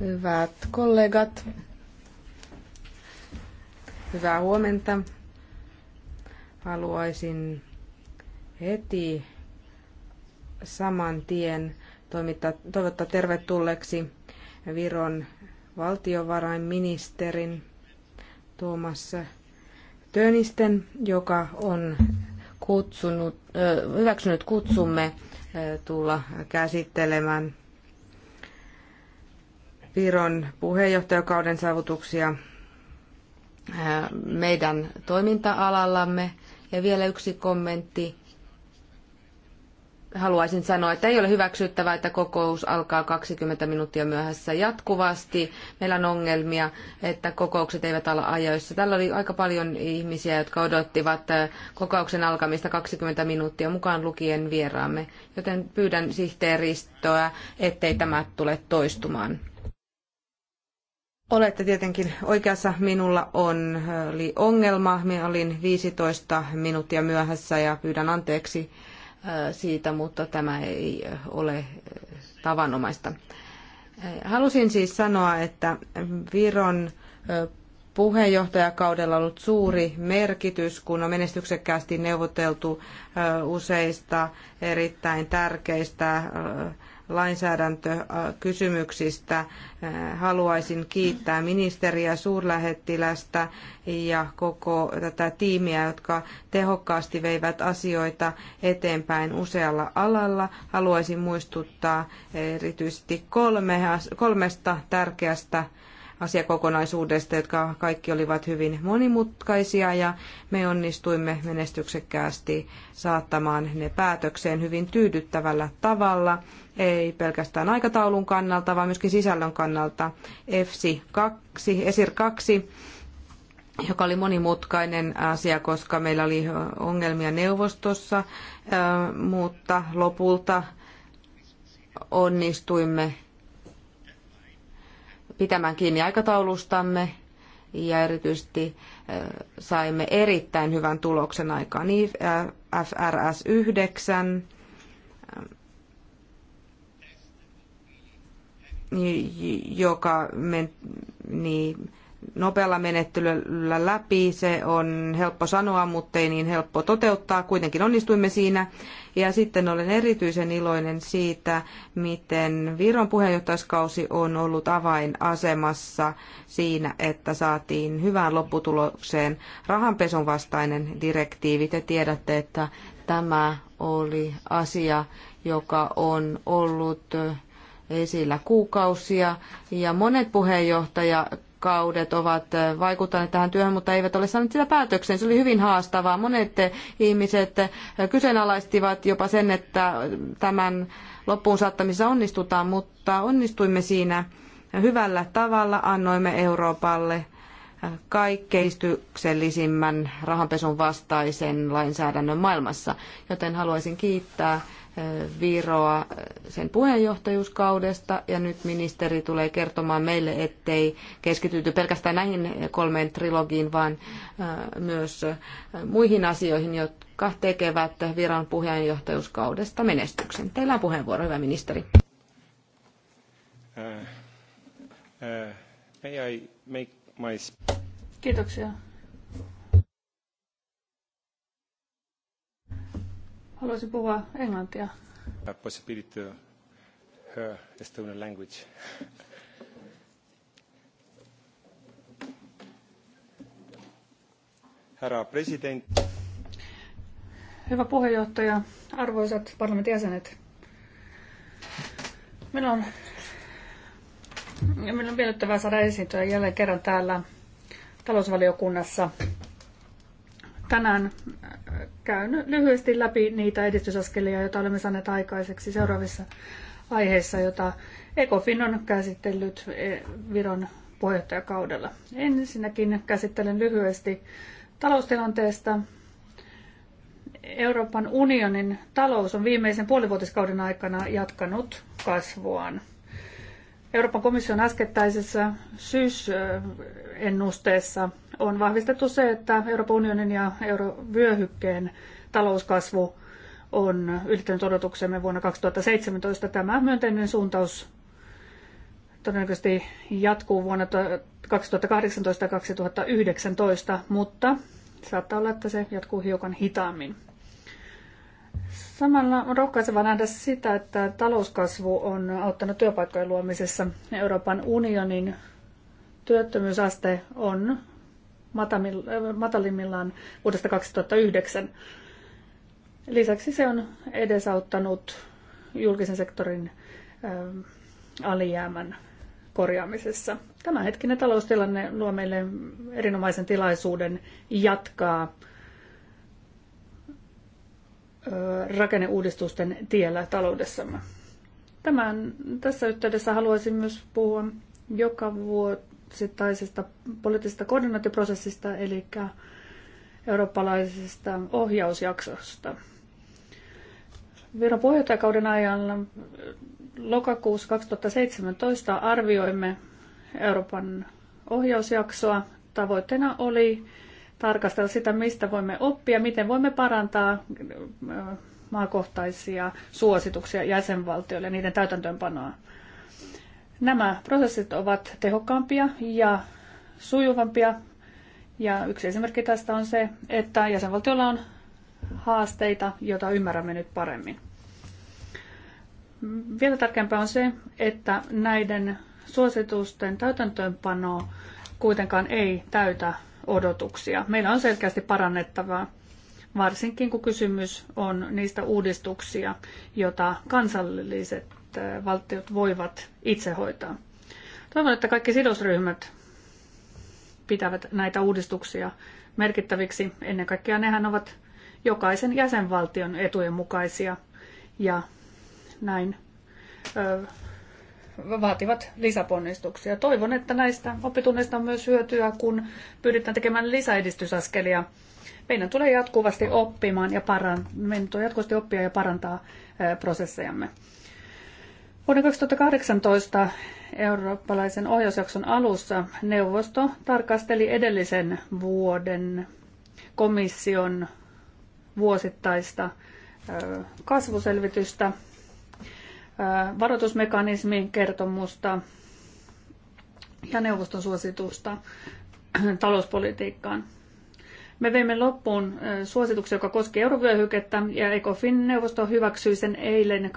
Hyvät kollegat, hyvää huomenta. Haluaisin heti saman tien toimittaa, toivottaa tervetulleeksi Viron valtiovarainministerin Tuomas Tönisten, joka on kutsunut, hyväksynyt kutsumme tulla käsittelemään Viron puheenjohtajakauden saavutuksia meidän toiminta-alallamme. Ja vielä yksi kommentti. Haluaisin sanoa, että ei ole hyväksyttävää, että kokous alkaa 20 minuuttia myöhässä jatkuvasti. Meillä on ongelmia, että kokoukset eivät ala ajoissa. Tällä oli aika paljon ihmisiä, jotka odottivat kokouksen alkamista 20 minuuttia mukaan lukien vieraamme. Joten pyydän sihteeristöä, ettei tämä tule toistumaan. Olette tietenkin oikeassa. Minulla on, oli ongelma. Minä olin 15 minuuttia myöhässä ja pyydän anteeksi siitä, mutta tämä ei ole tavanomaista. Halusin siis sanoa, että Viron puheenjohtajakaudella ollut suuri merkitys, kun on menestyksekkäästi neuvoteltu useista erittäin tärkeistä lainsäädäntökysymyksistä. Haluaisin kiittää ministeriä, suurlähettilästä ja koko tätä tiimiä, jotka tehokkaasti veivät asioita eteenpäin usealla alalla. Haluaisin muistuttaa erityisesti kolme, kolmesta tärkeästä asiakokonaisuudesta, jotka kaikki olivat hyvin monimutkaisia ja me onnistuimme menestyksekkäästi saattamaan ne päätökseen hyvin tyydyttävällä tavalla ei pelkästään aikataulun kannalta, vaan myöskin sisällön kannalta. EFSI 2, ESIR 2, joka oli monimutkainen asia, koska meillä oli ongelmia neuvostossa, äh, mutta lopulta onnistuimme pitämään kiinni aikataulustamme ja erityisesti äh, saimme erittäin hyvän tuloksen aikaan. Niin, äh, FRS 9 joka meni niin nopealla menettelyllä läpi. Se on helppo sanoa, mutta ei niin helppo toteuttaa. Kuitenkin onnistuimme siinä. Ja sitten olen erityisen iloinen siitä, miten Viron puheenjohtajuuskausi on ollut avainasemassa siinä, että saatiin hyvään lopputulokseen rahanpesun vastainen direktiivi. Te tiedätte, että tämä oli asia, joka on ollut esillä kuukausia ja monet puheenjohtaja kaudet ovat äh, vaikuttaneet tähän työhön, mutta eivät ole saaneet sitä päätökseen. Se oli hyvin haastavaa. Monet äh, ihmiset äh, kyseenalaistivat jopa sen, että tämän loppuun saattamisessa onnistutaan, mutta onnistuimme siinä hyvällä tavalla. Annoimme Euroopalle kaikkein rahanpesun vastaisen lainsäädännön maailmassa, joten haluaisin kiittää Viroa sen puheenjohtajuuskaudesta ja nyt ministeri tulee kertomaan meille, ettei keskitytty pelkästään näihin kolmeen trilogiin, vaan myös muihin asioihin, jotka tekevät Viron puheenjohtajuuskaudesta menestyksen. Teillä on puheenvuoro, hyvä ministeri. Kiitoksia. Haluaisin puhua englantia. La possibilité to her Estonian language. Herra president. Hyvä puheenjohtaja, arvoisat parlamentin jäsenet. Meillä on, meillä on miellyttävää saada esiintyä jälleen kerran täällä talousvaliokunnassa tänään äh, käyn lyhyesti läpi niitä edistysaskelia, joita olemme saaneet aikaiseksi seuraavissa aiheissa, joita ECOFIN on käsitellyt eh, Viron puheenjohtajakaudella. Ensinnäkin käsittelen lyhyesti taloustilanteesta. Euroopan unionin talous on viimeisen puolivuotiskauden aikana jatkanut kasvuaan. Euroopan komission äskettäisessä syysennusteessa eh, on vahvistettu se, että Euroopan unionin ja eurovyöhykkeen talouskasvu on ylittänyt odotuksemme vuonna 2017. Tämä myönteinen suuntaus todennäköisesti jatkuu vuonna 2018 ja 2019, mutta saattaa olla, että se jatkuu hiukan hitaammin. Samalla on rohkaiseva nähdä sitä, että talouskasvu on auttanut työpaikkojen luomisessa. Euroopan unionin työttömyysaste on Äh, matalimmillaan vuodesta 2009. Lisäksi se on edesauttanut julkisen sektorin äh, alijäämän korjaamisessa. Tämä hetkinen taloustilanne luo meille erinomaisen tilaisuuden jatkaa äh, rakenneuudistusten tiellä taloudessamme. Tämän, tässä yhteydessä haluaisin myös puhua joka vuotta sittaisesta poliittisesta koordinaatioprosessista, eli eurooppalaisesta ohjausjaksosta. Viron puheenjohtajakauden ajan lokakuussa 2017 arvioimme Euroopan ohjausjaksoa. Tavoitteena oli tarkastella sitä, mistä voimme oppia, miten voimme parantaa maakohtaisia suosituksia jäsenvaltioille ja niiden täytäntöönpanoa. Nämä prosessit ovat tehokkaampia ja sujuvampia. Ja yksi esimerkki tästä on se, että jäsenvaltiolla on haasteita, joita ymmärrämme nyt paremmin. Vielä tärkeämpää on se, että näiden suositusten täytäntöönpano kuitenkaan ei täytä odotuksia. Meillä on selkeästi parannettavaa, varsinkin kun kysymys on niistä uudistuksia, joita kansalliset valtiot voivat itse hoitaa. Toivon, että kaikki sidosryhmät pitävät näitä uudistuksia merkittäviksi. Ennen kaikkea nehän ovat jokaisen jäsenvaltion etujen mukaisia ja näin ö, vaativat lisäponnistuksia. Toivon, että näistä oppitunneista on myös hyötyä, kun pyritään tekemään lisäedistysaskelia. Meidän tulee jatkuvasti oppimaan ja parantaa, meidän tulee jatkuvasti oppia ja parantaa prosessejamme. Vuonna 2018 eurooppalaisen ohjausjakson alussa neuvosto tarkasteli edellisen vuoden komission vuosittaista kasvuselvitystä, varoitusmekanismin kertomusta ja neuvoston suositusta talouspolitiikkaan. Me veimme loppuun suosituksen, joka koskee eurovyöhykettä, ja ECOFIN neuvosto hyväksyi sen eilen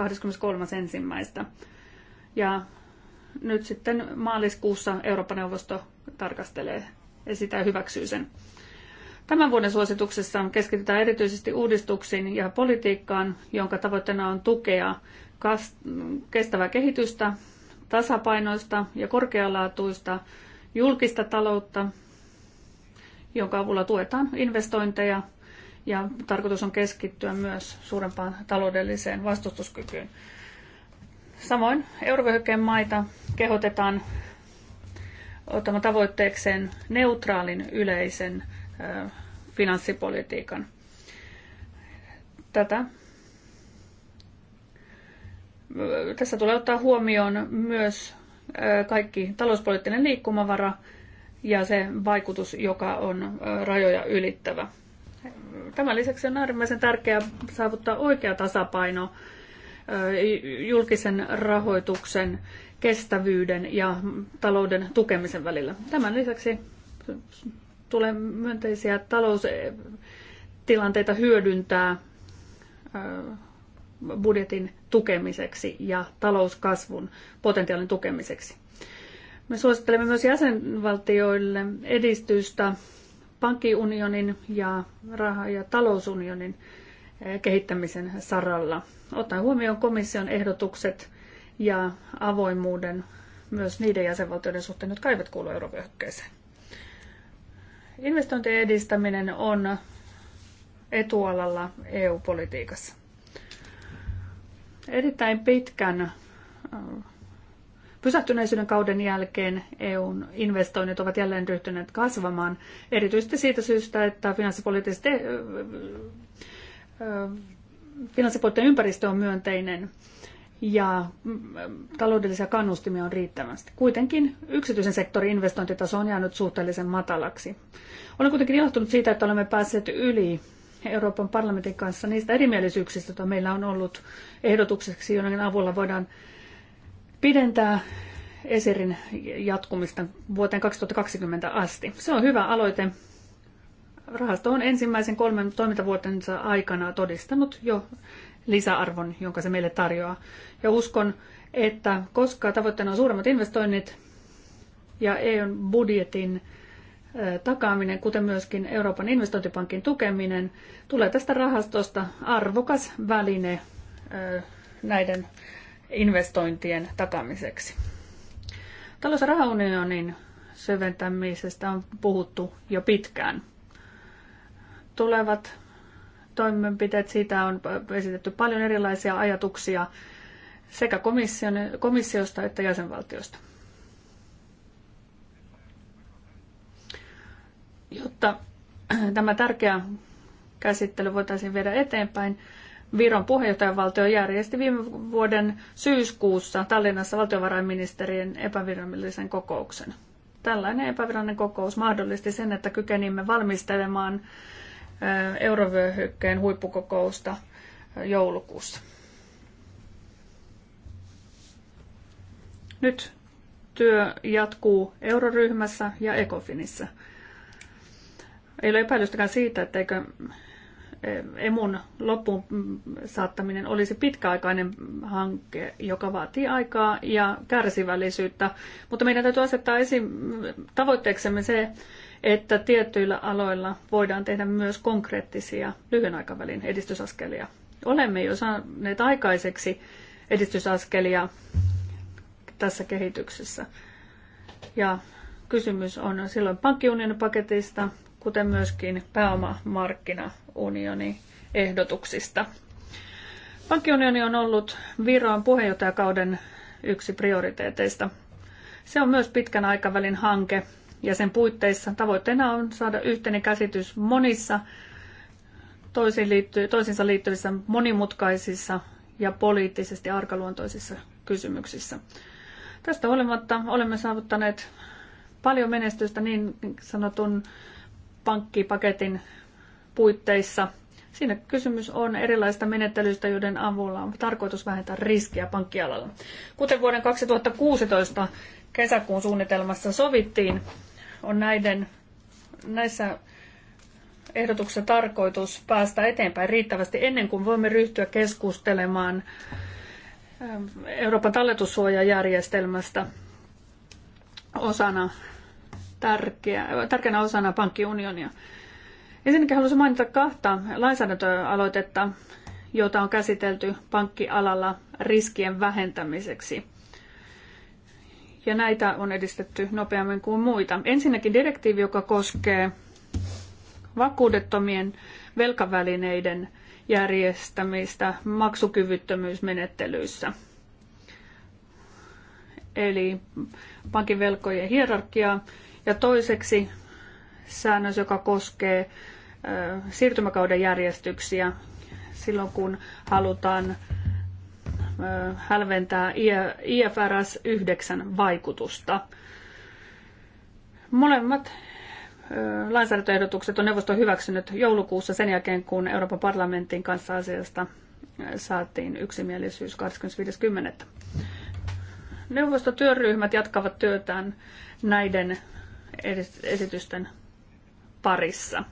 23.1. Ja nyt sitten maaliskuussa Euroopan neuvosto tarkastelee ja sitä hyväksyy sen. Tämän vuoden suosituksessa keskitytään erityisesti uudistuksiin ja politiikkaan, jonka tavoitteena on tukea kestävää kehitystä, tasapainoista ja korkealaatuista julkista taloutta jonka avulla tuetaan investointeja ja tarkoitus on keskittyä myös suurempaan taloudelliseen vastustuskykyyn. Samoin eurovyöhykkeen maita kehotetaan ottamaan tavoitteekseen neutraalin yleisen finanssipolitiikan. Tätä. Tässä tulee ottaa huomioon myös kaikki talouspoliittinen liikkumavara – ja se vaikutus, joka on rajoja ylittävä. Tämän lisäksi on äärimmäisen tärkeää saavuttaa oikea tasapaino julkisen rahoituksen, kestävyyden ja talouden tukemisen välillä. Tämän lisäksi tulee myönteisiä taloustilanteita hyödyntää budjetin tukemiseksi ja talouskasvun potentiaalin tukemiseksi. Me suosittelemme myös jäsenvaltioille edistystä pankkiunionin ja raha- ja talousunionin eh, kehittämisen saralla, ottaen huomioon komission ehdotukset ja avoimuuden myös niiden jäsenvaltioiden suhteen, jotka eivät kuulu eurovyöhykkeeseen. Investointien edistäminen on etualalla EU-politiikassa. Erittäin pitkän eh, pysähtyneisyyden kauden jälkeen EUn investoinnit ovat jälleen ryhtyneet kasvamaan, erityisesti siitä syystä, että eh, eh, finanssipoliittinen ympäristö on myönteinen ja mm, taloudellisia kannustimia on riittävästi. Kuitenkin yksityisen sektorin investointitaso on jäänyt suhteellisen matalaksi. Olen kuitenkin ilahtunut siitä, että olemme päässeet yli Euroopan parlamentin kanssa niistä erimielisyyksistä, joita meillä on ollut ehdotukseksi, joiden avulla voidaan pidentää Esirin jatkumista vuoteen 2020 asti. Se on hyvä aloite. Rahasto on ensimmäisen kolmen toimintavuotensa aikana todistanut jo lisäarvon, jonka se meille tarjoaa. Ja uskon, että koska tavoitteena on suuremmat investoinnit ja EUn budjetin takaaminen, kuten myöskin Euroopan investointipankin tukeminen, tulee tästä rahastosta arvokas väline näiden investointien takamiseksi. Talous- ja rahaunionin syventämisestä on puhuttu jo pitkään. Tulevat toimenpiteet, siitä on esitetty paljon erilaisia ajatuksia sekä komissiosta että jäsenvaltiosta. Jotta tämä tärkeä käsittely voitaisiin viedä eteenpäin, Viron puheenjohtajavaltio järjesti viime vuoden syyskuussa Tallinnassa valtiovarainministerien epävirallisen kokouksen. Tällainen epävirallinen kokous mahdollisti sen, että kykenimme valmistelemaan eurovyöhykkeen huippukokousta joulukuussa. Nyt työ jatkuu euroryhmässä ja ECOFINissa. Ei ole epäilystäkään siitä, etteikö Eh, emun loppuun saattaminen olisi pitkäaikainen hanke, joka vaatii aikaa ja kärsivällisyyttä. Mutta meidän täytyy asettaa esim. tavoitteeksemme se, että tietyillä aloilla voidaan tehdä myös konkreettisia lyhyen aikavälin edistysaskelia. Olemme jo saaneet aikaiseksi edistysaskelia tässä kehityksessä. Ja kysymys on silloin pankkiunionin paketista, kuten myöskin pääomamarkkinaunionin ehdotuksista. Pankkiunioni on ollut Viron puheenjohtajakauden yksi prioriteeteista. Se on myös pitkän aikavälin hanke ja sen puitteissa tavoitteena on saada yhteinen käsitys monissa toisiinsa liittyvissä monimutkaisissa ja poliittisesti arkaluontoisissa kysymyksissä. Tästä huolimatta olemme saavuttaneet paljon menestystä niin sanotun pankkipaketin puitteissa. Siinä kysymys on erilaisista menettelyistä, joiden avulla on tarkoitus vähentää riskiä pankkialalla. Kuten vuoden 2016 kesäkuun suunnitelmassa sovittiin, on näiden, näissä ehdotuksessa tarkoitus päästä eteenpäin riittävästi ennen kuin voimme ryhtyä keskustelemaan ähm, Euroopan talletussuojajärjestelmästä osana tärkeä, tärkeänä osana pankkiunionia. Ensinnäkin haluaisin mainita kahta lainsäädäntöaloitetta, jota on käsitelty pankkialalla riskien vähentämiseksi. Ja näitä on edistetty nopeammin kuin muita. Ensinnäkin direktiivi, joka koskee vakuudettomien velkavälineiden järjestämistä maksukyvyttömyysmenettelyissä. Eli pankin velkojen hierarkiaa ja toiseksi säännös, joka koskee siirtymäkauden järjestyksiä silloin, kun halutaan hälventää IFRS 9 vaikutusta. Molemmat lainsäädäntöehdotukset on neuvosto hyväksynyt joulukuussa sen jälkeen, kun Euroopan parlamentin kanssa asiasta saatiin yksimielisyys 25.10. Neuvostotyöryhmät jatkavat työtään näiden esitysten parissa,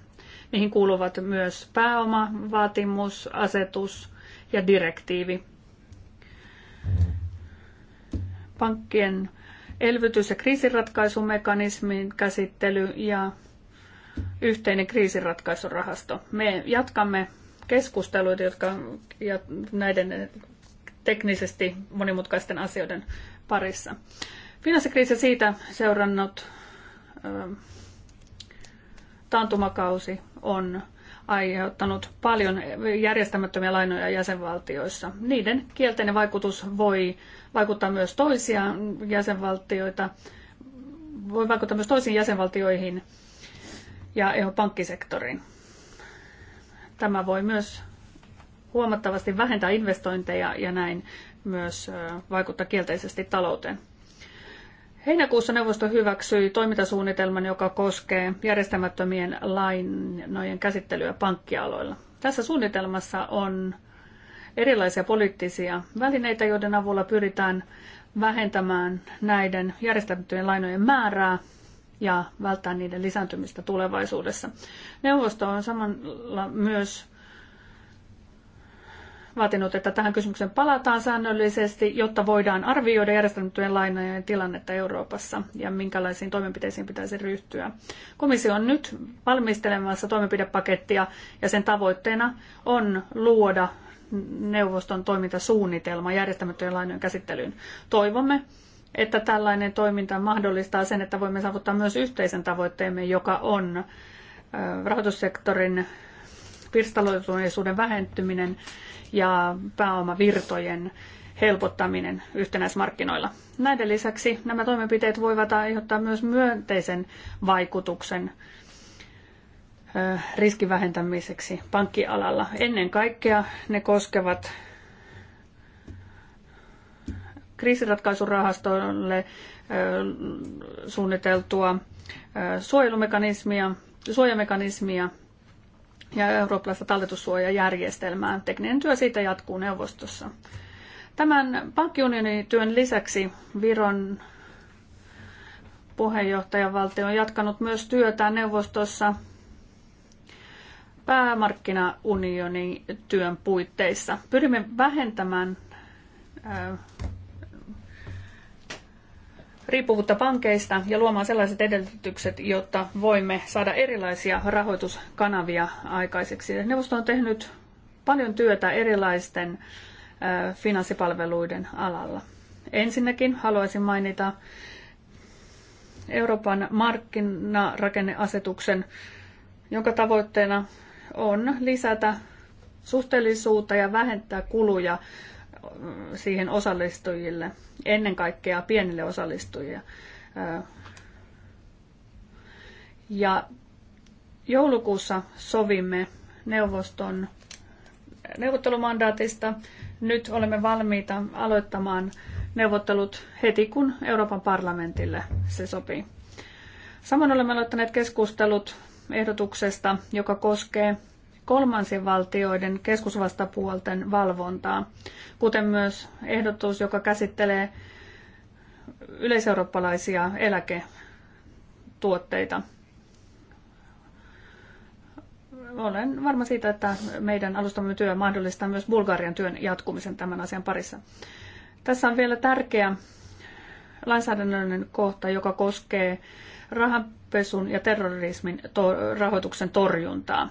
mihin kuuluvat myös pääomavaatimus, asetus ja direktiivi. Pankkien elvytys- ja kriisinratkaisumekanismin käsittely ja yhteinen kriisinratkaisurahasto. Me jatkamme keskusteluita, jotka ja näiden teknisesti monimutkaisten asioiden parissa. Finanssikriisi siitä seurannut taantumakausi on aiheuttanut paljon järjestämättömiä lainoja jäsenvaltioissa. Niiden kielteinen vaikutus voi vaikuttaa myös toisia jäsenvaltioita, voi vaikuttaa myös toisiin jäsenvaltioihin ja EU pankkisektoriin. Tämä voi myös huomattavasti vähentää investointeja ja näin myös vaikuttaa kielteisesti talouteen. Heinäkuussa neuvosto hyväksyi toimintasuunnitelman, joka koskee järjestämättömien lainojen käsittelyä pankkialoilla. Tässä suunnitelmassa on erilaisia poliittisia välineitä, joiden avulla pyritään vähentämään näiden järjestämättömien lainojen määrää ja välttää niiden lisääntymistä tulevaisuudessa. Neuvosto on samalla myös vaatinut, että tähän kysymykseen palataan säännöllisesti, jotta voidaan arvioida järjestelmättyjen lainojen tilannetta Euroopassa ja minkälaisiin toimenpiteisiin pitäisi ryhtyä. Komissio on nyt valmistelemassa toimenpidepakettia ja sen tavoitteena on luoda neuvoston toimintasuunnitelma järjestämättöjen lainojen käsittelyyn. Toivomme, että tällainen toiminta mahdollistaa sen, että voimme saavuttaa myös yhteisen tavoitteemme, joka on rahoitussektorin pirstaloituneisuuden vähentyminen ja pääomavirtojen helpottaminen yhtenäismarkkinoilla. Näiden lisäksi nämä toimenpiteet voivat aiheuttaa myös myönteisen vaikutuksen riskin vähentämiseksi pankkialalla. Ennen kaikkea ne koskevat kriisiratkaisurahastolle suunniteltua suojelumekanismia, suojamekanismia ja eurooppalaista talletussuojajärjestelmää. Tekninen työ siitä jatkuu neuvostossa. Tämän pankkiunionin työn lisäksi Viron puheenjohtajavaltio on jatkanut myös työtään neuvostossa päämarkkinaunionin työn puitteissa. Pyrimme vähentämään riippuvuutta pankeista ja luomaan sellaiset edellytykset, jotta voimme saada erilaisia rahoituskanavia aikaiseksi. Neuvosto on tehnyt paljon työtä erilaisten finanssipalveluiden alalla. Ensinnäkin haluaisin mainita Euroopan markkinarakenneasetuksen, jonka tavoitteena on lisätä suhteellisuutta ja vähentää kuluja siihen osallistujille, ennen kaikkea pienille osallistujille. Ja joulukuussa sovimme neuvoston neuvottelumandaatista. Nyt olemme valmiita aloittamaan neuvottelut heti, kun Euroopan parlamentille se sopii. Samoin olemme aloittaneet keskustelut ehdotuksesta, joka koskee kolmansien valtioiden keskusvastapuolten valvontaa, kuten myös ehdotus, joka käsittelee yleiseurooppalaisia eläketuotteita. Olen varma siitä, että meidän alustamme työ mahdollistaa myös Bulgarian työn jatkumisen tämän asian parissa. Tässä on vielä tärkeä lainsäädännöllinen kohta, joka koskee rahanpesun ja terrorismin rahoituksen torjuntaa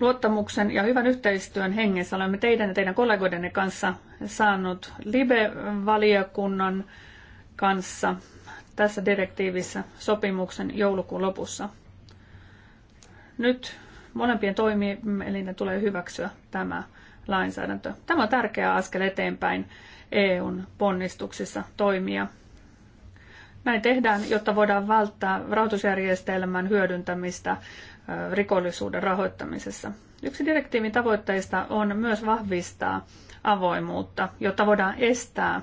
luottamuksen ja hyvän yhteistyön hengessä olemme teidän ja teidän kollegoidenne kanssa saanut LIBE-valiokunnan kanssa tässä direktiivissä sopimuksen joulukuun lopussa. Nyt molempien toimielinten tulee hyväksyä tämä lainsäädäntö. Tämä on tärkeä askel eteenpäin EUn ponnistuksissa toimia. Näin tehdään, jotta voidaan välttää rahoitusjärjestelmän hyödyntämistä rikollisuuden rahoittamisessa. Yksi direktiivin tavoitteista on myös vahvistaa avoimuutta, jotta voidaan estää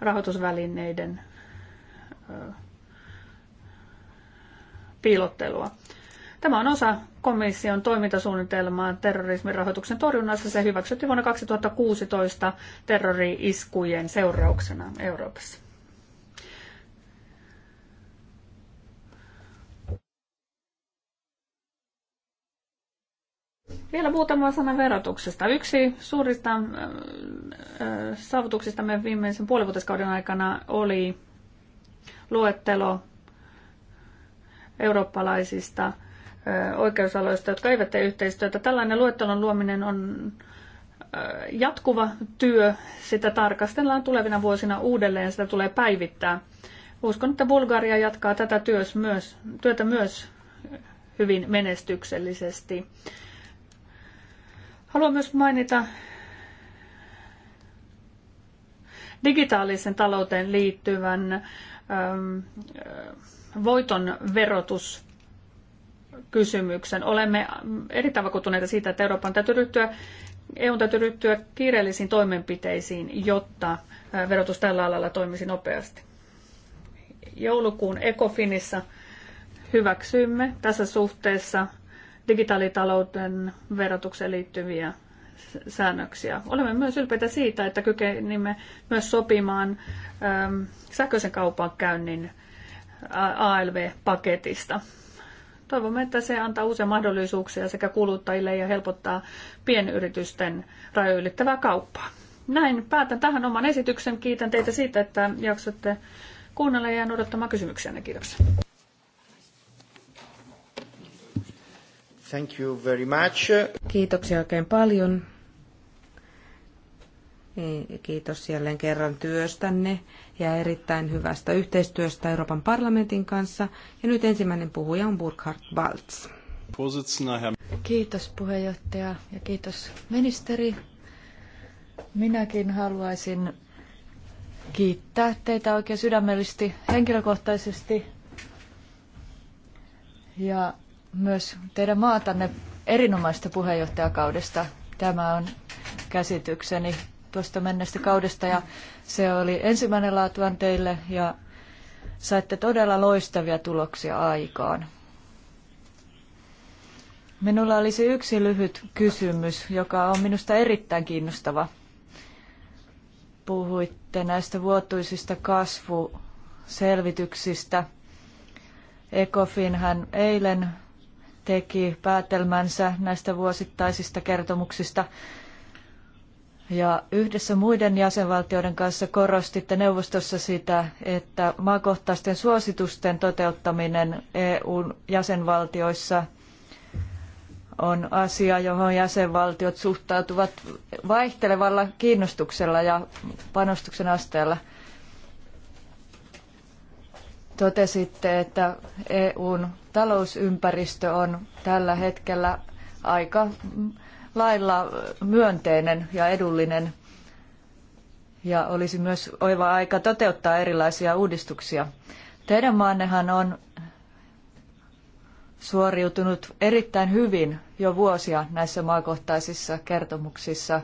rahoitusvälineiden piilottelua. Tämä on osa komission toimintasuunnitelmaa terrorismin rahoituksen torjunnassa. Se hyväksyttiin vuonna 2016 terrori-iskujen seurauksena Euroopassa. Vielä muutama sana verotuksesta. Yksi suurista äh, äh, saavutuksista me viimeisen puolivuotiskauden aikana oli luettelo eurooppalaisista äh, oikeusaloista, jotka eivät tee yhteistyötä. Tällainen luettelon luominen on jatkuva työ. Sitä tarkastellaan tulevina vuosina uudelleen, sitä tulee päivittää. Uskon, että Bulgaria jatkaa tätä työtä myös hyvin menestyksellisesti. Haluan myös mainita digitaalisen talouteen liittyvän ähm, äh, voiton verotus kysymyksen. Olemme erittäin vakuuttuneita siitä, että Euroopan täytyy ryhtyä, EUn täytyy ryhtyä kiireellisiin toimenpiteisiin, jotta äh, verotus tällä alalla toimisi nopeasti. Joulukuun Ecofinissa hyväksyimme tässä suhteessa digitaalitalouden verotukseen liittyviä säännöksiä. Olemme myös ylpeitä siitä, että kykenimme myös sopimaan ähm, sähköisen sähköisen kaupankäynnin ALV-paketista. Toivomme, että se antaa uusia mahdollisuuksia sekä kuluttajille ja helpottaa pienyritysten rajoittavaa kauppaa. Näin päätän tähän oman esityksen. Kiitän teitä siitä, että jaksoitte kuunnella ja odottamaan kysymyksiä. Kiitoksia. Thank you very much. Kiitoksia oikein paljon. E, kiitos jälleen kerran työstänne ja erittäin hyvästä yhteistyöstä Euroopan parlamentin kanssa. Ja nyt ensimmäinen puhuja on Burkhard Waltz. Kiitos puheenjohtaja ja kiitos ministeri. Minäkin haluaisin kiittää teitä oikein sydämellisesti, henkilökohtaisesti ja myös teidän maatanne erinomaista puheenjohtajakaudesta. Tämä on käsitykseni tuosta mennestä kaudesta ja se oli ensimmäinen laatuan teille ja saitte todella loistavia tuloksia aikaan. Minulla olisi yksi lyhyt kysymys, joka on minusta erittäin kiinnostava. Puhuitte näistä vuotuisista kasvuselvityksistä. Ecofinhän eilen teki päätelmänsä näistä vuosittaisista kertomuksista. Ja yhdessä muiden jäsenvaltioiden kanssa korostitte neuvostossa sitä, että maakohtaisten suositusten toteuttaminen EUn jäsenvaltioissa on asia, johon jäsenvaltiot suhtautuvat vaihtelevalla kiinnostuksella ja panostuksen asteella – Totesitte, että EUn talousympäristö on tällä hetkellä aika lailla myönteinen ja edullinen ja olisi myös oiva aika toteuttaa erilaisia uudistuksia. Teidän maannehan on suoriutunut erittäin hyvin jo vuosia näissä maakohtaisissa kertomuksissa.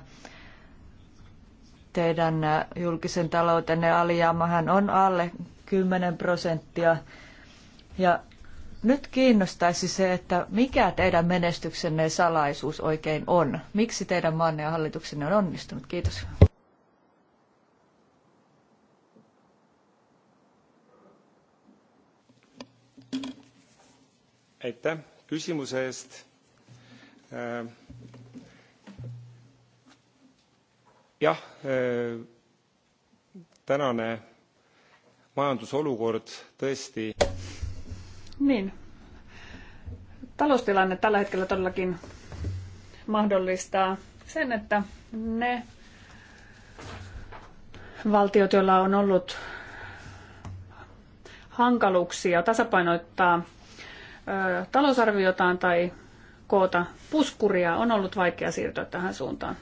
Teidän julkisen taloutenne alijäämähän on alle 10 prosenttia. Ja nyt kiinnostaisi se, että mikä teidän menestyksenne salaisuus oikein on. Miksi teidän maanne ja hallituksenne on onnistunut? Kiitos. Aitäh kysymuse eest. Äh, jah, äh, tänane majandusolukord tõesti... Niin. Taloustilanne tällä hetkellä todellakin mahdollistaa sen, että ne valtiot, joilla on ollut hankaluuksia tasapainottaa talousarviotaan tai koota puskuria, on ollut vaikea siirtyä tähän suuntaan.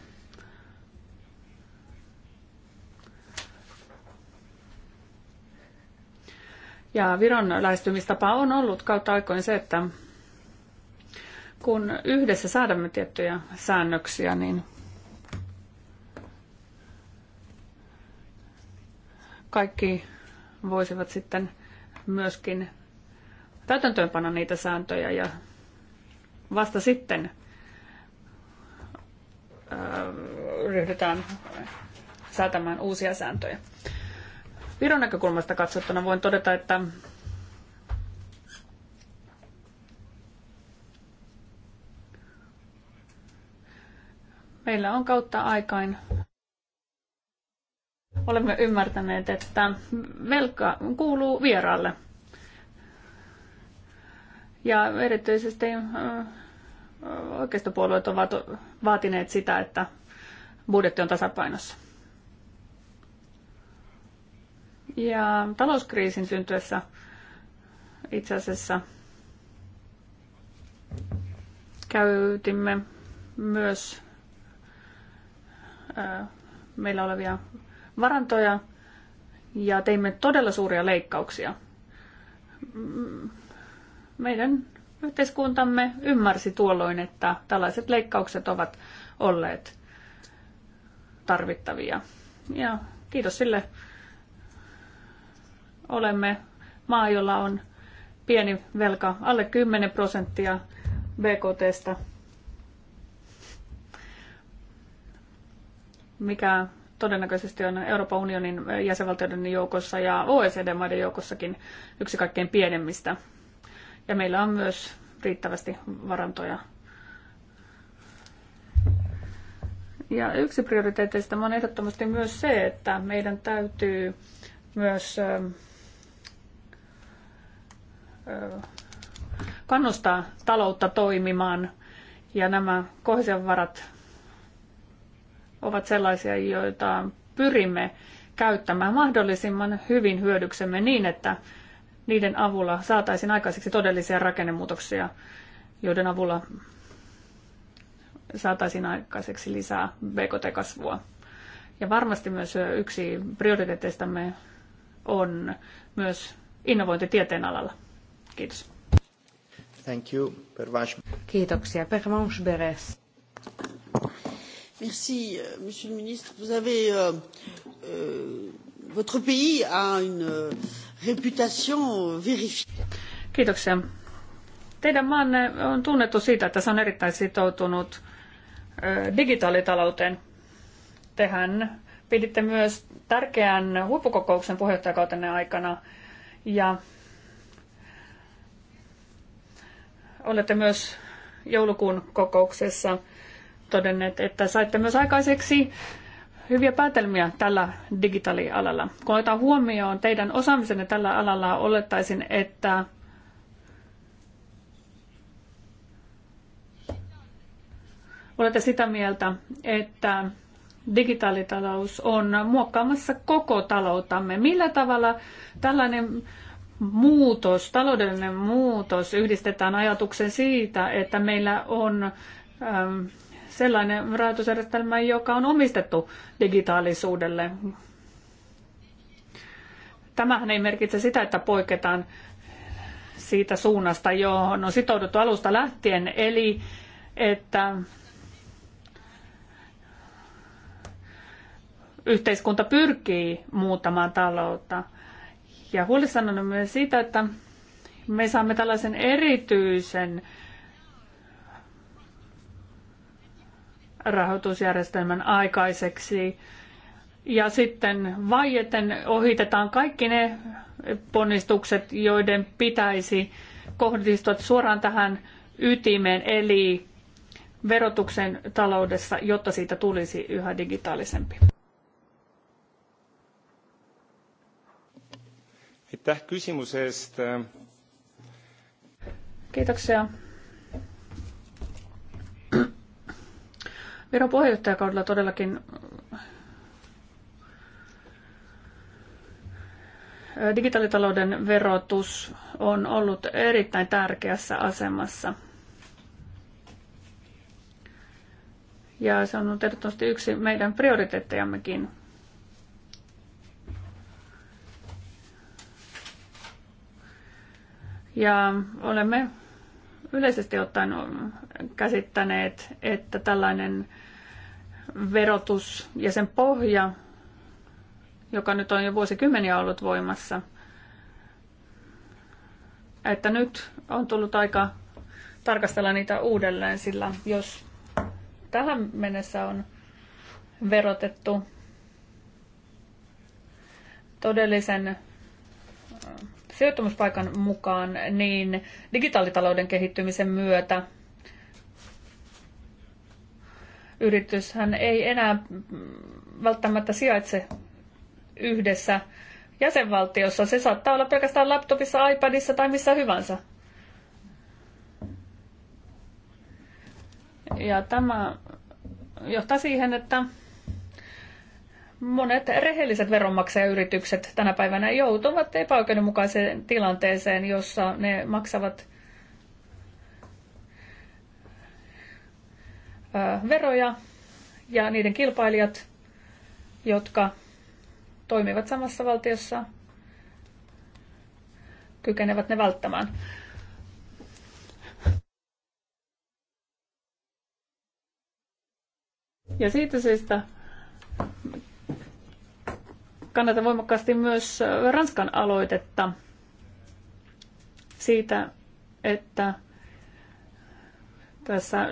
Ja Viron lähestymistapa on ollut kautta aikoin se, että kun yhdessä säädämme tiettyjä säännöksiä, niin kaikki voisivat sitten myöskin täytäntöönpana niitä sääntöjä ja vasta sitten ryhdytään säätämään uusia sääntöjä. Viron näkökulmasta katsottuna voin todeta, että meillä on kautta aikain olemme ymmärtäneet, että velka kuuluu vieraalle. Ja erityisesti äh, oikeistopuolueet ovat vaatineet sitä, että budjetti on tasapainossa. Ja talouskriisin syntyessä itse asiassa käytimme myös meillä olevia varantoja ja teimme todella suuria leikkauksia. Meidän yhteiskuntamme ymmärsi tuolloin, että tällaiset leikkaukset ovat olleet tarvittavia. Ja kiitos sille olemme maa, jolla on pieni velka, alle 10 prosenttia BKTstä, mikä todennäköisesti on Euroopan unionin jäsenvaltioiden joukossa ja OECD-maiden joukossakin yksi kaikkein pienemmistä. Ja meillä on myös riittävästi varantoja. Ja yksi prioriteeteista on ehdottomasti myös se, että meidän täytyy myös ähm, kannustaa taloutta toimimaan ja nämä kohdisen varat ovat sellaisia, joita pyrimme käyttämään mahdollisimman hyvin hyödyksemme niin, että niiden avulla saataisiin aikaiseksi todellisia rakennemuutoksia, joiden avulla saataisiin aikaiseksi lisää BKT-kasvua. Ja varmasti myös yksi prioriteeteistamme on myös innovointi tieteen alalla. Kiitos. Thank you, Pervanche. Kiitoksia, Beres. Merci, euh, Monsieur le Ministre. Vous avez, euh, euh, votre pays a une euh, réputation euh, vérifiée. Kiitoksia. Teidän maanne on tunnettu siitä, että se on erittäin sitoutunut digitaalitalouteen. Tehän piditte myös tärkeän huippukokouksen puheenjohtajakautenne aikana ja olette myös joulukuun kokouksessa todenneet, että saitte myös aikaiseksi hyviä päätelmiä tällä digitaalialalla. Kun otetaan huomioon teidän osaamisenne tällä alalla, olettaisin, että olette sitä mieltä, että digitaalitalous on muokkaamassa koko talouttamme. Millä tavalla tällainen muutos, taloudellinen muutos yhdistetään ajatuksen siitä, että meillä on ähm, sellainen rahoitusjärjestelmä, joka on omistettu digitaalisuudelle. Tämähän ei merkitse sitä, että poiketaan siitä suunnasta, johon on sitouduttu alusta lähtien, eli että yhteiskunta pyrkii muuttamaan taloutta. Ja huolissaan on myös siitä, että me saamme tällaisen erityisen rahoitusjärjestelmän aikaiseksi. Ja sitten vaieten ohitetaan kaikki ne ponnistukset, joiden pitäisi kohdistua suoraan tähän ytimeen, eli verotuksen taloudessa, jotta siitä tulisi yhä digitaalisempi. aitäh küsimuse eest. kiitoksia. Viron puheenjohtajakaudella todellakin digitaalitalouden verotus on ollut erittäin tärkeässä asemassa. Ja se on ollut ehdottomasti yksi meidän prioriteettejammekin. Ja olemme yleisesti ottaen käsittäneet, että tällainen verotus ja sen pohja, joka nyt on jo vuosikymmeniä ollut voimassa, että nyt on tullut aika tarkastella niitä uudelleen, sillä jos tähän mennessä on verotettu todellisen sijoittumuspaikan mukaan, niin digitaalitalouden kehittymisen myötä yrityshän ei enää välttämättä sijaitse yhdessä jäsenvaltiossa. Se saattaa olla pelkästään laptopissa, iPadissa tai missä hyvänsä. Ja tämä johtaa siihen, että monet rehelliset veronmaksajayritykset tänä päivänä joutuvat epäoikeudenmukaiseen tilanteeseen, jossa ne maksavat veroja ja niiden kilpailijat, jotka toimivat samassa valtiossa, kykenevät ne välttämään. Ja siitä syystä kannatan voimakkaasti myös Ranskan aloitetta siitä, että tässä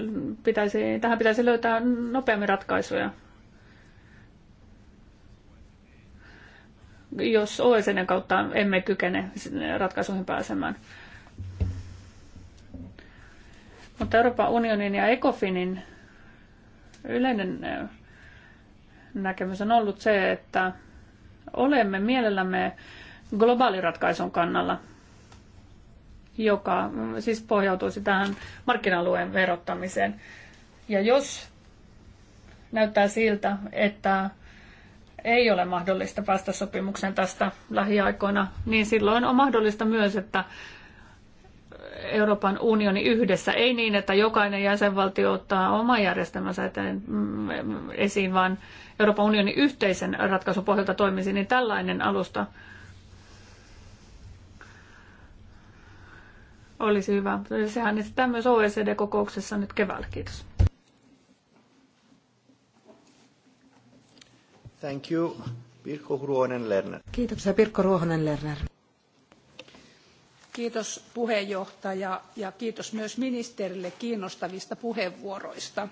pitäisi, tähän pitäisi löytää nopeammin ratkaisuja. Jos OECDn kautta emme kykene ratkaisuihin pääsemään. Mutta Euroopan unionin ja ECOFINin yleinen näkemys on ollut se, että olemme mielellämme globaaliratkaisun kannalla, joka mm, siis pohjautuisi tähän markkina-alueen verottamiseen. Ja jos näyttää siltä, että ei ole mahdollista päästä sopimukseen tästä lähiaikoina, niin silloin on mahdollista myös, että Euroopan unioni yhdessä, ei niin, että jokainen jäsenvaltio ottaa oman järjestelmänsä eteen, mm, esiin, vaan Euroopan unionin yhteisen ratkaisun pohjalta toimisi, niin tällainen alusta olisi hyvä. Sehän esitetään myös OECD-kokouksessa nyt keväällä. Kiitos. Thank you. Pirkko Ruohonen Lerner. Kiitoksia Pirkko Ruohonen Lerner. Kiitos puheenjohtaja ja kiitos myös ministerille kiinnostavista puheenvuoroista.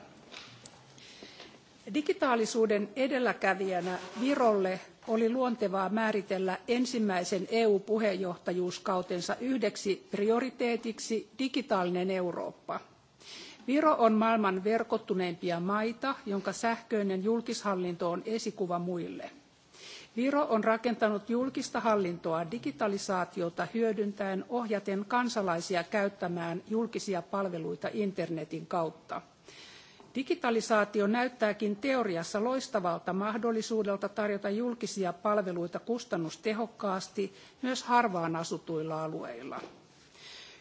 Digitaalisuuden edelläkävijänä Virolle oli luontevaa määritellä ensimmäisen EU-puheenjohtajuuskautensa yhdeksi prioriteetiksi digitaalinen Eurooppa. Viro on maailman verkottuneimpia maita, jonka sähköinen julkishallinto on esikuva muille. Viro on rakentanut julkista hallintoa digitalisaatiota hyödyntäen ohjaten kansalaisia käyttämään julkisia palveluita internetin kautta. Digitalisaatio näyttääkin teoriassa loistavalta mahdollisuudelta tarjota julkisia palveluita kustannustehokkaasti myös harvaan asutuilla alueilla.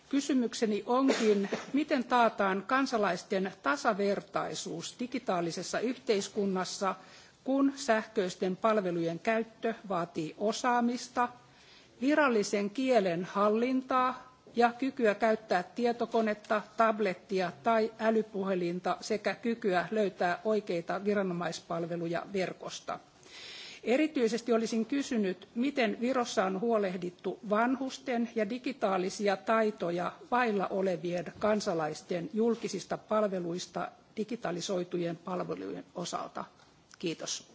Kysymykseni onkin, miten taataan kansalaisten tasavertaisuus digitaalisessa yhteiskunnassa – kun sähköisten palvelujen käyttö vaatii osaamista, virallisen kielen hallintaa ja kykyä käyttää tietokonetta, tablettia tai älypuhelinta sekä kykyä löytää oikeita viranomaispalveluja verkosta. Erityisesti olisin kysynyt, miten Virossa on huolehdittu vanhusten ja digitaalisia taitoja vailla olevien kansalaisten julkisista palveluista digitalisoitujen palvelujen osalta kiitos.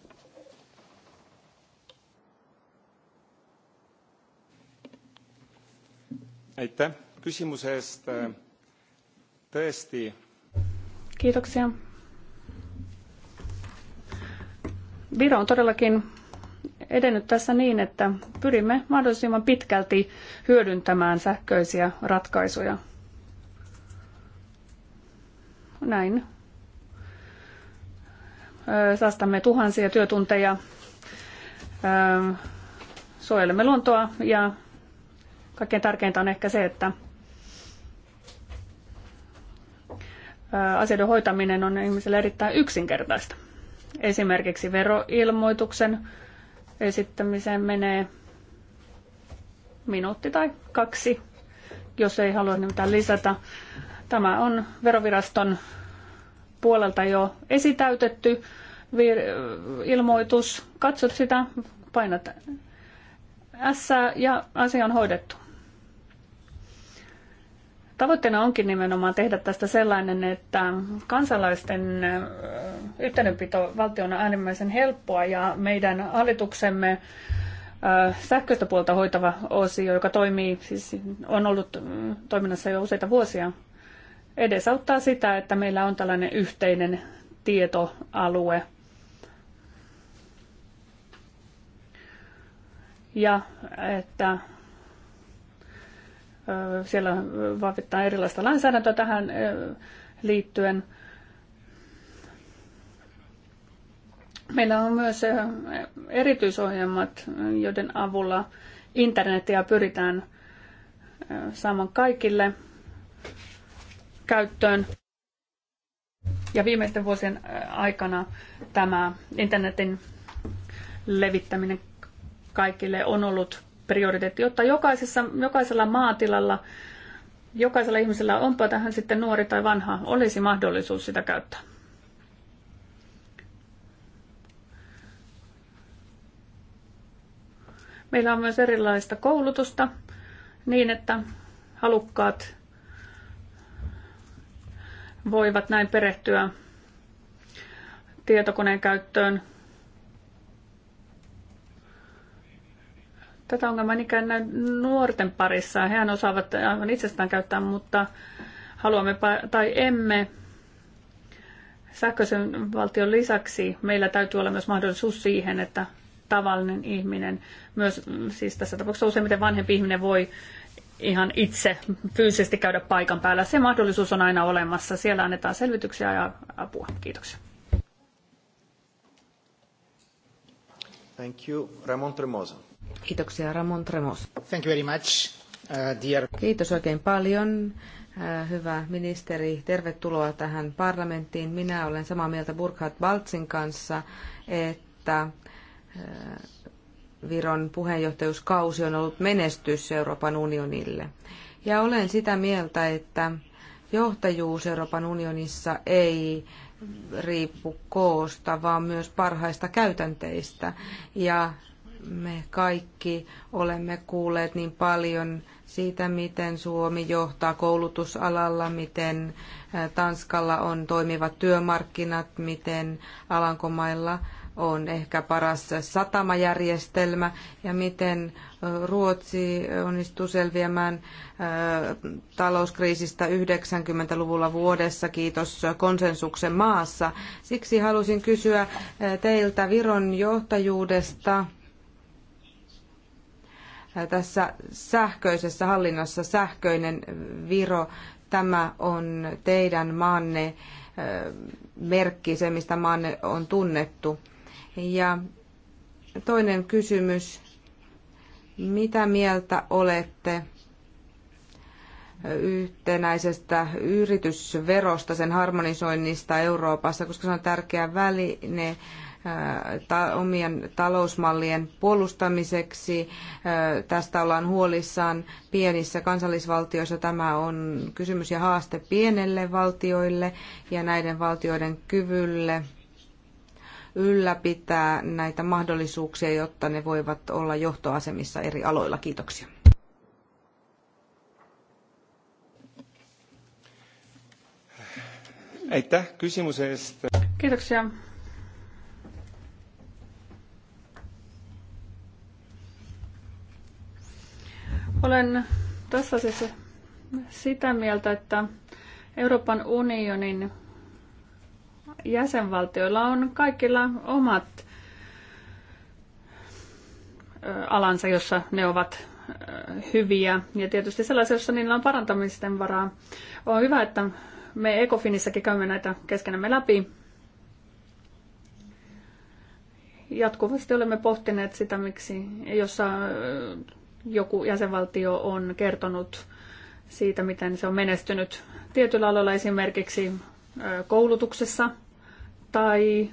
aitäh küsimuse eest. tõesti. kiitoksia. Viro on todellakin edennyt tässä niin, että pyrimme mahdollisimman pitkälti hyödyntämään sähköisiä ratkaisuja. Näin säästämme tuhansia työtunteja, suojelemme luontoa ja kaikkein tärkeintä on ehkä se, että asioiden hoitaminen on ihmiselle erittäin yksinkertaista. Esimerkiksi veroilmoituksen esittämiseen menee minuutti tai kaksi, jos ei halua mitään lisätä. Tämä on veroviraston puolelta jo esitäytetty ilmoitus. Katsot sitä, painat S ja asia on hoidettu. Tavoitteena onkin nimenomaan tehdä tästä sellainen, että kansalaisten äh, yhteydenpito valtion on äärimmäisen helppoa ja meidän hallituksemme äh, sähköistä puolta hoitava osio, joka toimii, siis on ollut äh, toiminnassa jo useita vuosia, edesauttaa sitä, että meillä on tällainen yhteinen tietoalue. Ja että siellä vaaditaan erilaista lainsäädäntöä tähän liittyen. Meillä on myös erityisohjelmat, joiden avulla internetiä pyritään saamaan kaikille käyttöön. Ja viimeisten vuosien aikana tämä internetin levittäminen kaikille on ollut prioriteetti, jotta jokaisessa, jokaisella maatilalla, jokaisella ihmisellä, onpa tähän sitten nuori tai vanha, olisi mahdollisuus sitä käyttää. Meillä on myös erilaista koulutusta niin, että halukkaat voivat näin perehtyä tietokoneen käyttöön. Tätä ongelmaa ikään näin nuorten parissa. Hehän osaavat aivan itsestään käyttää, mutta haluamme tai emme, sähköisen valtion lisäksi meillä täytyy olla myös mahdollisuus siihen, että tavallinen ihminen, myös siis tässä tapauksessa useimmiten vanhempi ihminen voi ihan itse fyysisesti käydä paikan päällä. Se mahdollisuus on aina olemassa. Siellä annetaan selvityksiä ja apua. Kiitoksia. Thank you. Ramon Tremosa. Kiitoksia Ramon Tremosa. Thank you very much, uh, dear. Kiitos oikein paljon. Uh, hyvä ministeri, tervetuloa tähän parlamenttiin. Minä olen samaa mieltä Burkhard Baltzin kanssa, että uh, Viron puheenjohtajuuskausi on ollut menestys Euroopan unionille. Ja olen sitä mieltä, että johtajuus Euroopan unionissa ei riippu koosta, vaan myös parhaista käytänteistä. Ja me kaikki olemme kuulleet niin paljon siitä, miten Suomi johtaa koulutusalalla, miten eh, Tanskalla on toimivat työmarkkinat, miten Alankomailla on ehkä paras satamajärjestelmä ja miten Ruotsi onnistuu selviämään talouskriisistä 90-luvulla vuodessa, kiitos konsensuksen maassa. Siksi halusin kysyä teiltä Viron johtajuudesta tässä sähköisessä hallinnossa sähköinen Viro. Tämä on teidän maanne merkki, se mistä maanne on tunnettu. Ja toinen kysymys, mitä mieltä olette yhtenäisestä yritysverosta, sen harmonisoinnista Euroopassa, koska se on tärkeä väline äh, omien talousmallien puolustamiseksi. Äh, tästä ollaan huolissaan pienissä kansallisvaltioissa. Tämä on kysymys ja haaste pienelle valtioille ja näiden valtioiden kyvylle ylläpitää näitä mahdollisuuksia, jotta ne voivat olla johtoasemissa eri aloilla. Kiitoksia. Aitäh kysymyksen Kiitoksia. Olen tässä siis sitä mieltä, että Euroopan unionin jäsenvaltioilla on kaikilla omat alansa, jossa ne ovat hyviä ja tietysti sellaisia, joissa niillä on parantamisten varaa. On hyvä, että me Ecofinissakin käymme näitä keskenämme läpi. Jatkuvasti olemme pohtineet sitä, miksi jossa joku jäsenvaltio on kertonut siitä, miten se on menestynyt tietyllä aloilla, esimerkiksi koulutuksessa – tai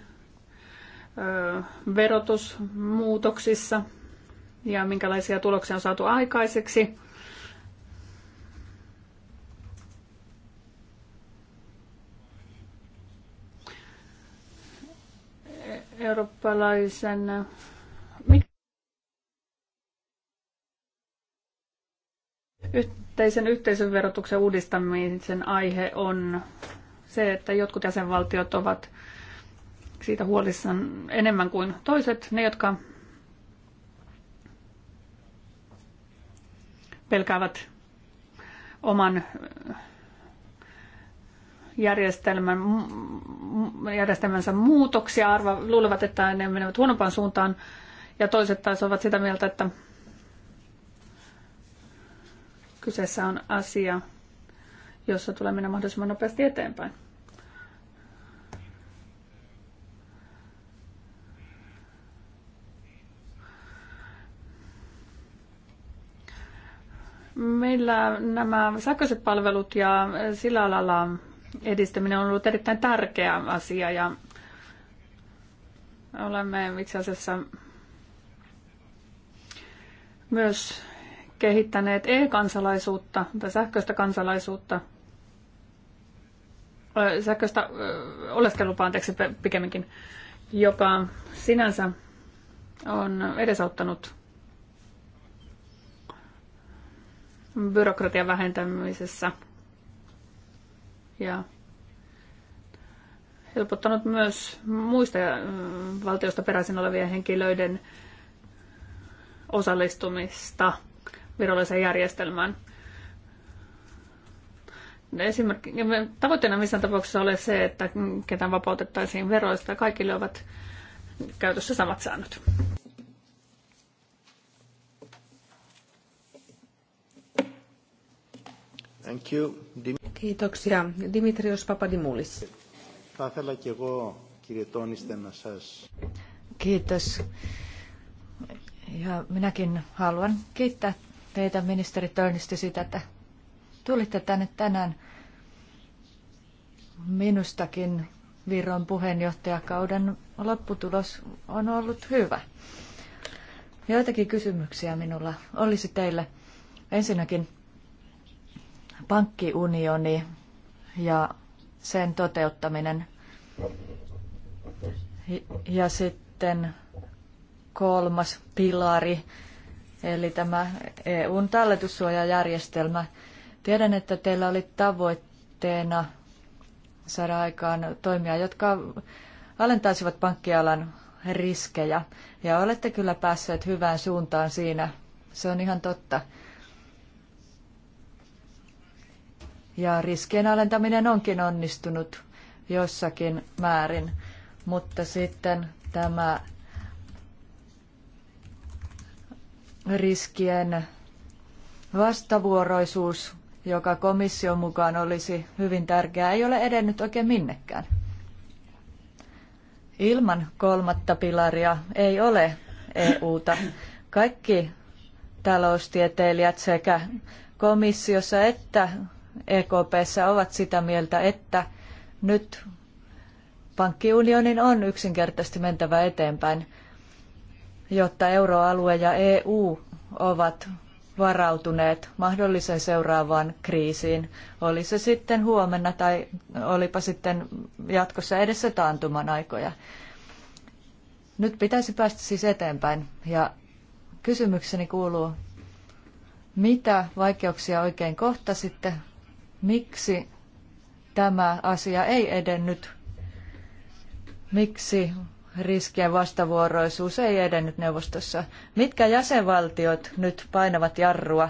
ö, verotusmuutoksissa ja minkälaisia tuloksia on saatu aikaiseksi. Eurooppalaisen yhteisen yhteisön verotuksen uudistamisen aihe on se, että jotkut jäsenvaltiot ovat siitä huolissaan enemmän kuin toiset, ne jotka pelkäävät oman järjestelmän, järjestelmänsä muutoksia, arva, luulevat, että ne menevät huonompaan suuntaan, ja toiset taas ovat sitä mieltä, että kyseessä on asia, jossa tulee mennä mahdollisimman nopeasti eteenpäin. Meillä nämä sähköiset palvelut ja sillä alalla edistäminen on ollut erittäin tärkeä asia ja olemme itse asiassa myös kehittäneet e-kansalaisuutta tai sähköistä kansalaisuutta, sähköistä oleskelupaa anteeksi pikemminkin, joka sinänsä on edesauttanut byrokratian vähentämisessä ja helpottanut myös muista valtiosta peräisin olevien henkilöiden osallistumista viralliseen järjestelmään. tavoitteena missään tapauksessa ole se, että ketään vapautettaisiin veroista. Kaikille ovat käytössä samat säännöt. Thank you. Dim- Kiitoksia. Dimitrios Papadimoulis. Θα ήθελα εγώ, κύριε Τόνιστε, να σας... Ja minäkin haluan kiittää teitä, ministeri Tönnisti, siitä, että tulitte tänne tänään. Minustakin Viron puheenjohtajakauden lopputulos on ollut hyvä. Joitakin kysymyksiä minulla olisi teille. Ensinnäkin, pankkiunioni ja sen toteuttaminen. Ja sitten kolmas pilari, eli tämä EUn talletussuojajärjestelmä. Tiedän, että teillä oli tavoitteena saada aikaan toimia, jotka alentaisivat pankkialan riskejä. Ja olette kyllä päässeet hyvään suuntaan siinä. Se on ihan totta. Ja riskien alentaminen onkin onnistunut jossakin määrin, mutta sitten tämä riskien vastavuoroisuus, joka komission mukaan olisi hyvin tärkeää, ei ole edennyt oikein minnekään. Ilman kolmatta pilaria ei ole EUta. Kaikki taloustieteilijät sekä komissiossa että EKPssä ovat sitä mieltä, että nyt pankkiunionin on yksinkertaisesti mentävä eteenpäin, jotta euroalue ja EU ovat varautuneet mahdolliseen seuraavaan kriisiin. Oli se sitten huomenna tai olipa sitten jatkossa edessä taantuman aikoja. Nyt pitäisi päästä siis eteenpäin ja kysymykseni kuuluu, mitä vaikeuksia oikein kohtasitte Miksi tämä asia ei edennyt? Miksi riskien vastavuoroisuus ei edennyt neuvostossa? Mitkä jäsenvaltiot nyt painavat jarrua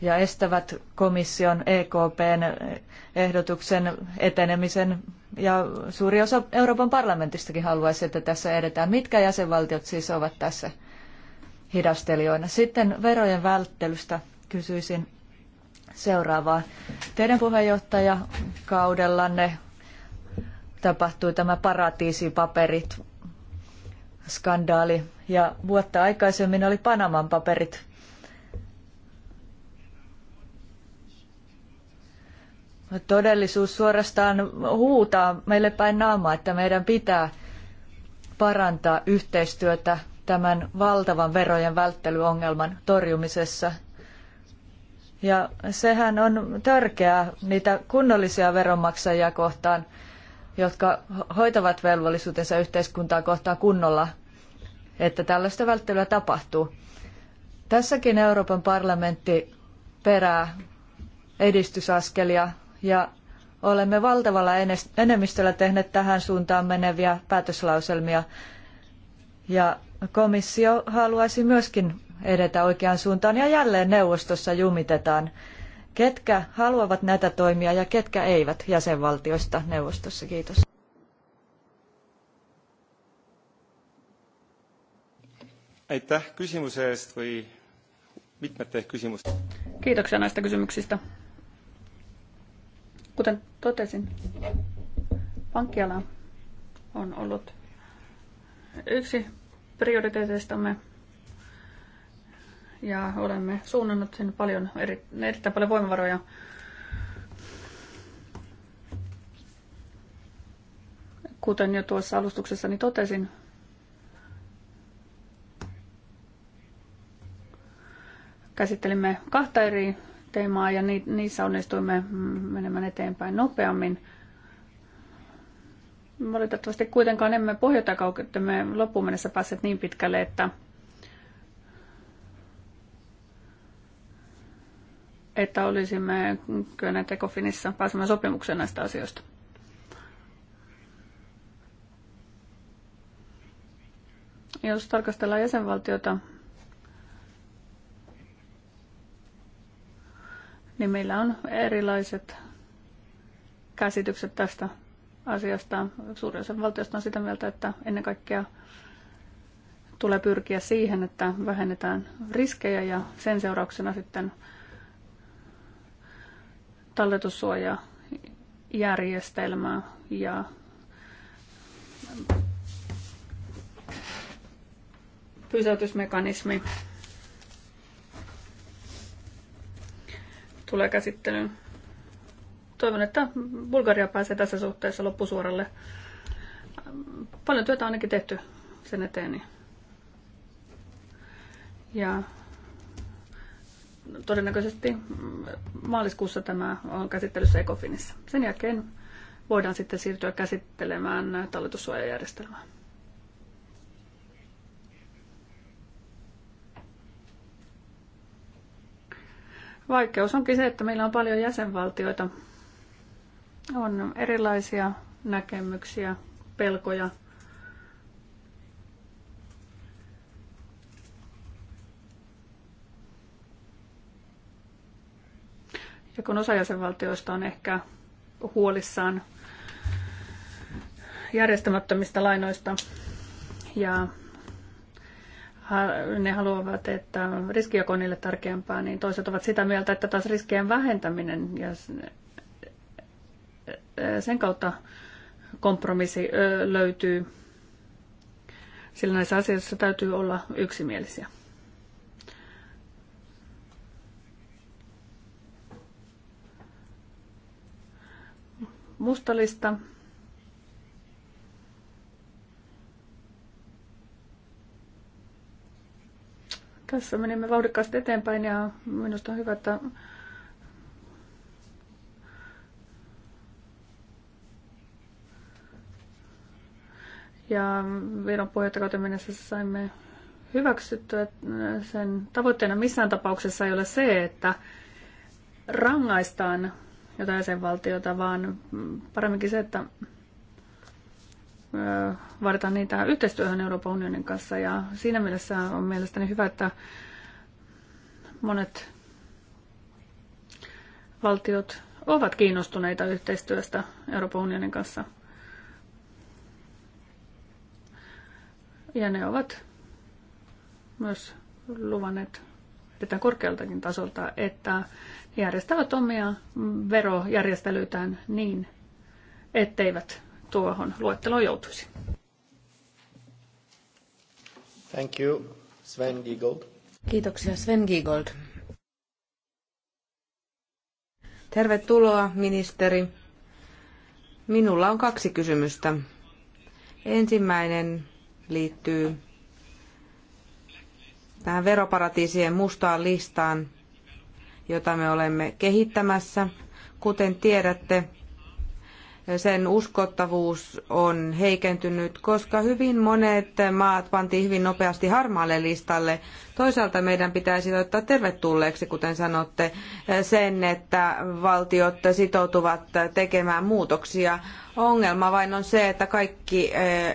ja estävät komission EKPn ehdotuksen etenemisen ja suuri osa Euroopan parlamentistakin haluaisi, että tässä edetään. Mitkä jäsenvaltiot siis ovat tässä hidastelijoina? Sitten verojen välttelystä kysyisin seuraavaa. Teidän puheenjohtajakaudellanne tapahtui tämä paratiisipaperit skandaali ja vuotta aikaisemmin oli Panaman paperit. Todellisuus suorastaan huutaa meille päin naamaa, että meidän pitää parantaa yhteistyötä tämän valtavan verojen välttelyongelman torjumisessa ja sehän on tärkeää niitä kunnollisia veronmaksajia kohtaan, jotka hoitavat velvollisuutensa yhteiskuntaa kohtaan kunnolla, että tällaista välttelyä tapahtuu. Tässäkin Euroopan parlamentti perää edistysaskelia ja olemme valtavalla enemmistöllä tehneet tähän suuntaan meneviä päätöslauselmia. Ja komissio haluaisi myöskin edetä oikeaan suuntaan ja jälleen neuvostossa jumitetaan. Ketkä haluavat näitä toimia ja ketkä eivät jäsenvaltioista neuvostossa? Kiitos. Aitäh kysymyksestä või mitmete kysymystä. Kiitoksia näistä kysymyksistä. Kuten totesin, pankkiala on ollut yksi prioriteeteistamme ja olemme suunnanneet sen paljon, eri, erittäin paljon voimavaroja. Kuten jo tuossa alustuksessani totesin, käsittelimme kahta eri teemaa ja niissä onnistuimme menemään eteenpäin nopeammin. Valitettavasti kuitenkaan emme pohjoitakauketemme loppuun mennessä päässeet niin pitkälle, että että olisimme kyenneet Ecofinissa pääsemään sopimukseen näistä asioista. Jos tarkastellaan jäsenvaltiota, niin meillä on erilaiset käsitykset tästä asiasta. Suurin osa valtiosta on sitä mieltä, että ennen kaikkea tulee pyrkiä siihen, että vähennetään riskejä ja sen seurauksena sitten talletussuojajärjestelmää ja pysäytysmekanismi tulee käsittelyyn. Toivon, että Bulgaria pääsee tässä suhteessa loppusuoralle. Paljon työtä on ainakin tehty sen eteen. Ja todennäköisesti maaliskuussa tämä on käsittelyssä ECOFINissa. Sen jälkeen voidaan sitten siirtyä käsittelemään talletussuojajärjestelmää. Vaikeus onkin se, että meillä on paljon jäsenvaltioita, on erilaisia näkemyksiä, pelkoja – Ja kun osa jäsenvaltioista on ehkä huolissaan järjestämättömistä lainoista ja ne haluavat, että riskijako on niille tärkeämpää, niin toiset ovat sitä mieltä, että taas riskien vähentäminen ja sen kautta kompromissi löytyy, sillä näissä asioissa täytyy olla yksimielisiä. mustalista. Tässä menemme vauhdikkaasti eteenpäin ja minusta on hyvä, että Ja Viron puheenjohtajakauteen mennessä saimme hyväksyttyä sen tavoitteena missään tapauksessa ei ole se, että rangaistaan jotain valtiota, vaan paremminkin se, että vaaditaan niitä yhteistyöhön Euroopan unionin kanssa. Ja siinä mielessä on mielestäni hyvä, että monet valtiot ovat kiinnostuneita yhteistyöstä Euroopan unionin kanssa. Ja ne ovat myös luvanneet erittäin korkealtakin tasolta, että järjestävät omia verojärjestelyitään niin, etteivät tuohon luetteloon joutuisi. Thank you, Sven Giegold. Kiitoksia, Sven Giegold. Tervetuloa, ministeri. Minulla on kaksi kysymystä. Ensimmäinen liittyy tähän veroparatiisien mustaan listaan jota me olemme kehittämässä. Kuten tiedätte, sen uskottavuus on heikentynyt, koska hyvin monet maat pantiin hyvin nopeasti harmaalle listalle. Toisaalta meidän pitäisi ottaa tervetulleeksi, kuten sanotte, sen, että valtiot sitoutuvat tekemään muutoksia. Ongelma vain on se, että kaikki eh,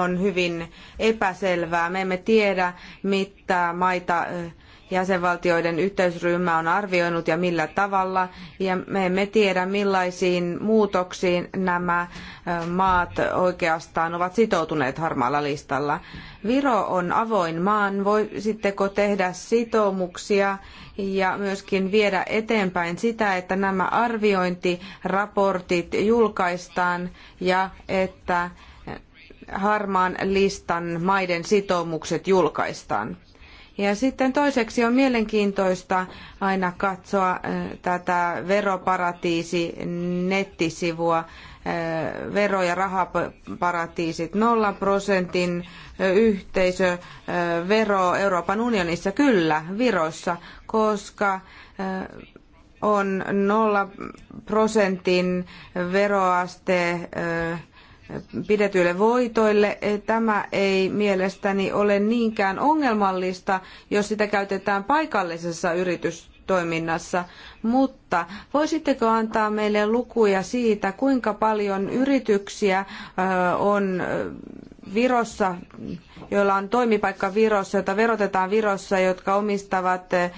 on hyvin epäselvää. Me emme tiedä, mitä maita eh, jäsenvaltioiden yhteisryhmä on arvioinut ja millä tavalla. Ja me emme tiedä, millaisiin muutoksiin nämä maat oikeastaan ovat sitoutuneet harmaalla listalla. Viro on avoin maan. Voisitteko tehdä sitoumuksia ja myöskin viedä eteenpäin sitä, että nämä arviointiraportit julkaistaan ja että harmaan listan maiden sitoumukset julkaistaan. Ja sitten toiseksi on mielenkiintoista aina katsoa äh, tätä veroparatiisi nettisivua äh, vero- ja rahaparatiisit, nolla prosentin äh, yhteisövero Euroopan unionissa, kyllä, Virossa, koska on nolla prosentin veroaste pidetyille voitoille. Tämä ei mielestäni ole niinkään ongelmallista, jos sitä käytetään paikallisessa yritystoiminnassa, mutta voisitteko antaa meille lukuja siitä, kuinka paljon yrityksiä on Virossa, joilla on toimipaikka Virossa, joita verotetaan Virossa, jotka omistavat eh,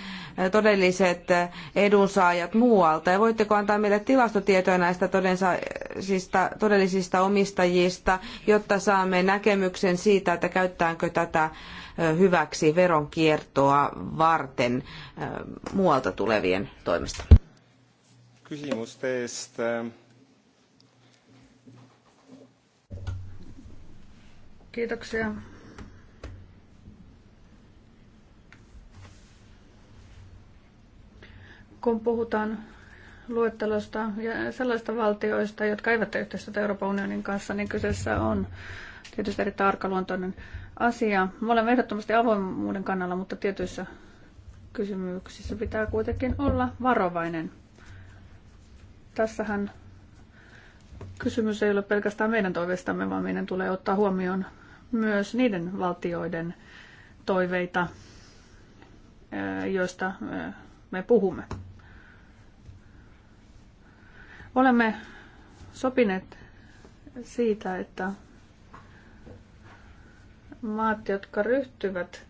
todelliset eh, edunsaajat muualta? Ja voitteko antaa meille tilastotietoja näistä todellisista, todellisista omistajista, jotta saamme näkemyksen siitä, että käyttääkö tätä eh, hyväksi veronkiertoa varten muualta tulevien toimesta? Kysymys teistä. Kiitoksia. Kun puhutaan luettelosta ja sellaista valtioista, jotka eivät tee yhteistyötä Euroopan unionin kanssa, niin kyseessä on tietysti eri tarkaluontoinen asia. Me olemme ehdottomasti avoimuuden kannalla, mutta tietyissä kysymyksissä pitää kuitenkin olla varovainen. Tässähän kysymys ei ole pelkästään meidän toiveistamme, vaan meidän tulee ottaa huomioon myös niiden valtioiden toiveita, eh, joista eh, me puhumme. Olemme sopineet siitä, että maat, jotka ryhtyvät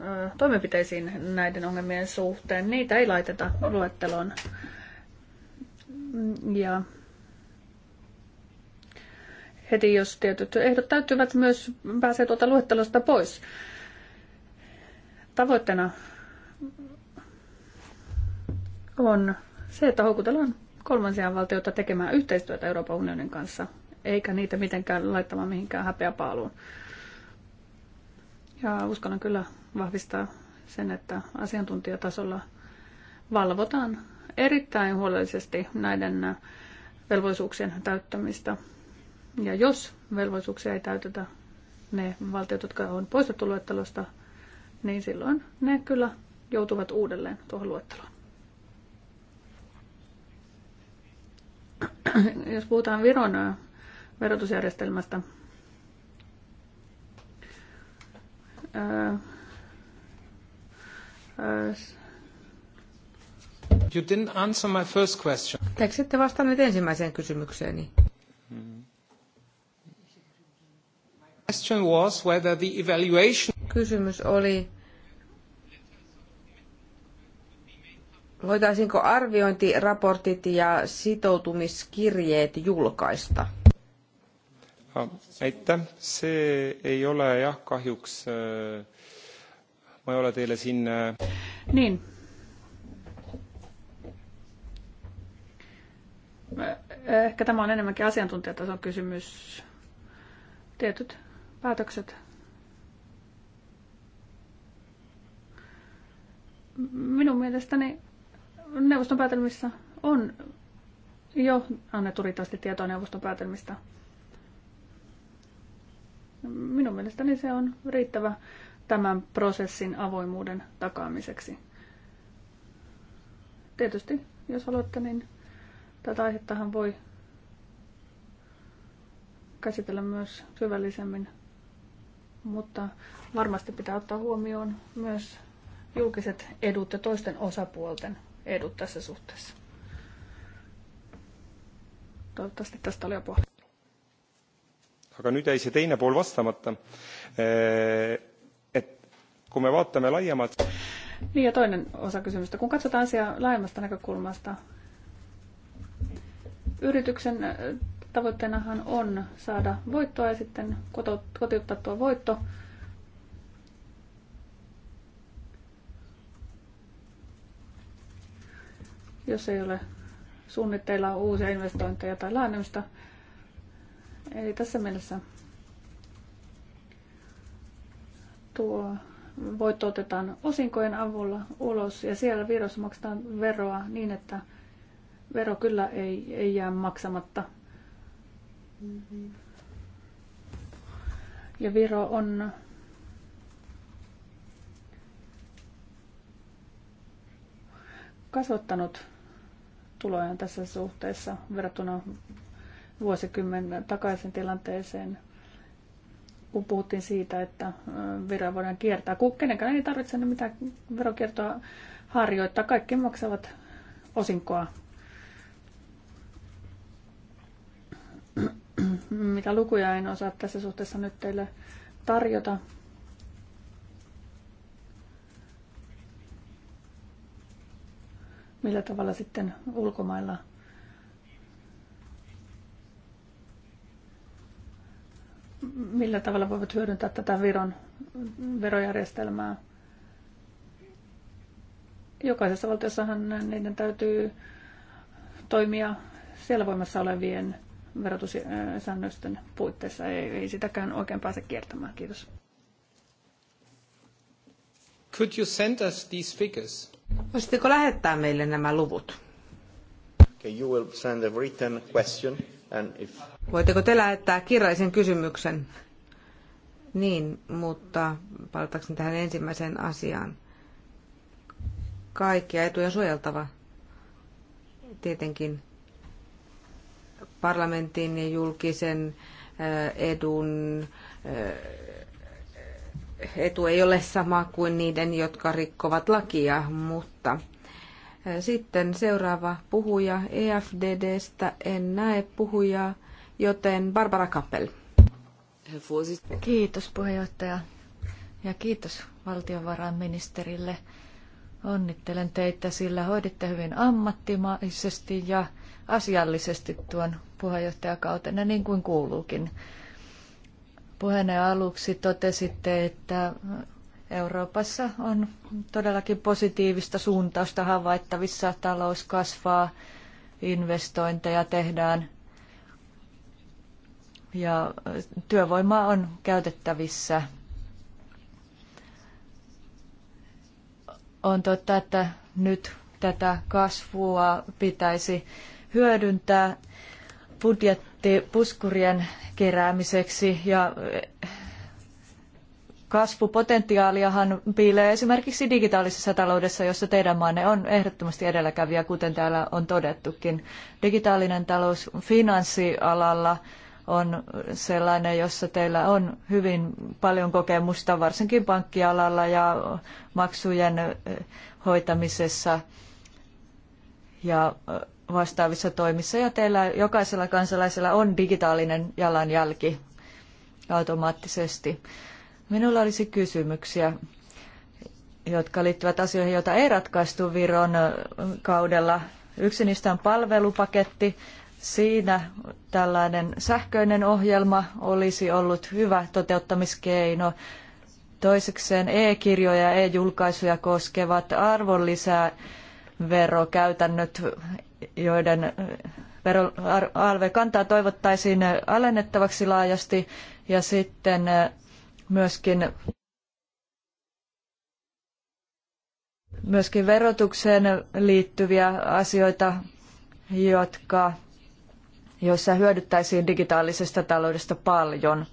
eh, toimenpiteisiin näiden ongelmien suhteen, niitä ei laiteta luetteloon. Ja heti, jos tietyt ehdot täyttyvät, myös pääsee tuota luettelosta pois. Tavoitteena on se, että houkutellaan kolmansia valtioita tekemään yhteistyötä Euroopan unionin kanssa, eikä niitä mitenkään laittamaan mihinkään häpeäpaaluun. Ja uskallan kyllä vahvistaa sen, että asiantuntijatasolla valvotaan erittäin huolellisesti näiden velvollisuuksien täyttämistä. Ja jos velvollisuuksia ei täytetä ne valtiot, jotka on poistettu luettelosta, niin silloin ne kyllä joutuvat uudelleen tuohon luetteloon. Jos puhutaan Viron äh, verotusjärjestelmästä, äh, äh, You didn't answer my first question. Te ette vastannut ensimmäiseen kysymykseeni? Kysymys oli, voitaisiinko arviointiraportit ja sitoutumiskirjeet julkaista? Ähm, aitäh. Se ei ole jah kahjuks, äh, ma ei ole teile siin... Äh, niin. Äh, ehkä tämä on enemmänkin asiantuntijatason kysymys. Tietyt päätökset. Minun mielestäni neuvoston päätelmissä on jo annettu riittävästi tietoa neuvoston päätelmistä. Minun mielestäni se on riittävä tämän prosessin avoimuuden takaamiseksi. Tietysti, jos haluatte, niin tätä aihettahan voi käsitellä myös syvällisemmin mutta varmasti pitää ottaa huomioon myös julkiset edut ja toisten osapuolten edut tässä suhteessa. Toivottavasti tästä oli apua. Aga nüüd ei see teine pool vastamata. Eh, et kun me vaatame laajemalt... Niin ja toinen osa kysymystä. Kun katsotaan asiaa laajemmasta näkökulmasta, yrityksen Tavoitteenahan on saada voittoa ja sitten kotiuttaa tuo voitto. Jos ei ole suunnitteilla uusia investointeja tai lainausta. Eli tässä mielessä tuo voitto otetaan osinkojen avulla ulos ja siellä Virossa maksetaan veroa niin, että vero kyllä ei, ei jää maksamatta – ja Viro on kasvattanut tulojaan tässä suhteessa verrattuna vuosikymmen takaisin tilanteeseen, kun puhuttiin siitä, että veroja voidaan kiertää. Kun kenenkään ei tarvitse mitään verokiertoa harjoittaa. Kaikki maksavat osinkoa mitä lukuja en osaa tässä suhteessa nyt teille tarjota. Millä tavalla sitten ulkomailla millä tavalla voivat hyödyntää tätä Viron verojärjestelmää. Jokaisessa valtiossahan niiden täytyy toimia siellä voimassa olevien verotussäännösten puitteissa. Ei, ei sitäkään oikein pääse kiertämään. Kiitos. Could you send us these figures? Voisitteko lähettää meille nämä luvut? Okay, you will send a written question and if... Voitteko te lähettää kirjallisen kysymyksen? Niin, mutta palataanko tähän ensimmäiseen asiaan. Kaikkia etuja suojeltava, tietenkin parlamentin ja julkisen äh, edun äh, etu ei ole sama kuin niiden, jotka rikkovat lakia, mutta äh, sitten seuraava puhuja EFDDstä. En näe puhujaa, joten Barbara Kappel. Kiitos puheenjohtaja ja kiitos valtiovarainministerille. Onnittelen teitä, sillä hoiditte hyvin ammattimaisesti ja asiallisesti tuon puheenjohtajakautena niin kuin kuuluukin. Puheenne aluksi totesitte, että Euroopassa on todellakin positiivista suuntausta havaittavissa. Talous kasvaa, investointeja tehdään ja työvoimaa on käytettävissä. On totta, että nyt tätä kasvua pitäisi hyödyntää budjettipuskurien keräämiseksi ja eh, kasvupotentiaaliahan piilee esimerkiksi digitaalisessa taloudessa, jossa teidän maanne on ehdottomasti edelläkävijä, kuten täällä on todettukin. Digitaalinen talous finanssialalla on sellainen, jossa teillä on hyvin paljon kokemusta, varsinkin pankkialalla ja maksujen eh, hoitamisessa ja eh, vastaavissa toimissa ja teillä jokaisella kansalaisella on digitaalinen jalanjälki automaattisesti. Minulla olisi kysymyksiä, jotka liittyvät asioihin, joita ei ratkaistu Viron kaudella. Yksi niistä on palvelupaketti. Siinä tällainen sähköinen ohjelma olisi ollut hyvä toteuttamiskeino. Toisekseen e-kirjoja ja e-julkaisuja koskevat arvonlisäverokäytännöt joiden kantaa toivottaisiin alennettavaksi laajasti ja sitten myöskin myöskin verotukseen liittyviä asioita, jotka, joissa hyödyttäisiin digitaalisesta taloudesta paljon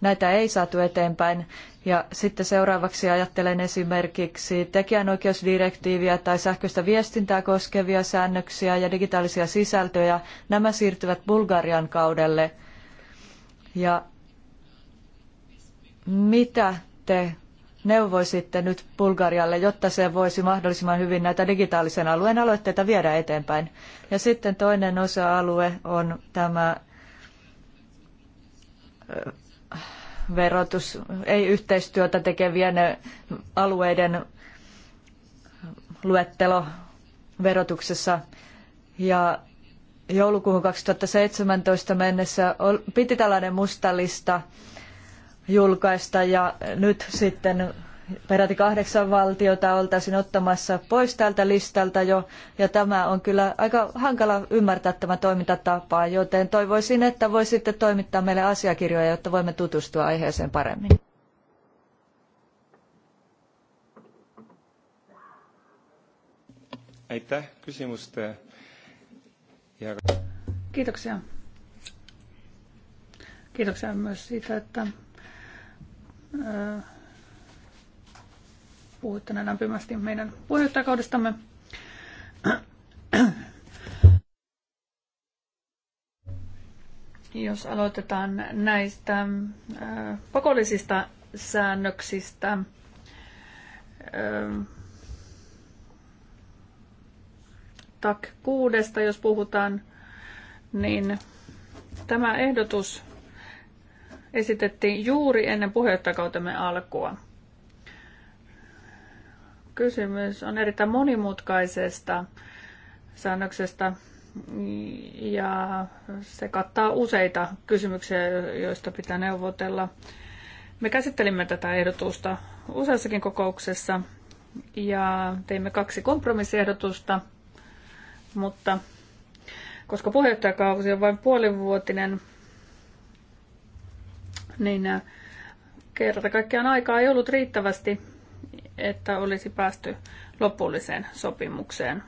näitä ei saatu eteenpäin. Ja sitten seuraavaksi ajattelen esimerkiksi tekijänoikeusdirektiiviä tai sähköistä viestintää koskevia säännöksiä ja digitaalisia sisältöjä. Nämä siirtyvät Bulgarian kaudelle. Ja mitä te neuvoisitte nyt Bulgarialle, jotta se voisi mahdollisimman hyvin näitä digitaalisen alueen aloitteita viedä eteenpäin? Ja sitten toinen osa-alue on tämä verotus, ei yhteistyötä tekevien alueiden luettelo verotuksessa. Ja joulukuuhun 2017 mennessä piti tällainen musta lista julkaista ja nyt sitten peräti kahdeksan valtiota oltaisiin ottamassa pois tältä listalta jo, ja tämä on kyllä aika hankala ymmärtää tämä toimintatapa, joten toivoisin, että voisitte toimittaa meille asiakirjoja, jotta voimme tutustua aiheeseen paremmin. Aitäh kysymystä. Ja... Kiitoksia. Kiitoksia myös siitä, että puhuitte näin lämpimästi meidän puheenjohtajakaudestamme. Jos aloitetaan näistä äh, pakollisista säännöksistä, äh, TAK 6, jos puhutaan, niin tämä ehdotus esitettiin juuri ennen puheenjohtajakautemme alkua. Kysymys on erittäin monimutkaisesta säännöksestä ja se kattaa useita kysymyksiä, joista pitää neuvotella. Me käsittelimme tätä ehdotusta useassakin kokouksessa ja teimme kaksi kompromissiehdotusta, mutta koska puheenjohtajakausi on vain puolivuotinen, niin kerta kaikkiaan aikaa ei ollut riittävästi että olisi päästy lopulliseen sopimukseen.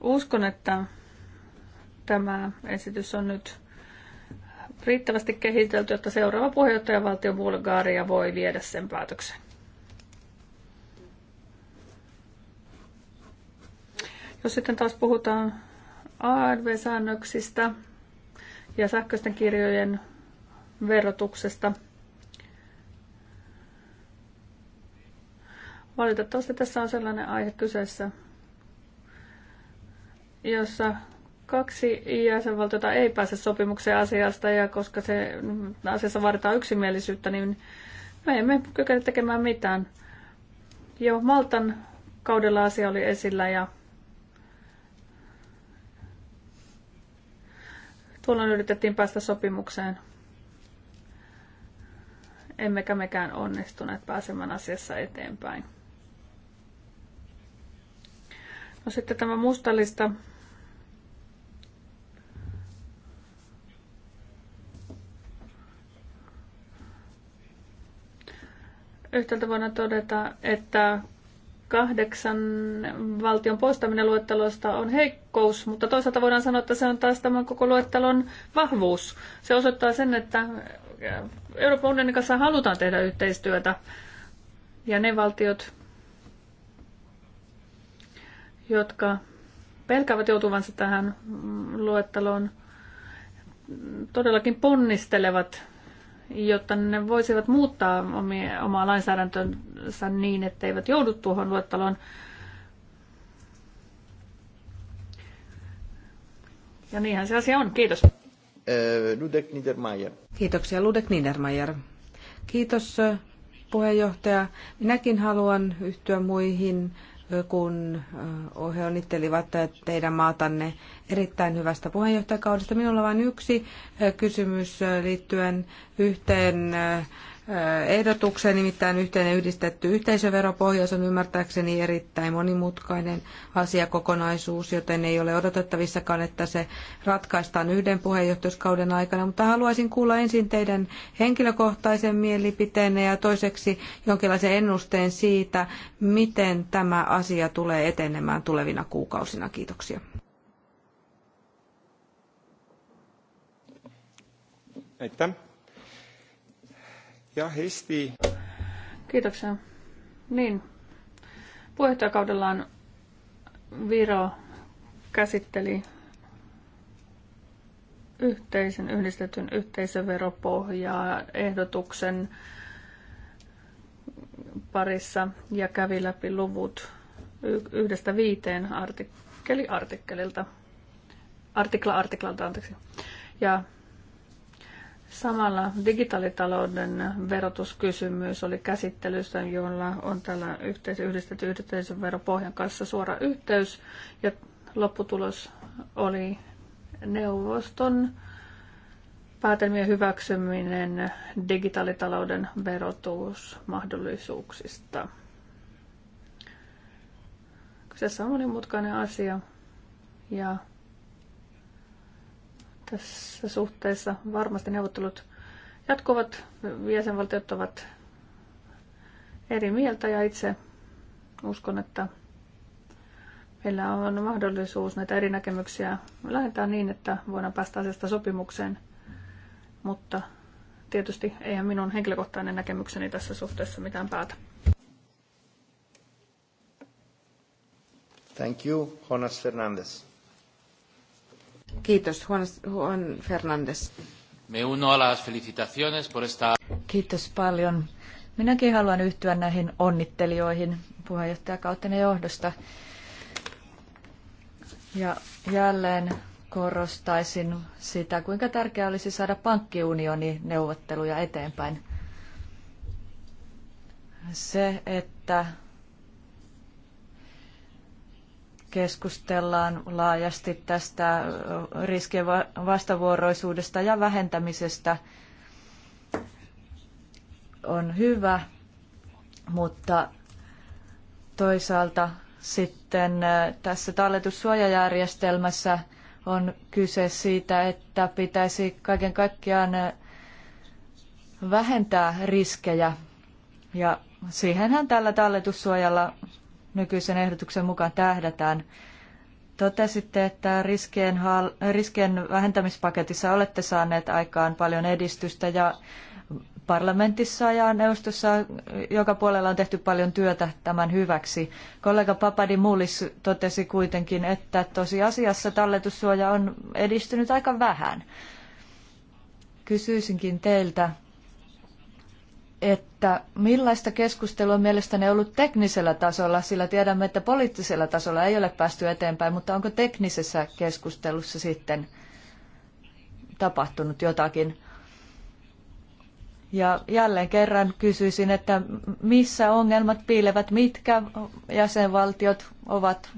Uskon, että tämä esitys on nyt riittävästi kehitelty, jotta seuraava puheenjohtajavaltio Bulgaria voi viedä sen päätöksen. Jos sitten taas puhutaan ARV-säännöksistä ja sähköisten kirjojen verotuksesta – Valitettavasti tässä on sellainen aihe kyseessä, jossa kaksi jäsenvaltiota ei pääse sopimukseen asiasta ja koska se asiassa vaaditaan yksimielisyyttä, niin me emme kykene tekemään mitään. Jo Maltan kaudella asia oli esillä ja tuolloin yritettiin päästä sopimukseen. Emmekä mekään onnistuneet pääsemään asiassa eteenpäin. No sitten tämä mustalista. Yhtäältä voidaan todeta, että kahdeksan valtion poistaminen luettelosta on heikkous, mutta toisaalta voidaan sanoa, että se on taas tämän koko luettelon vahvuus. Se osoittaa sen, että Euroopan unionin kanssa halutaan tehdä yhteistyötä ja ne valtiot, jotka pelkäävät joutuvansa tähän luetteloon, todellakin ponnistelevat, jotta ne voisivat muuttaa omia, omaa lainsäädäntönsä niin, etteivät joudu tuohon luetteloon. Ja niinhän se asia on. Kiitos. Eh, Ludek Niedermayer. Kiitoksia Ludek Niedermayer. Kiitos eh, puheenjohtaja. Minäkin haluan yhtyä muihin kun onnittelivat teidän maatanne erittäin hyvästä puheenjohtajakaudesta. Minulla on vain yksi kysymys liittyen yhteen ehdotukseen, nimittäin yhteinen yhdistetty yhteisöveropohjaus on ymmärtääkseni erittäin monimutkainen asiakokonaisuus, joten ei ole odotettavissakaan, että se ratkaistaan yhden puheenjohtajuuskauden aikana, mutta haluaisin kuulla ensin teidän henkilökohtaisen mielipiteenne ja toiseksi jonkinlaisen ennusteen siitä, miten tämä asia tulee etenemään tulevina kuukausina. Kiitoksia. Aitäh ja Kiitoksia. Niin. Puheenjohtajakaudellaan Viro käsitteli yhteisen yhdistetyn yhteisöveropohjaa ehdotuksen parissa ja kävi läpi luvut yhdestä viiteen artikkeli artikkelilta. Artikla artiklalta, anteeksi. Ja Samalla digitaalitalouden verotuskysymys oli käsittelyssä, jolla on tällä yhteis- yhdistetty yhteisön veropohjan kanssa suora yhteys. Ja lopputulos oli neuvoston päätelmien hyväksyminen digitaalitalouden verotusmahdollisuuksista. Kyseessä on monimutkainen asia ja tässä suhteessa varmasti neuvottelut jatkuvat, jäsenvaltiot ovat eri mieltä ja itse uskon, että meillä on mahdollisuus näitä eri näkemyksiä lähentää niin, että voidaan päästä asiasta sopimukseen, mutta tietysti eihän minun henkilökohtainen näkemykseni tässä suhteessa mitään päätä. Thank you, Jonas Fernandez. Kiitos, Juan, Juan Fernandes. Me uno a las felicitaciones por esta... Kiitos paljon. Minäkin haluan yhtyä näihin onnittelijoihin puheenjohtajakautenne johdosta. Ja jälleen korostaisin sitä, kuinka tärkeää olisi saada pankkiunioni neuvotteluja eteenpäin. Se, että keskustellaan laajasti tästä riskien vastavuoroisuudesta ja vähentämisestä, on hyvä, mutta toisaalta sitten tässä talletussuojajärjestelmässä on kyse siitä, että pitäisi kaiken kaikkiaan vähentää riskejä. Ja siihenhän tällä talletussuojalla nykyisen ehdotuksen mukaan tähdätään. Totesitte, että riskien, riskien vähentämispaketissa olette saaneet aikaan paljon edistystä ja parlamentissa ja neuvostossa joka puolella on tehty paljon työtä tämän hyväksi. Kollega Papadi Mullis totesi kuitenkin, että tosiasiassa talletussuoja on edistynyt aika vähän. Kysyisinkin teiltä, että millaista keskustelua on ollut teknisellä tasolla, sillä tiedämme, että poliittisella tasolla ei ole päästy eteenpäin, mutta onko teknisessä keskustelussa sitten tapahtunut jotakin? Ja jälleen kerran kysyisin, että missä ongelmat piilevät, mitkä jäsenvaltiot ovat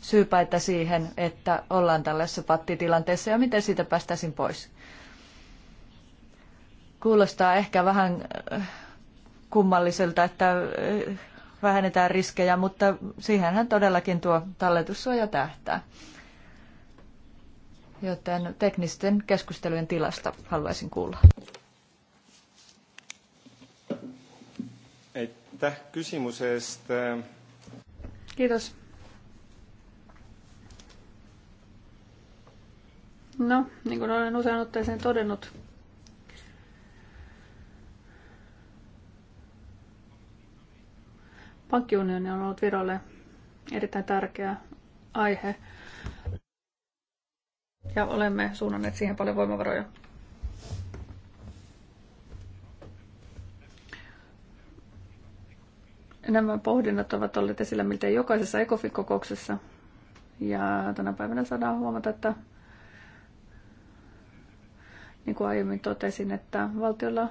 syypäitä siihen, että ollaan tällaisessa pattitilanteessa ja miten siitä päästäisiin pois? Kuulostaa ehkä vähän äh, kummalliselta, että äh, vähennetään riskejä, mutta siihenhän todellakin tuo talletussuoja tähtää. Joten teknisten keskustelujen tilasta haluaisin kuulla. Aitäh kysymyksestä. Kiitos. No, niin kuin olen usein otteeseen todennut, Pankkiunioni on ollut Virolle erittäin tärkeä aihe ja olemme suunnanneet siihen paljon voimavaroja. Nämä pohdinnat ovat olleet esillä miltei jokaisessa ECOFIN-kokouksessa. Ja tänä päivänä saadaan huomata, että niin kuin aiemmin totesin, että valtiolla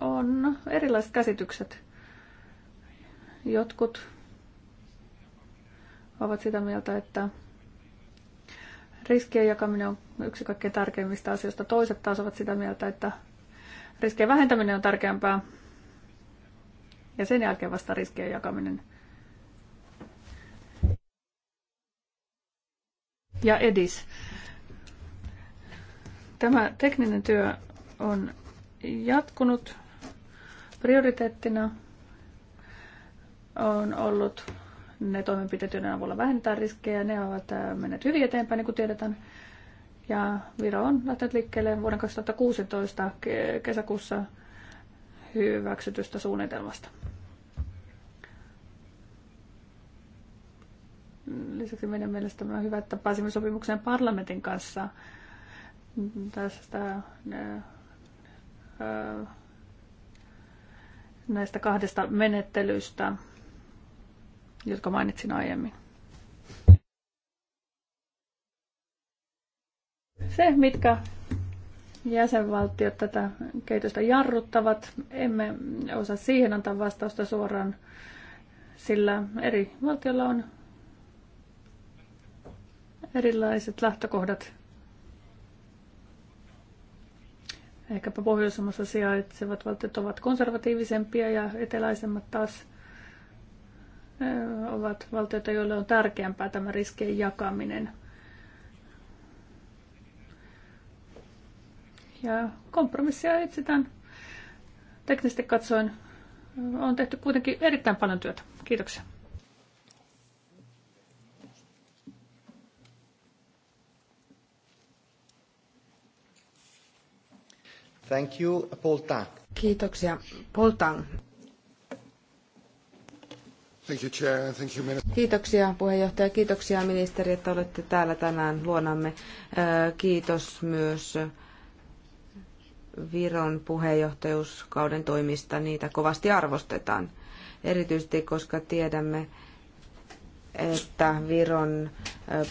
on erilaiset käsitykset Jotkut ovat sitä mieltä, että riskien jakaminen on yksi kaikkein tärkeimmistä asioista. Toiset taas ovat sitä mieltä, että riskien vähentäminen on tärkeämpää ja sen jälkeen vasta riskien jakaminen. Ja EDIS. Tämä tekninen työ on jatkunut prioriteettina on ollut ne toimenpiteet, joiden avulla vähennetään riskejä. Ne ovat äh, menneet hyvin eteenpäin, niin kuin tiedetään. Ja Viro on lähtenyt liikkeelle vuoden 2016 kesäkuussa hyväksytystä suunnitelmasta. Lisäksi meidän mielestä on hyvä, että pääsimme sopimukseen parlamentin kanssa tästä äh, äh, näistä kahdesta menettelystä jotka mainitsin aiemmin. Se, mitkä jäsenvaltiot tätä kehitystä jarruttavat, emme osaa siihen antaa vastausta suoraan, sillä eri valtioilla on erilaiset lähtökohdat. Ehkäpä pohjoisemmassa sijaitsevat valtiot ovat konservatiivisempia ja eteläisemmät taas ovat valtioita, joille on tärkeämpää tämä riskien jakaminen. Ja kompromissia etsitään. Teknisesti katsoen on tehty kuitenkin erittäin paljon työtä. Kiitoksia. Thank you, Paul Tang. Kiitoksia, Paul Tang. Kiitoksia puheenjohtaja, kiitoksia ministeri, että olette täällä tänään luonamme. Kiitos myös Viron puheenjohtajuuskauden toimista, niitä kovasti arvostetaan. Erityisesti koska tiedämme, että Viron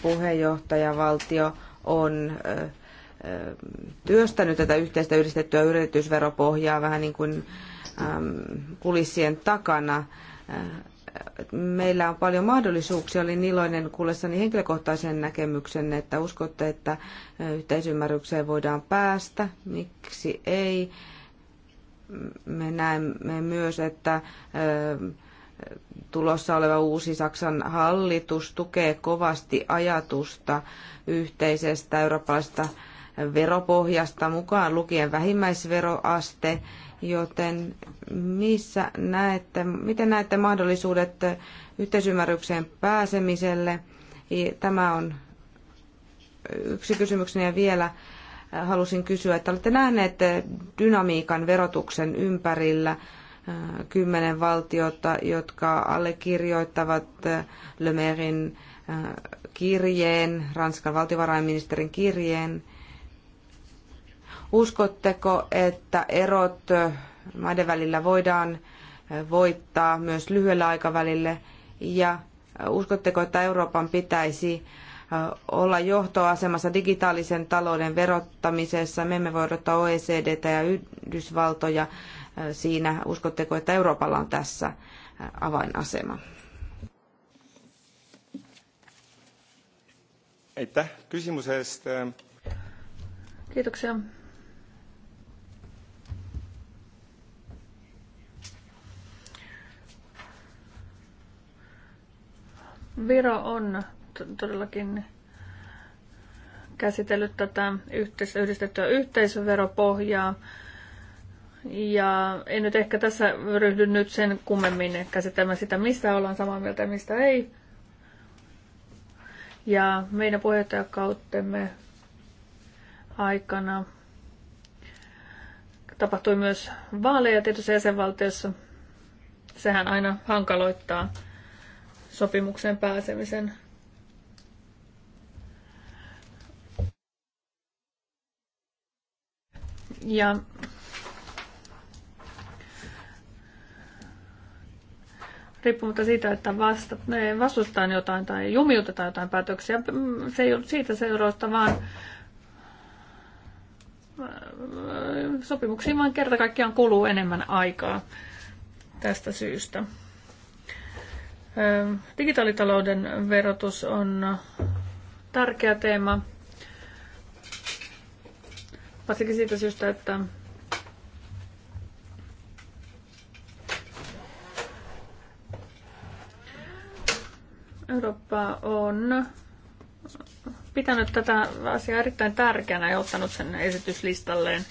puheenjohtajavaltio on työstänyt tätä yhteistä yhdistettyä yritysveropohjaa vähän niin kuin kulissien takana meillä on paljon mahdollisuuksia. Olin iloinen kuullessani henkilökohtaisen näkemyksen, että uskotte, että yhteisymmärrykseen voidaan päästä. Miksi ei? Me näemme myös, että tulossa oleva uusi Saksan hallitus tukee kovasti ajatusta yhteisestä eurooppalaisesta veropohjasta mukaan lukien vähimmäisveroaste – joten missä näette, miten näette mahdollisuudet yhteisymmärrykseen pääsemiselle? Tämä on yksi kysymykseni ja vielä äh, halusin kysyä, että olette nähneet dynamiikan verotuksen ympärillä äh, kymmenen valtiota, jotka allekirjoittavat äh, lömerin kirjeen, Ranskan valtiovarainministerin kirjeen, Uskotteko, että erot maiden välillä voidaan voittaa myös lyhyellä aikavälillä? Ja uskotteko, että Euroopan pitäisi olla johtoasemassa digitaalisen talouden verottamisessa? Me emme voi odottaa OECDtä ja Yhdysvaltoja siinä. Uskotteko, että Euroopalla on tässä avainasema? Kiitoksia Viro on todellakin käsitellyt tätä yhteis- yhdistettyä yhteisöveropohjaa. Ja en nyt ehkä tässä ryhdy nyt sen kummemmin käsittämään sitä, mistä ollaan samaa mieltä ja mistä ei. Ja meidän puheenjohtajakauttemme aikana tapahtui myös vaaleja tietyissä jäsenvaltiossa. Sehän aina hankaloittaa sopimukseen pääsemisen. Ja riippumatta siitä, että vasta, vastustetaan jotain tai jumiutetaan jotain päätöksiä, se ei ole siitä seurausta, vaan äh, sopimuksiin vain kerta kaikkiaan kuluu enemmän aikaa tästä syystä. Digitaalitalouden verotus on tärkeä teema, varsinkin siitä syystä, että Eurooppa on pitänyt tätä asiaa erittäin tärkeänä ja ottanut sen esityslistalleen.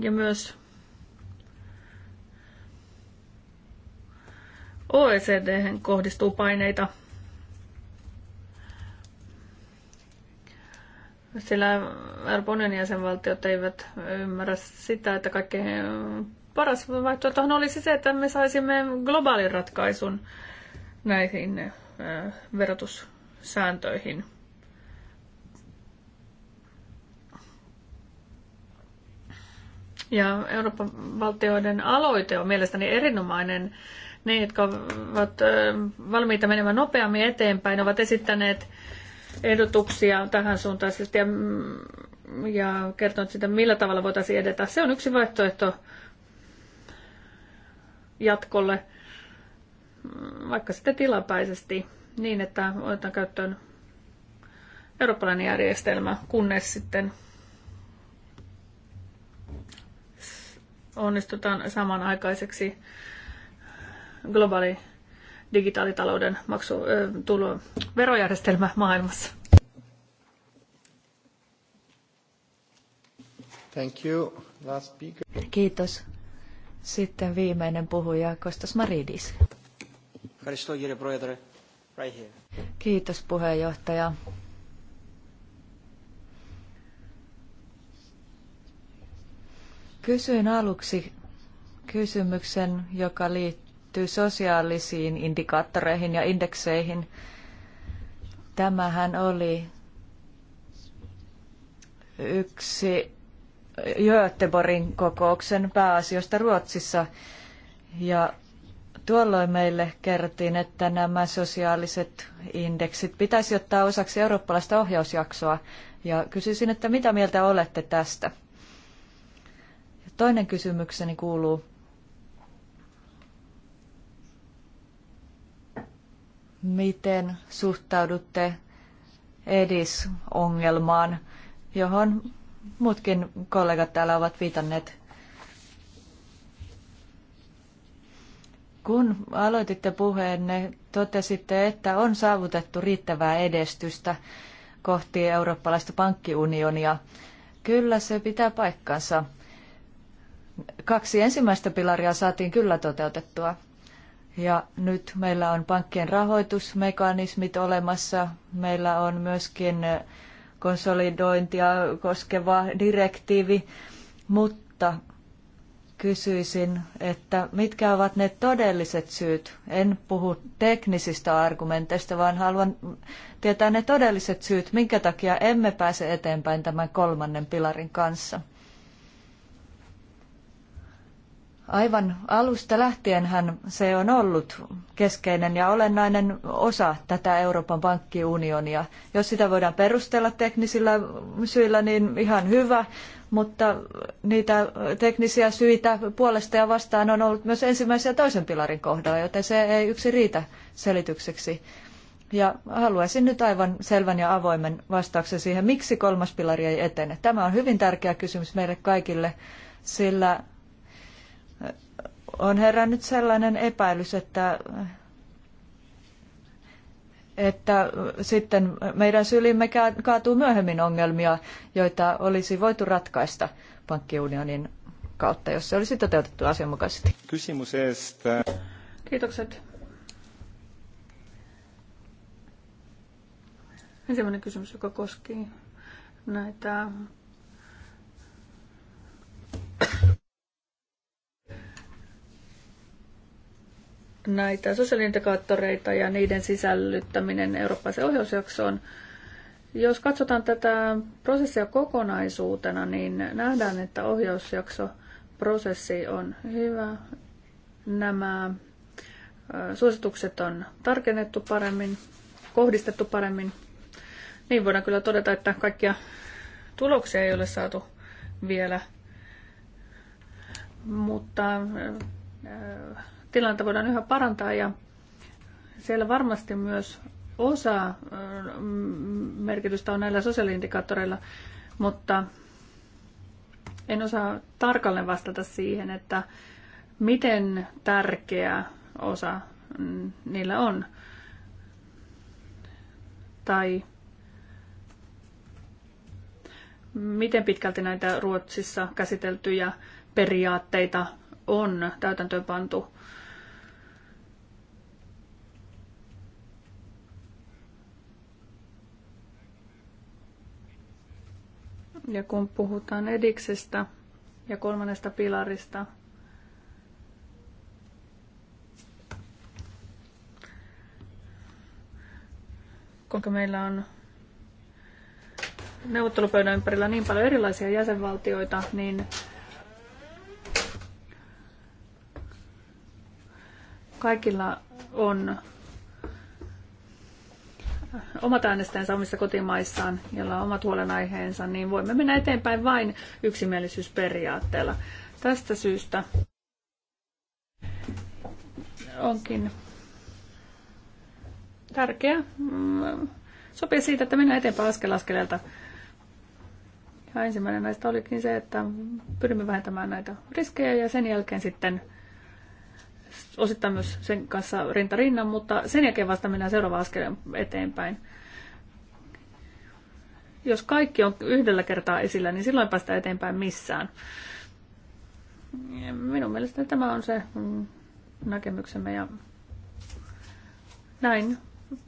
Ja myös OECD kohdistuu paineita, sillä Euroopan unionin jäsenvaltiot eivät ymmärrä sitä, että kaikkein paras vaihtoehto olisi se, että me saisimme globaalin ratkaisun näihin verotussääntöihin. Ja Euroopan valtioiden aloite on mielestäni erinomainen ne, niin, jotka ovat ähm, valmiita menemään nopeammin eteenpäin, ovat esittäneet ehdotuksia tähän suuntaisesti ja, mm, ja kertonut sitä, millä tavalla voitaisiin edetä. Se on yksi vaihtoehto jatkolle, mm, vaikka sitten tilapäisesti, niin että otetaan käyttöön eurooppalainen järjestelmä, kunnes sitten onnistutaan samanaikaiseksi globaali digitaalitalouden maksu, ö, tulo, verojärjestelmä maailmassa. Thank you. Last speaker. Kiitos. Sitten viimeinen puhuja, Kostas Maridis. Kiitos puheenjohtaja. Kysyin aluksi kysymyksen, joka liittyy liittyy sosiaalisiin indikaattoreihin ja indekseihin. Tämähän oli yksi Göteborgin kokouksen pääasioista Ruotsissa. Ja tuolloin meille kerrottiin, että nämä sosiaaliset indeksit pitäisi ottaa osaksi eurooppalaista ohjausjaksoa. Ja kysyisin, että mitä mieltä olette tästä? Ja toinen kysymykseni kuuluu, miten suhtaudutte edisongelmaan, johon muutkin kollegat täällä ovat viitanneet. Kun aloititte puheenne, totesitte, että on saavutettu riittävää edestystä kohti eurooppalaista pankkiunionia. Kyllä se pitää paikkansa. Kaksi ensimmäistä pilaria saatiin kyllä toteutettua. Ja nyt meillä on pankkien rahoitusmekanismit olemassa. Meillä on myöskin eh, konsolidointia koskeva direktiivi, mutta kysyisin, että mitkä ovat ne todelliset syyt? En puhu teknisistä argumenteista, vaan haluan tietää ne todelliset syyt, minkä takia emme pääse eteenpäin tämän kolmannen pilarin kanssa. Aivan alusta lähtienhän se on ollut keskeinen ja olennainen osa tätä Euroopan pankkiunionia. Jos sitä voidaan perustella teknisillä syillä, niin ihan hyvä, mutta niitä teknisiä syitä puolesta ja vastaan on ollut myös ensimmäisen ja toisen pilarin kohdalla, joten se ei yksi riitä selitykseksi. Ja haluaisin nyt aivan selvän ja avoimen vastauksen siihen, miksi kolmas pilari ei etene. Tämä on hyvin tärkeä kysymys meille kaikille, sillä on herännyt sellainen epäilys, että, että sitten meidän sylimme kaatuu myöhemmin ongelmia, joita olisi voitu ratkaista pankkiunionin kautta, jos se olisi toteutettu asianmukaisesti. Kysymys estä. Kiitokset. Ensimmäinen kysymys, joka koski näitä näitä sosiaaliintegraattoreita ja niiden sisällyttäminen eurooppalaisen ohjausjaksoon. Jos katsotaan tätä prosessia kokonaisuutena, niin nähdään, että ohjausjakso prosessi on hyvä. Nämä suositukset on tarkennettu paremmin, kohdistettu paremmin. Niin voidaan kyllä todeta, että kaikkia tuloksia ei ole saatu vielä, mutta tilannetta voidaan yhä parantaa ja siellä varmasti myös osa merkitystä on näillä sosiaaliindikaattoreilla, mutta en osaa tarkalleen vastata siihen, että miten tärkeä osa niillä on. Tai miten pitkälti näitä Ruotsissa käsiteltyjä periaatteita on täytäntöönpantu Ja kun puhutaan ediksestä ja kolmannesta pilarista, kuinka meillä on neuvottelupöydän ympärillä niin paljon erilaisia jäsenvaltioita, niin kaikilla on omat äänestäjänsä omissa kotimaissaan, joilla on omat huolenaiheensa, niin voimme mennä eteenpäin vain yksimielisyysperiaatteella. Tästä syystä onkin tärkeää mm, sopia siitä, että mennään eteenpäin askel askeleelta. Ja ensimmäinen näistä olikin se, että pyrimme vähentämään näitä riskejä ja sen jälkeen sitten – osittain myös sen kanssa rinta rinnan, mutta sen jälkeen vasta mennään seuraava askel eteenpäin. Jos kaikki on yhdellä kertaa esillä, niin silloin päästään eteenpäin missään. Minun mielestäni tämä on se mm, näkemyksemme ja näin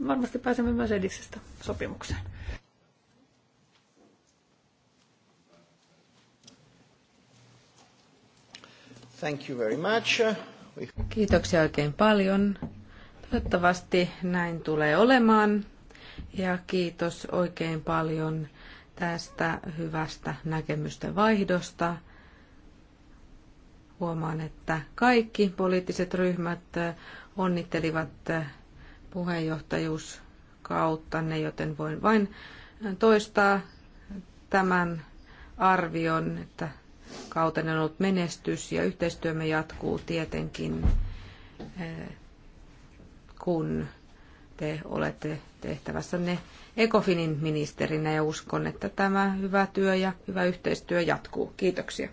varmasti pääsemme myös ediksestä sopimukseen. Thank you very much. Kiitoksia oikein paljon. Toivottavasti näin tulee olemaan. Ja kiitos oikein paljon tästä hyvästä näkemysten vaihdosta. Huomaan, että kaikki poliittiset ryhmät onnittelivat puheenjohtajuus kautta, joten voin vain toistaa tämän arvion, että kautena on ollut menestys ja yhteistyömme jatkuu tietenkin, eh, kun te olette tehtävässänne Ekofinin ministerinä ja uskon, että tämä hyvä työ ja hyvä yhteistyö jatkuu. Kiitoksia.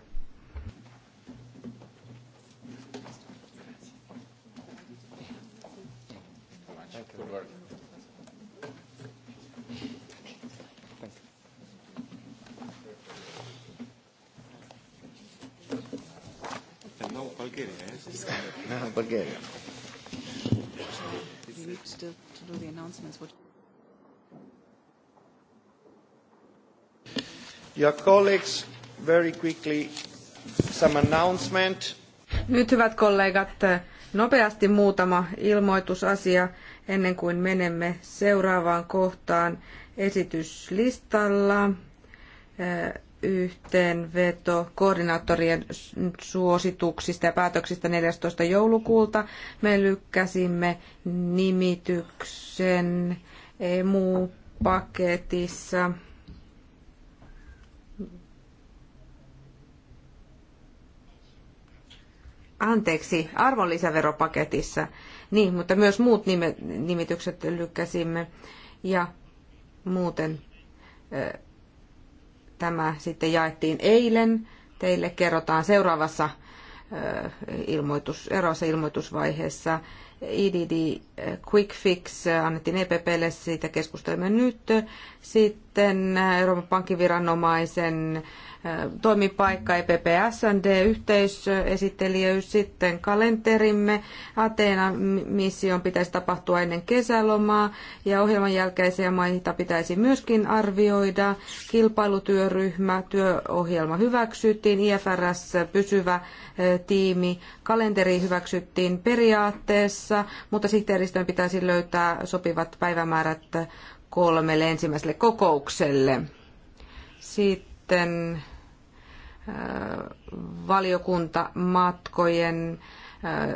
Bulgaria. still to do the announcements. Your colleagues, very quickly, some announcement. Nyt hyvät kollegat, nopeasti muutama ilmoitusasia ennen kuin menemme seuraavaan kohtaan esityslistalla yhteenveto koordinaattorien suosituksista ja päätöksistä 14. joulukuuta. Me lykkäsimme nimityksen emu-paketissa. Anteeksi, arvonlisäveropaketissa. Niin, mutta myös muut nimitykset lykkäsimme. Ja muuten Tämä sitten jaettiin eilen. Teille kerrotaan seuraavassa ilmoitus, erossa ilmoitusvaiheessa. IDD e Quick Fix annettiin EPPlle, siitä keskustelemme nyt. Sitten Euroopan pankkiviranomaisen toimipaikka EPP SND, yhteisesittelijäys, sitten kalenterimme, Ateenan mission pitäisi tapahtua ennen kesälomaa ja ohjelman jälkeisiä maita pitäisi myöskin arvioida, kilpailutyöryhmä, työohjelma hyväksyttiin, IFRS pysyvä tiimi, kalenteri hyväksyttiin periaatteessa, mutta sihteeristön pitäisi löytää sopivat päivämäärät kolmelle ensimmäiselle kokoukselle. Sitten Äh, valiokuntamatkojen äh,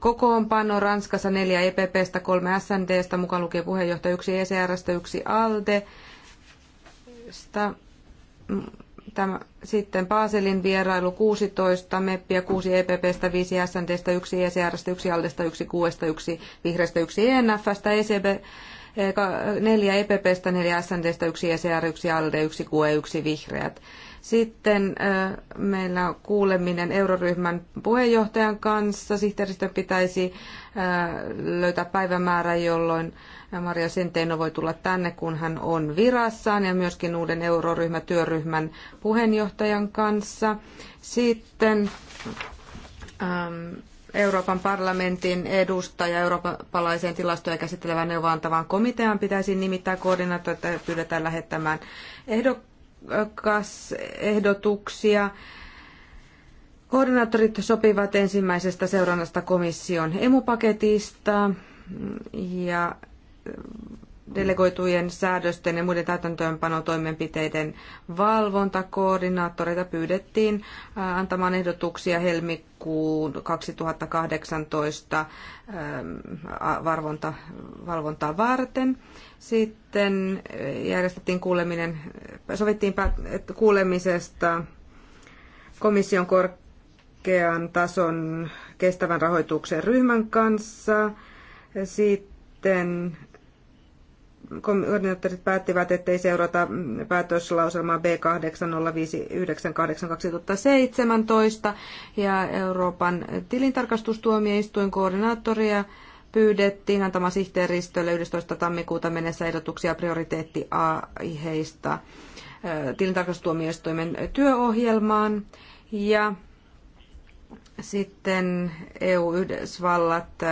kokoonpano Ranskassa neljä EPPstä, kolme SNDstä, mukaan lukien puheenjohtaja yksi ECRstä, yksi ALDE. Mm, tämä, sitten Baselin vierailu 16, MEPPiä 6 EPPstä, 5 SNDstä, 1 ECRstä, 1 ALDEsta, 1 QEstä, 1 Vihreästä, 1 ENFstä, ECB, 4 e EPPstä, 4 SNDstä, 1 ECR, 1 ALDE, 1 QE, 1 Vihreät. Sitten meillä on kuuleminen euroryhmän puheenjohtajan kanssa. Sihteeristön pitäisi löytää päivämäärä, jolloin Maria Senteino voi tulla tänne, kun hän on virassaan ja myöskin uuden euroryhmätyöryhmän puheenjohtajan kanssa. Sitten Euroopan parlamentin edustaja eurooppalaiseen tilastoja käsittelevän neuvontavan komitean pitäisi nimittää koordinaattori, pyydetään lähettämään ehdokkaita ehdotuksia. Koordinaattorit sopivat ensimmäisestä seurannasta komission emupaketista ja delegoitujen säädösten ja muiden täytäntöönpanotoimenpiteiden valvonta. Koordinaattoreita pyydettiin antamaan ehdotuksia helmikuun 2018 valvontaa varten. Sitten eh, järjestettiin kuuleminen, sovittiin kuulemisesta komission korkean tason kestävän rahoituksen ryhmän kanssa. Sitten koordinaattorit päättivät, ettei seurata päätöslauselmaa b 8059 ja Euroopan tilintarkastustuomioistuin koordinaattoria pyydettiin antamaan sihteeristölle 11. tammikuuta mennessä ehdotuksia prioriteettiaiheista tilintarkastustuomioistuimen työohjelmaan ja sitten EU-Yhdysvallat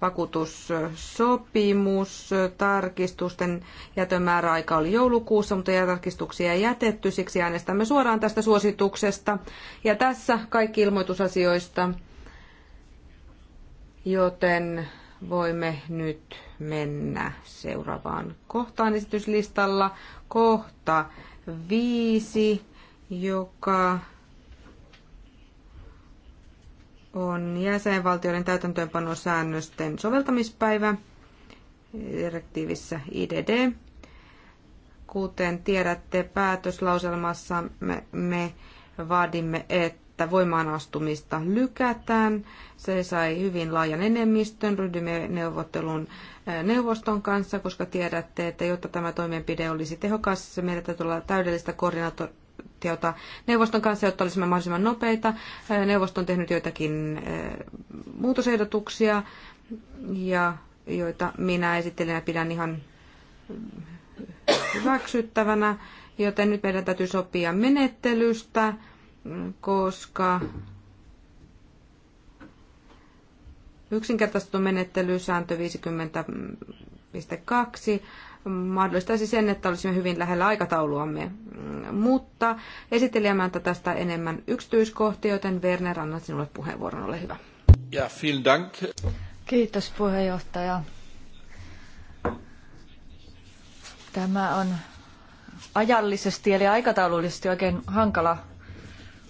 vakuutussopimus, tarkistusten jätömääräaika oli joulukuussa, mutta tarkistuksia ei jätetty, siksi äänestämme suoraan tästä suosituksesta. Ja tässä kaikki ilmoitusasioista, joten voimme nyt mennä seuraavaan kohtaan esityslistalla. Kohta viisi, joka on jäsenvaltioiden täytäntöönpanosäännösten soveltamispäivä direktiivissä IDD. Kuten tiedätte, päätöslauselmassa me, me vaadimme, että että voimaanastumista lykätään. Se sai hyvin laajan enemmistön. Ryhdymme neuvottelun eh, neuvoston kanssa, koska tiedätte, että jotta tämä toimenpide olisi tehokas, se meidän täytyy olla täydellistä koordinaatiota neuvoston kanssa, jotta olisimme mahdollisimman nopeita. Eh, neuvosto on tehnyt joitakin eh, muutosehdotuksia, ja joita minä ja pidän ihan hyväksyttävänä, joten nyt meidän täytyy sopia menettelystä koska yksinkertaistettu menettelysääntö 50.2 mahdollistaisi sen, että olisimme hyvin lähellä aikatauluamme. Mutta esittelijämäntä tästä enemmän yksityiskohtia, joten Werner, annan sinulle puheenvuoron, ole hyvä. Ja, vielen dank. Kiitos puheenjohtaja. Tämä on ajallisesti eli aikataulullisesti oikein hankala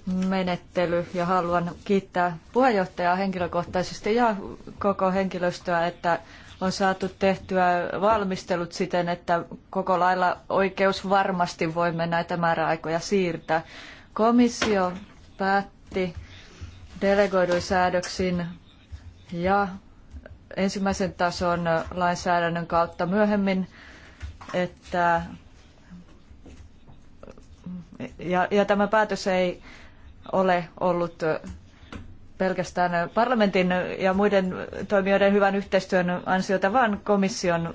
menettely ja haluan kiittää puheenjohtajaa henkilökohtaisesti ja koko henkilöstöä, että on saatu tehtyä valmistelut siten, että koko lailla oikeus varmasti voimme näitä määräaikoja siirtää. Komissio päätti delegoiduin säädöksin ja ensimmäisen tason lainsäädännön kautta myöhemmin, että ja, ja tämä päätös ei ole ollut pelkästään parlamentin ja muiden toimijoiden hyvän yhteistyön ansiota, vaan komission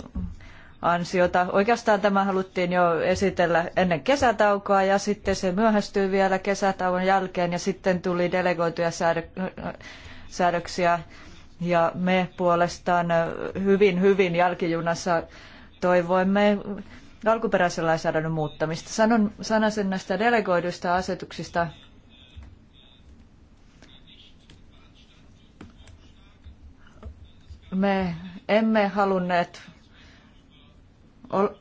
ansiota. Oikeastaan tämä haluttiin jo esitellä ennen kesätaukoa ja sitten se myöhästyi vielä kesätauon jälkeen ja sitten tuli delegoituja säädöksiä ja me puolestaan hyvin, hyvin jälkijunassa toivoimme alkuperäisen lainsäädännön muuttamista. Sanon sanasen näistä delegoiduista asetuksista Me emme halunneet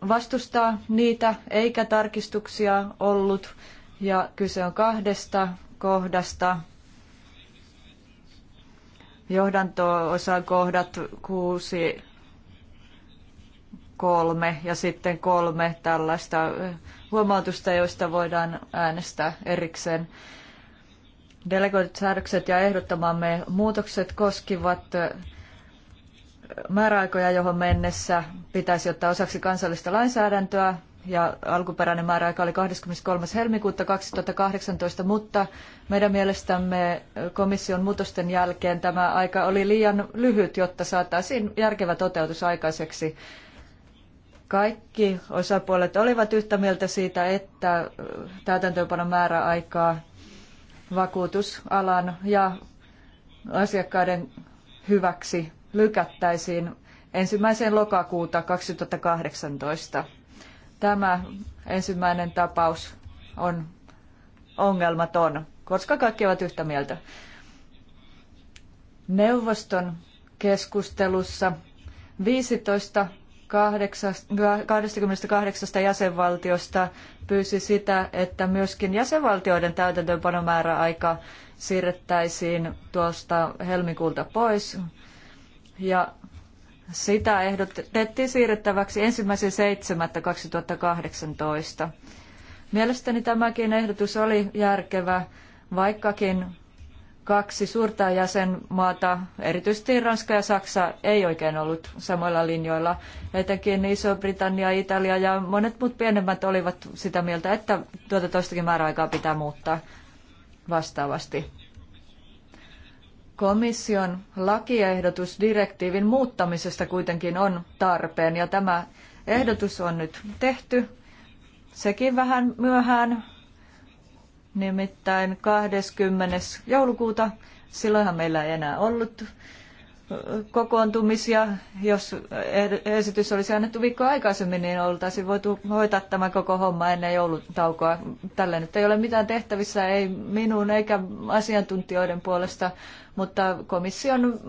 vastustaa niitä, eikä tarkistuksia ollut. Ja kyse on kahdesta kohdasta. Johdanto-osan kohdat 6, 3 ja sitten kolme tällaista huomautusta, joista voidaan äänestää erikseen. Delegoidut säädökset ja ehdottamamme muutokset koskivat määräaikoja, johon mennessä pitäisi ottaa osaksi kansallista lainsäädäntöä. Ja alkuperäinen määräaika oli 23. helmikuuta 2018, mutta meidän mielestämme komission muutosten jälkeen tämä aika oli liian lyhyt, jotta saataisiin järkevä toteutus aikaiseksi. Kaikki osapuolet olivat yhtä mieltä siitä, että täytäntöönpanon määräaikaa vakuutusalan ja asiakkaiden hyväksi lykättäisiin ensimmäiseen lokakuuta 2018. Tämä ensimmäinen tapaus on ongelmaton, koska kaikki ovat yhtä mieltä. Neuvoston keskustelussa 15 28 jäsenvaltiosta pyysi sitä, että myöskin jäsenvaltioiden täytäntöönpanomääräaika siirrettäisiin tuosta helmikuulta pois ja sitä ehdotettiin siirrettäväksi ensimmäisen 1.7.2018. Mielestäni tämäkin ehdotus oli järkevä, vaikkakin kaksi suurta jäsenmaata, erityisesti Ranska ja Saksa, ei oikein ollut samoilla linjoilla. Etenkin Iso-Britannia, Italia ja monet muut pienemmät olivat sitä mieltä, että tuota toistakin määräaikaa pitää muuttaa vastaavasti. Komission lakiehdotus direktiivin muuttamisesta kuitenkin on tarpeen ja tämä ehdotus on nyt tehty. Sekin vähän myöhään, nimittäin 20. joulukuuta. Silloinhan meillä ei enää ollut kokoontumisia. Jos esitys olisi annettu viikkoa aikaisemmin, niin oltaisiin voitu hoitaa tämä koko homma ennen joulutaukoa. Tällä nyt ei ole mitään tehtävissä, ei minun eikä asiantuntijoiden puolesta, mutta komission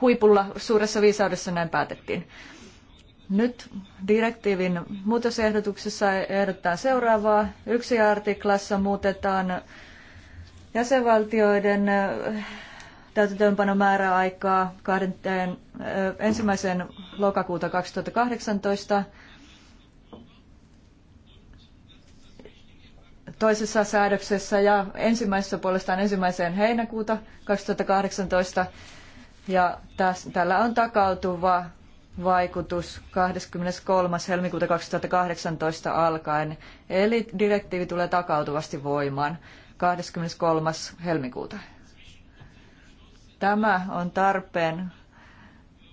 huipulla suuressa viisaudessa näin päätettiin. Nyt direktiivin muutosehdotuksessa ehdotetaan seuraavaa. Yksi artiklassa muutetaan jäsenvaltioiden täytäntöönpano määräaikaa kahdenteen, ensimmäiseen lokakuuta 2018. Toisessa säädöksessä ja ensimmäisessä puolestaan ensimmäiseen heinäkuuta 2018. Ja täs, tällä on takautuva vaikutus 23. helmikuuta 2018 alkaen, eli direktiivi tulee takautuvasti voimaan 23. helmikuuta Tämä on tarpeen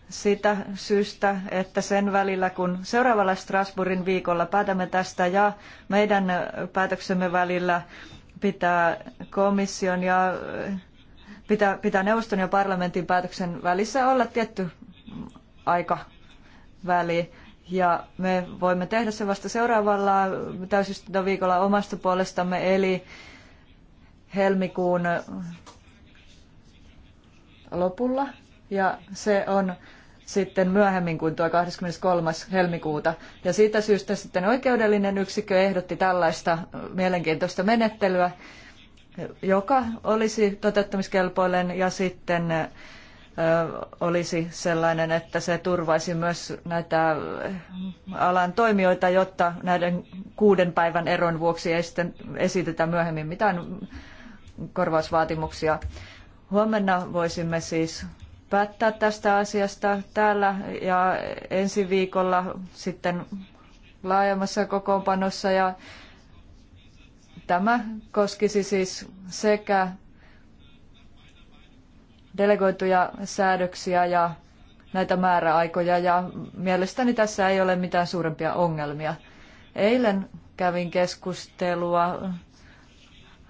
sitä syystä, että sen välillä, kun seuraavalla Strasbourgin viikolla päätämme tästä ja meidän päätöksemme välillä pitää komission ja pitää, pitää neuvoston ja parlamentin päätöksen välissä olla tietty aikaväli. Ja me voimme tehdä se vasta seuraavalla täysistuntoviikolla omasta puolestamme, eli helmikuun lopulla ja se on sitten myöhemmin kuin tuo 23. helmikuuta. Ja siitä syystä sitten oikeudellinen yksikkö ehdotti tällaista mielenkiintoista menettelyä, joka olisi toteuttamiskelpoinen ja sitten olisi sellainen, että se turvaisi myös näitä alan toimijoita, jotta näiden kuuden päivän eron vuoksi ei sitten esitetä myöhemmin mitään korvausvaatimuksia. Huomenna voisimme siis päättää tästä asiasta täällä ja ensi viikolla sitten laajemmassa kokoonpanossa ja tämä koskisi siis sekä delegoituja säädöksiä ja näitä määräaikoja ja mielestäni tässä ei ole mitään suurempia ongelmia. Eilen kävin keskustelua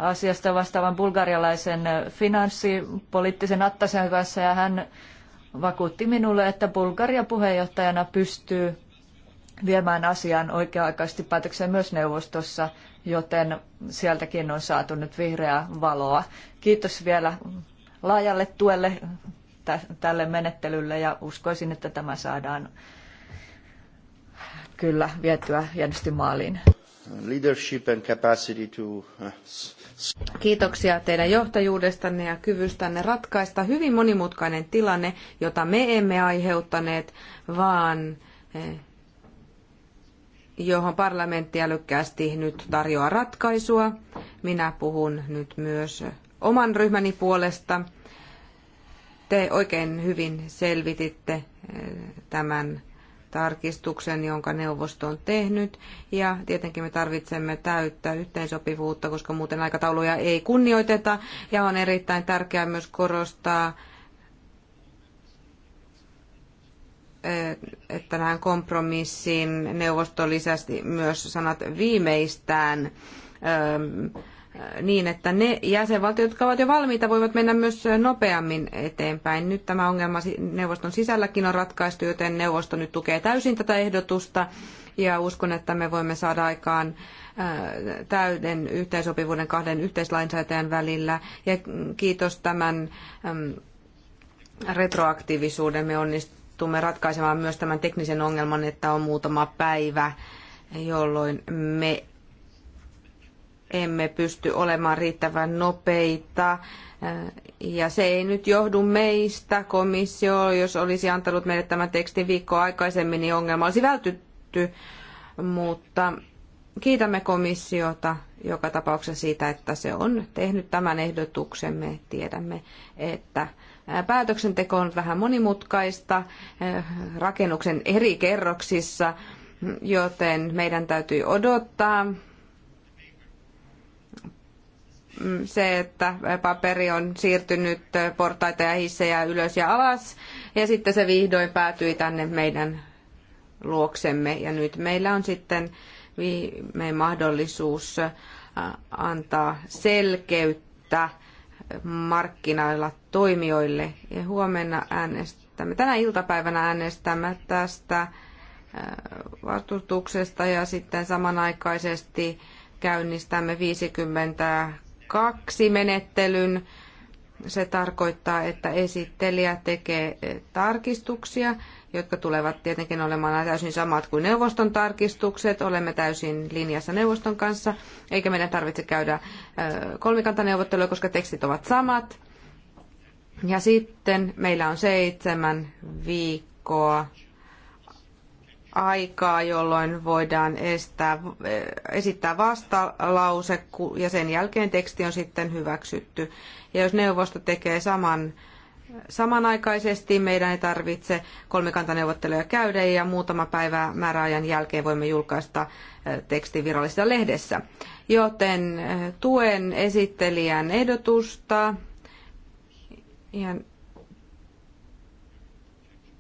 asiasta vastaavan bulgarialaisen finanssipoliittisen Attasen kanssa ja hän vakuutti minulle, että Bulgaria puheenjohtajana pystyy viemään asian oikea-aikaisesti päätökseen myös neuvostossa, joten sieltäkin on saatu nyt vihreää valoa. Kiitos vielä laajalle tuelle tälle menettelylle ja uskoisin, että tämä saadaan kyllä vietyä hienosti maaliin. Leadership and capacity to uh, Kiitoksia teidän johtajuudestanne ja kyvystänne ratkaista hyvin monimutkainen tilanne, jota me emme aiheuttaneet, vaan eh, johon parlamentti älykkäästi nyt tarjoaa ratkaisua. Minä puhun nyt myös oman ryhmäni puolesta. Te oikein hyvin selvititte eh, tämän tarkistuksen, jonka neuvosto on tehnyt. Ja tietenkin me tarvitsemme täyttä yhteensopivuutta, koska muuten aikatauluja ei kunnioiteta. Ja on erittäin tärkeää myös korostaa, että tähän kompromissiin neuvosto lisäsi myös sanat viimeistään niin, että ne jäsenvaltiot, jotka ovat jo valmiita, voivat mennä myös nopeammin eteenpäin. Nyt tämä ongelma neuvoston sisälläkin on ratkaistu, joten neuvosto nyt tukee täysin tätä ehdotusta ja uskon, että me voimme saada aikaan täyden yhteensopivuuden kahden yhteislainsäätäjän välillä. Ja kiitos tämän retroaktiivisuuden me onnistumme ratkaisemaan myös tämän teknisen ongelman, että on muutama päivä jolloin me emme pysty olemaan riittävän nopeita. Ja se ei nyt johdu meistä. Komissio, jos olisi antanut meille tämän tekstin viikkoa aikaisemmin, niin ongelma olisi vältytty. Mutta kiitämme komissiota joka tapauksessa siitä, että se on tehnyt tämän ehdotuksen. Me tiedämme, että päätöksenteko on vähän monimutkaista rakennuksen eri kerroksissa, joten meidän täytyy odottaa se, että paperi on siirtynyt portaita ja hissejä ylös ja alas. Ja sitten se vihdoin päätyi tänne meidän luoksemme. Ja nyt meillä on sitten viimein mahdollisuus antaa selkeyttä markkinoilla toimijoille. Ja huomenna äänestämme, tänä iltapäivänä äänestämme tästä vastustuksesta ja sitten samanaikaisesti käynnistämme 50 kaksi menettelyn. Se tarkoittaa, että esittelijä tekee eh, tarkistuksia, jotka tulevat tietenkin olemaan täysin samat kuin neuvoston tarkistukset. Olemme täysin linjassa neuvoston kanssa, eikä meidän tarvitse käydä eh, kolmikantaneuvotteluja, koska tekstit ovat samat. Ja sitten meillä on seitsemän viikkoa aikaa, jolloin voidaan estää, eh, esittää vastalause ja sen jälkeen teksti on sitten hyväksytty. Ja jos neuvosto tekee saman Samanaikaisesti meidän ei tarvitse kolmikantaneuvotteluja käydä ja muutama päivä määräajan jälkeen voimme julkaista eh, tekstin virallisessa lehdessä. Joten eh, tuen esittelijän ehdotusta ja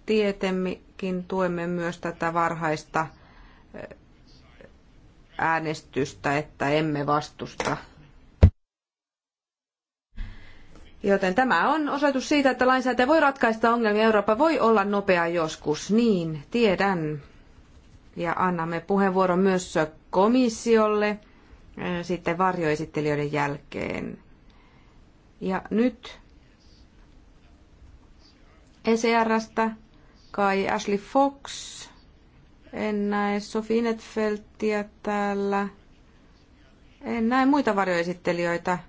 tietemi, tietenkin tuemme myös tätä varhaista äänestystä, että emme vastusta. Joten tämä on osoitus siitä, että lainsäätäjä voi ratkaista ongelmia. Eurooppa voi olla nopea joskus. Niin, tiedän. Ja annamme puheenvuoron myös komissiolle sitten varjoesittelijöiden jälkeen. Ja nyt ECRstä kai Ashley Fox. En näe Sofi Netfeltiä täällä. En näe muita varjoesittelijöitä,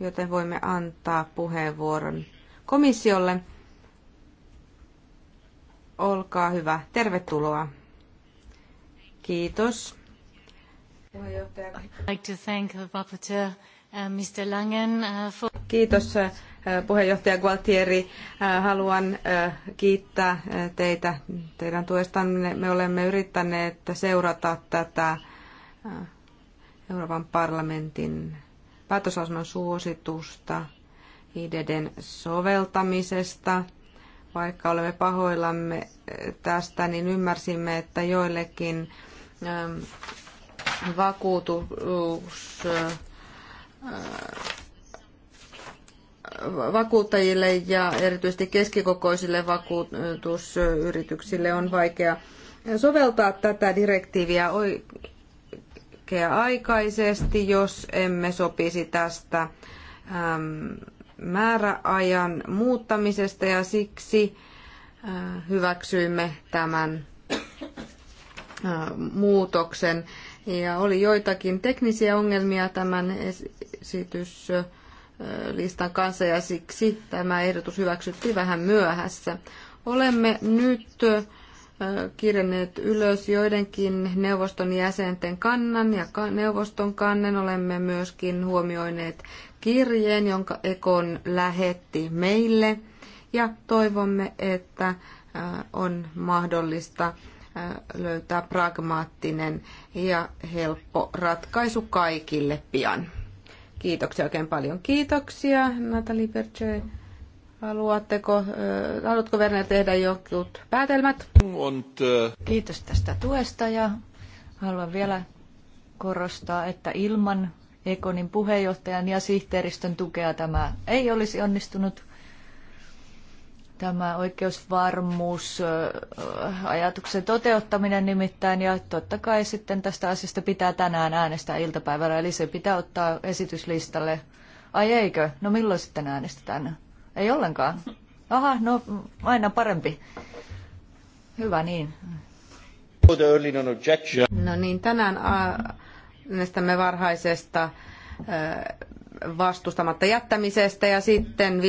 joten voimme antaa puheenvuoron komissiolle. Olkaa hyvä. Tervetuloa. Kiitos. Uh, uh, Kiitos. Kiitos uh, Äh, puheenjohtaja Gualtieri, äh, haluan äh, kiittää teitä teidän tuestanne. Me olemme yrittäneet seurata tätä Euroopan parlamentin päätöslausunnon suositusta IDDn soveltamisesta. Vaikka olemme pahoillamme tästä, niin ymmärsimme, että joillekin ähm, vakuutus vakuuttajille ja erityisesti keskikokoisille vakuutusyrityksille on vaikea soveltaa tätä direktiiviä oikea-aikaisesti, jos emme sopisi tästä ähm, määräajan muuttamisesta ja siksi äh, hyväksyimme tämän äh, muutoksen. Ja oli joitakin teknisiä ongelmia tämän esitys äh, listan kanssa ja siksi tämä ehdotus hyväksyttiin vähän myöhässä. Olemme nyt kirjanneet ylös joidenkin neuvoston jäsenten kannan ja neuvoston kannen. Olemme myöskin huomioineet kirjeen, jonka Ekon lähetti meille ja toivomme, että on mahdollista löytää pragmaattinen ja helppo ratkaisu kaikille pian. Kiitoksia oikein paljon. Kiitoksia, Natali Perche. Haluatteko, haluatko Werner tehdä jotkut päätelmät? Kiitos tästä tuesta ja haluan vielä korostaa, että ilman Ekonin puheenjohtajan ja sihteeristön tukea tämä ei olisi onnistunut tämä oikeusvarmuus, ajatuksen toteuttaminen nimittäin, ja totta kai sitten tästä asiasta pitää tänään äänestää iltapäivällä, eli se pitää ottaa esityslistalle. Ai eikö? No milloin sitten äänestetään? Ei ollenkaan. Aha, no aina parempi. Hyvä niin. No niin, tänään äänestämme varhaisesta vastustamatta jättämisestä ja sitten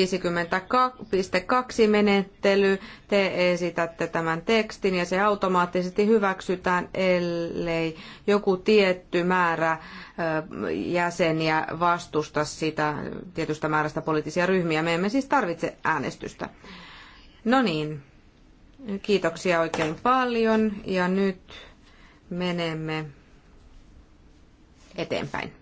52.2 menettely. Te esitätte tämän tekstin ja se automaattisesti hyväksytään, ellei joku tietty määrä jäseniä vastusta sitä tietystä määrästä poliittisia ryhmiä. Me emme siis tarvitse äänestystä. No niin, kiitoksia oikein paljon ja nyt menemme eteenpäin.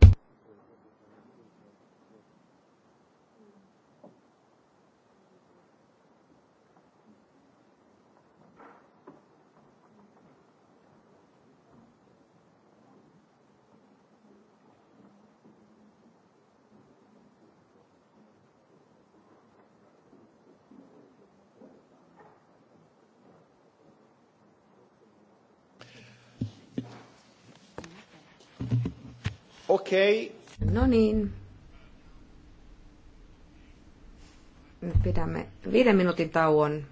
Okei. Okay. No niin. Nyt pidämme viiden minuutin tauon.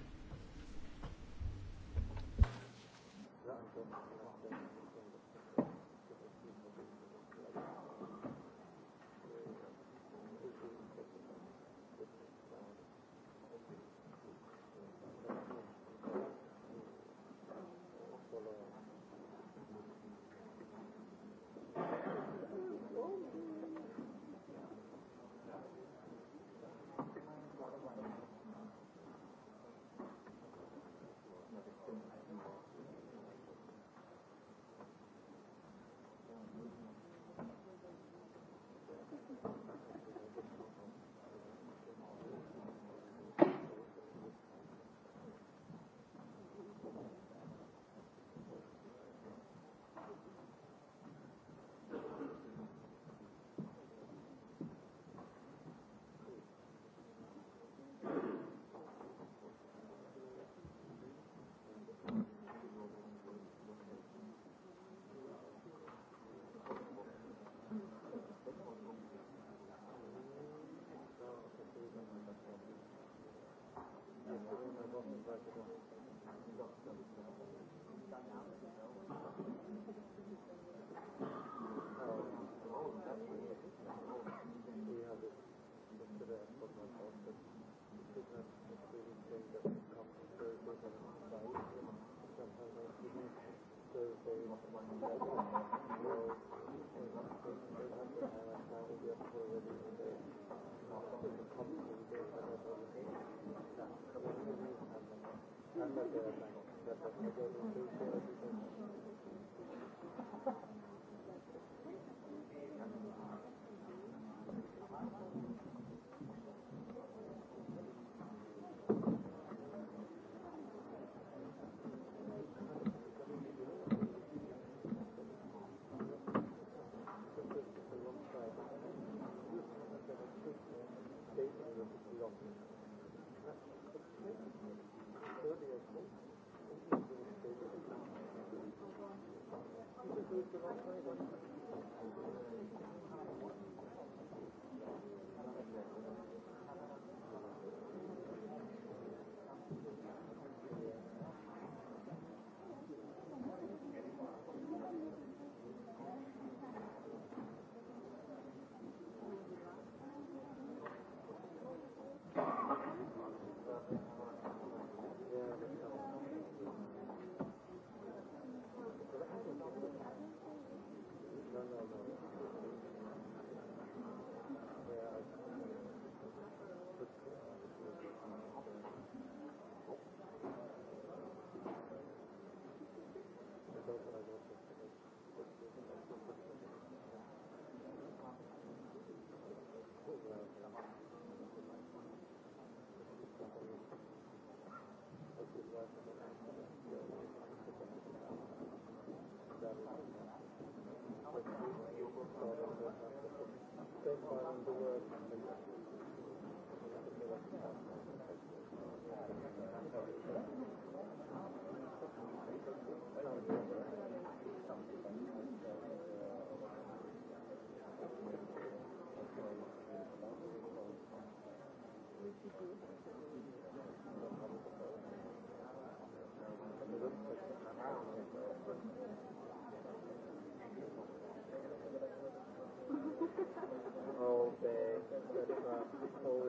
Thank mm. you. Thank you.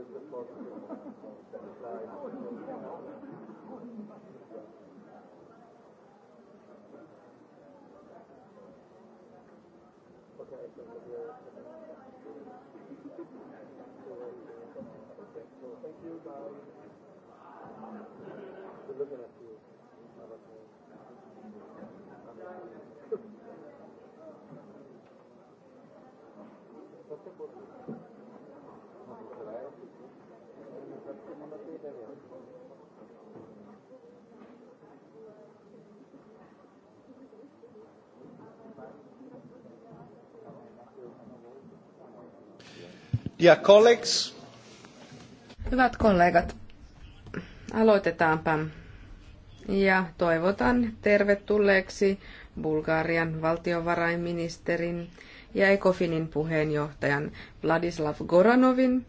the Dear colleagues. Hyvät kollegat, aloitetaanpa. Ja toivotan tervetulleeksi Bulgarian valtiovarainministerin ja Ecofinin puheenjohtajan Vladislav Goranovin.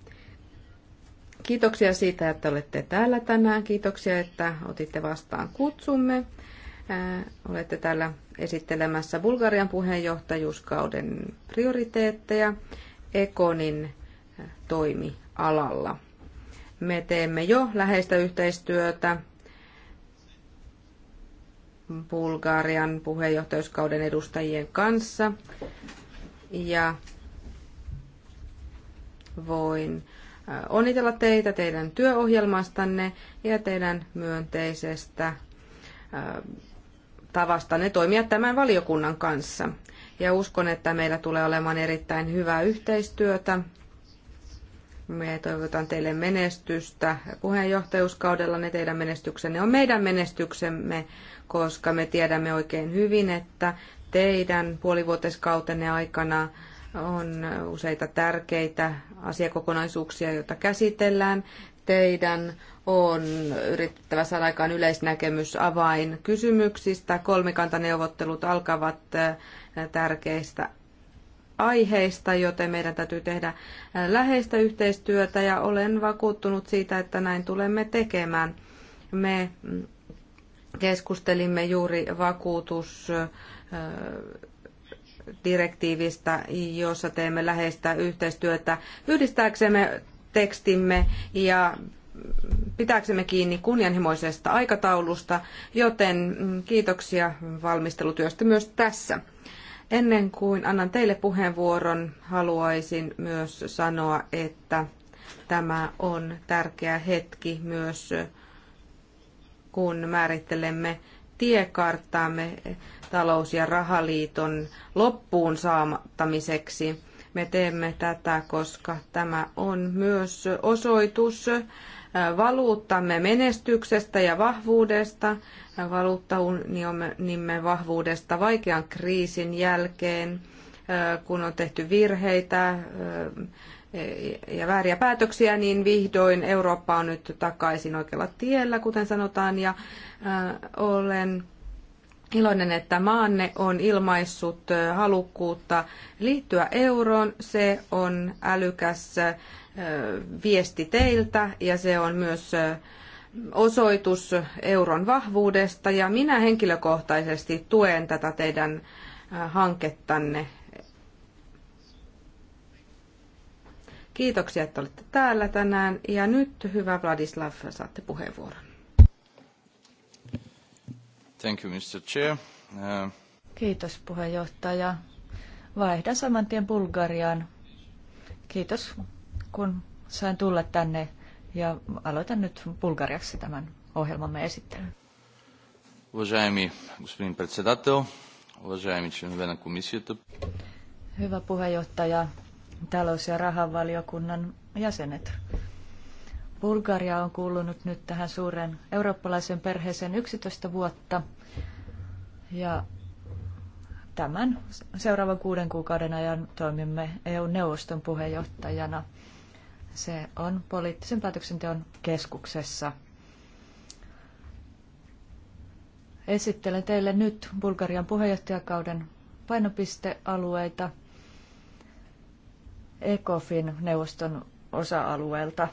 Kiitoksia siitä, että olette täällä tänään. Kiitoksia, että otitte vastaan kutsumme. Äh, olette täällä esittelemässä Bulgarian puheenjohtajuuskauden prioriteetteja, Ekonin toimialalla. Me teemme jo läheistä yhteistyötä Bulgarian puheenjohtajuuskauden edustajien kanssa ja voin äh, onnitella teitä teidän työohjelmastanne ja teidän myönteisestä äh, tavastanne toimia tämän valiokunnan kanssa. Ja uskon, että meillä tulee olemaan erittäin hyvää yhteistyötä me toivotan teille menestystä puheenjohtajuuskaudella. Ne teidän menestyksenne on meidän menestyksemme, koska me tiedämme oikein hyvin, että teidän puolivuoteskautenne aikana on useita tärkeitä asiakokonaisuuksia, joita käsitellään. Teidän on yritettävä saada aikaan yleisnäkemys avain kysymyksistä. Kolmikantaneuvottelut alkavat tärkeistä aiheista, joten meidän täytyy tehdä läheistä yhteistyötä ja olen vakuuttunut siitä, että näin tulemme tekemään. Me mm, keskustelimme juuri vakuutus direktiivistä, jossa teemme läheistä yhteistyötä yhdistääksemme tekstimme ja pitääksemme kiinni kunnianhimoisesta aikataulusta, joten mm, kiitoksia valmistelutyöstä myös tässä. Ennen kuin annan teille puheenvuoron, haluaisin myös sanoa, että tämä on tärkeä hetki myös, kun määrittelemme tiekarttaamme talous- ja rahaliiton loppuun saattamiseksi. Me teemme tätä, koska tämä on myös osoitus valuuttamme menestyksestä ja vahvuudesta, valuuttaunionimme vahvuudesta vaikean kriisin jälkeen, äh, kun on tehty virheitä äh, ja vääriä päätöksiä, niin vihdoin Eurooppa on nyt takaisin oikealla tiellä, kuten sanotaan, ja äh, olen iloinen, että maanne on ilmaissut halukkuutta liittyä euroon. Se on älykäs viesti teiltä ja se on myös osoitus euron vahvuudesta ja minä henkilökohtaisesti tuen tätä teidän hankettanne. Kiitoksia, että olette täällä tänään ja nyt hyvä Vladislav, saatte puheenvuoron. Thank you, Mr. Chair. Uh... Kiitos puheenjohtaja. Vaihdan saman tien Bulgariaan. Kiitos kun sain tulla tänne ja aloitan nyt bulgariaksi tämän ohjelmamme esittelyn. Уважаеми господин председател, уважаеми членове на комисията. Hyvä puheenjohtaja, talous- ja rahavaliokunnan jäsenet. Bulgaria on kuulunut nyt tähän suureen eurooppalaisen perheeseen 11 vuotta ja tämän seuraavan kuuden kuukauden ajan toimimme EU-neuvoston puheenjohtajana – se on poliittisen päätöksenteon keskuksessa. Esittelen teille nyt Bulgarian puheenjohtajakauden painopistealueita ECOFIN neuvoston osa-alueelta.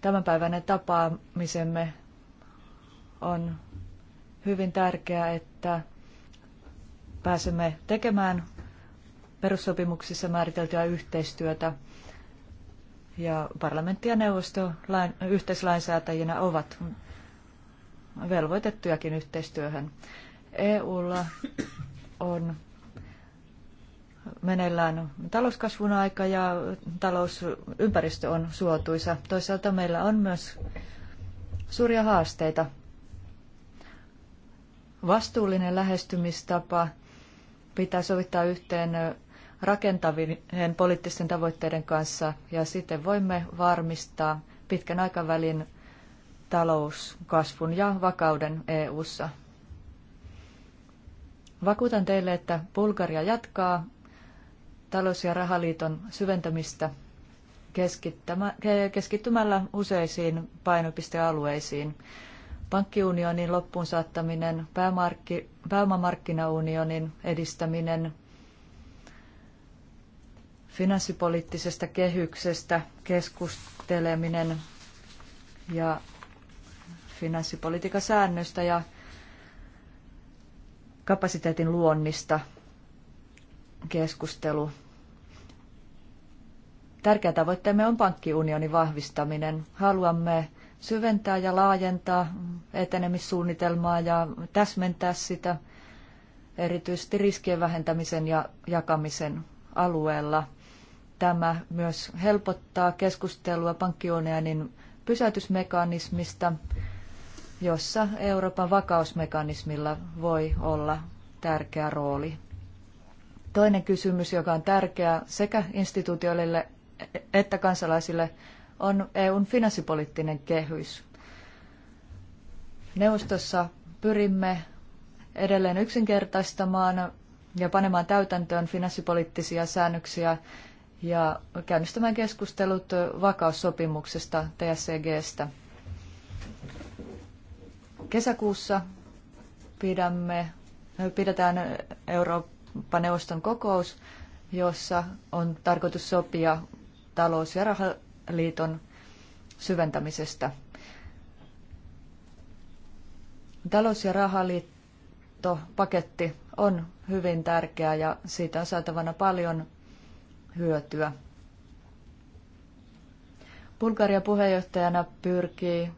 Tämänpäiväinen tapaamisemme on hyvin tärkeää, että pääsemme tekemään perussopimuksissa määriteltyä yhteistyötä ja parlamentti ja neuvosto lain, yhteislainsäätäjinä ovat velvoitettujakin yhteistyöhön. EUlla on meneillään talouskasvun aika ja talousympäristö on suotuisa. Toisaalta meillä on myös suuria haasteita. Vastuullinen lähestymistapa pitää sovittaa yhteen rakentavien poliittisten tavoitteiden kanssa ja siten voimme varmistaa pitkän aikavälin talouskasvun ja vakauden EU:ssa. Vakuutan teille, että Bulgaria jatkaa talous- ja rahaliiton syventämistä keskittymällä useisiin painopistealueisiin. Pankkiunionin loppuun saattaminen, pääomamarkkinaunionin edistäminen, finanssipoliittisesta kehyksestä keskusteleminen ja finanssipolitiikan säännöistä ja kapasiteetin luonnista keskustelu. Tärkeä tavoitteemme on pankkiunionin vahvistaminen. Haluamme syventää ja laajentaa etenemissuunnitelmaa ja täsmentää sitä erityisesti riskien vähentämisen ja jakamisen alueella. Tämä myös helpottaa keskustelua pankkiunionin pysäytysmekanismista, jossa Euroopan vakausmekanismilla voi olla tärkeä rooli. Toinen kysymys, joka on tärkeä sekä instituutioille että kansalaisille, on EUn finanssipoliittinen kehys. Neuvostossa pyrimme edelleen yksinkertaistamaan ja panemaan täytäntöön finanssipoliittisia säännöksiä ja käynnistämään keskustelut vakaussopimuksesta TSCGstä. E Kesäkuussa pidämme, pidetään Euroopan neuvoston kokous, jossa on tarkoitus sopia talous- ja rahaliiton syventämisestä. Talous- ja rahaliittopaketti on hyvin tärkeä ja siitä on saatavana paljon hyötyä. Bulgaria puheenjohtajana pyrkii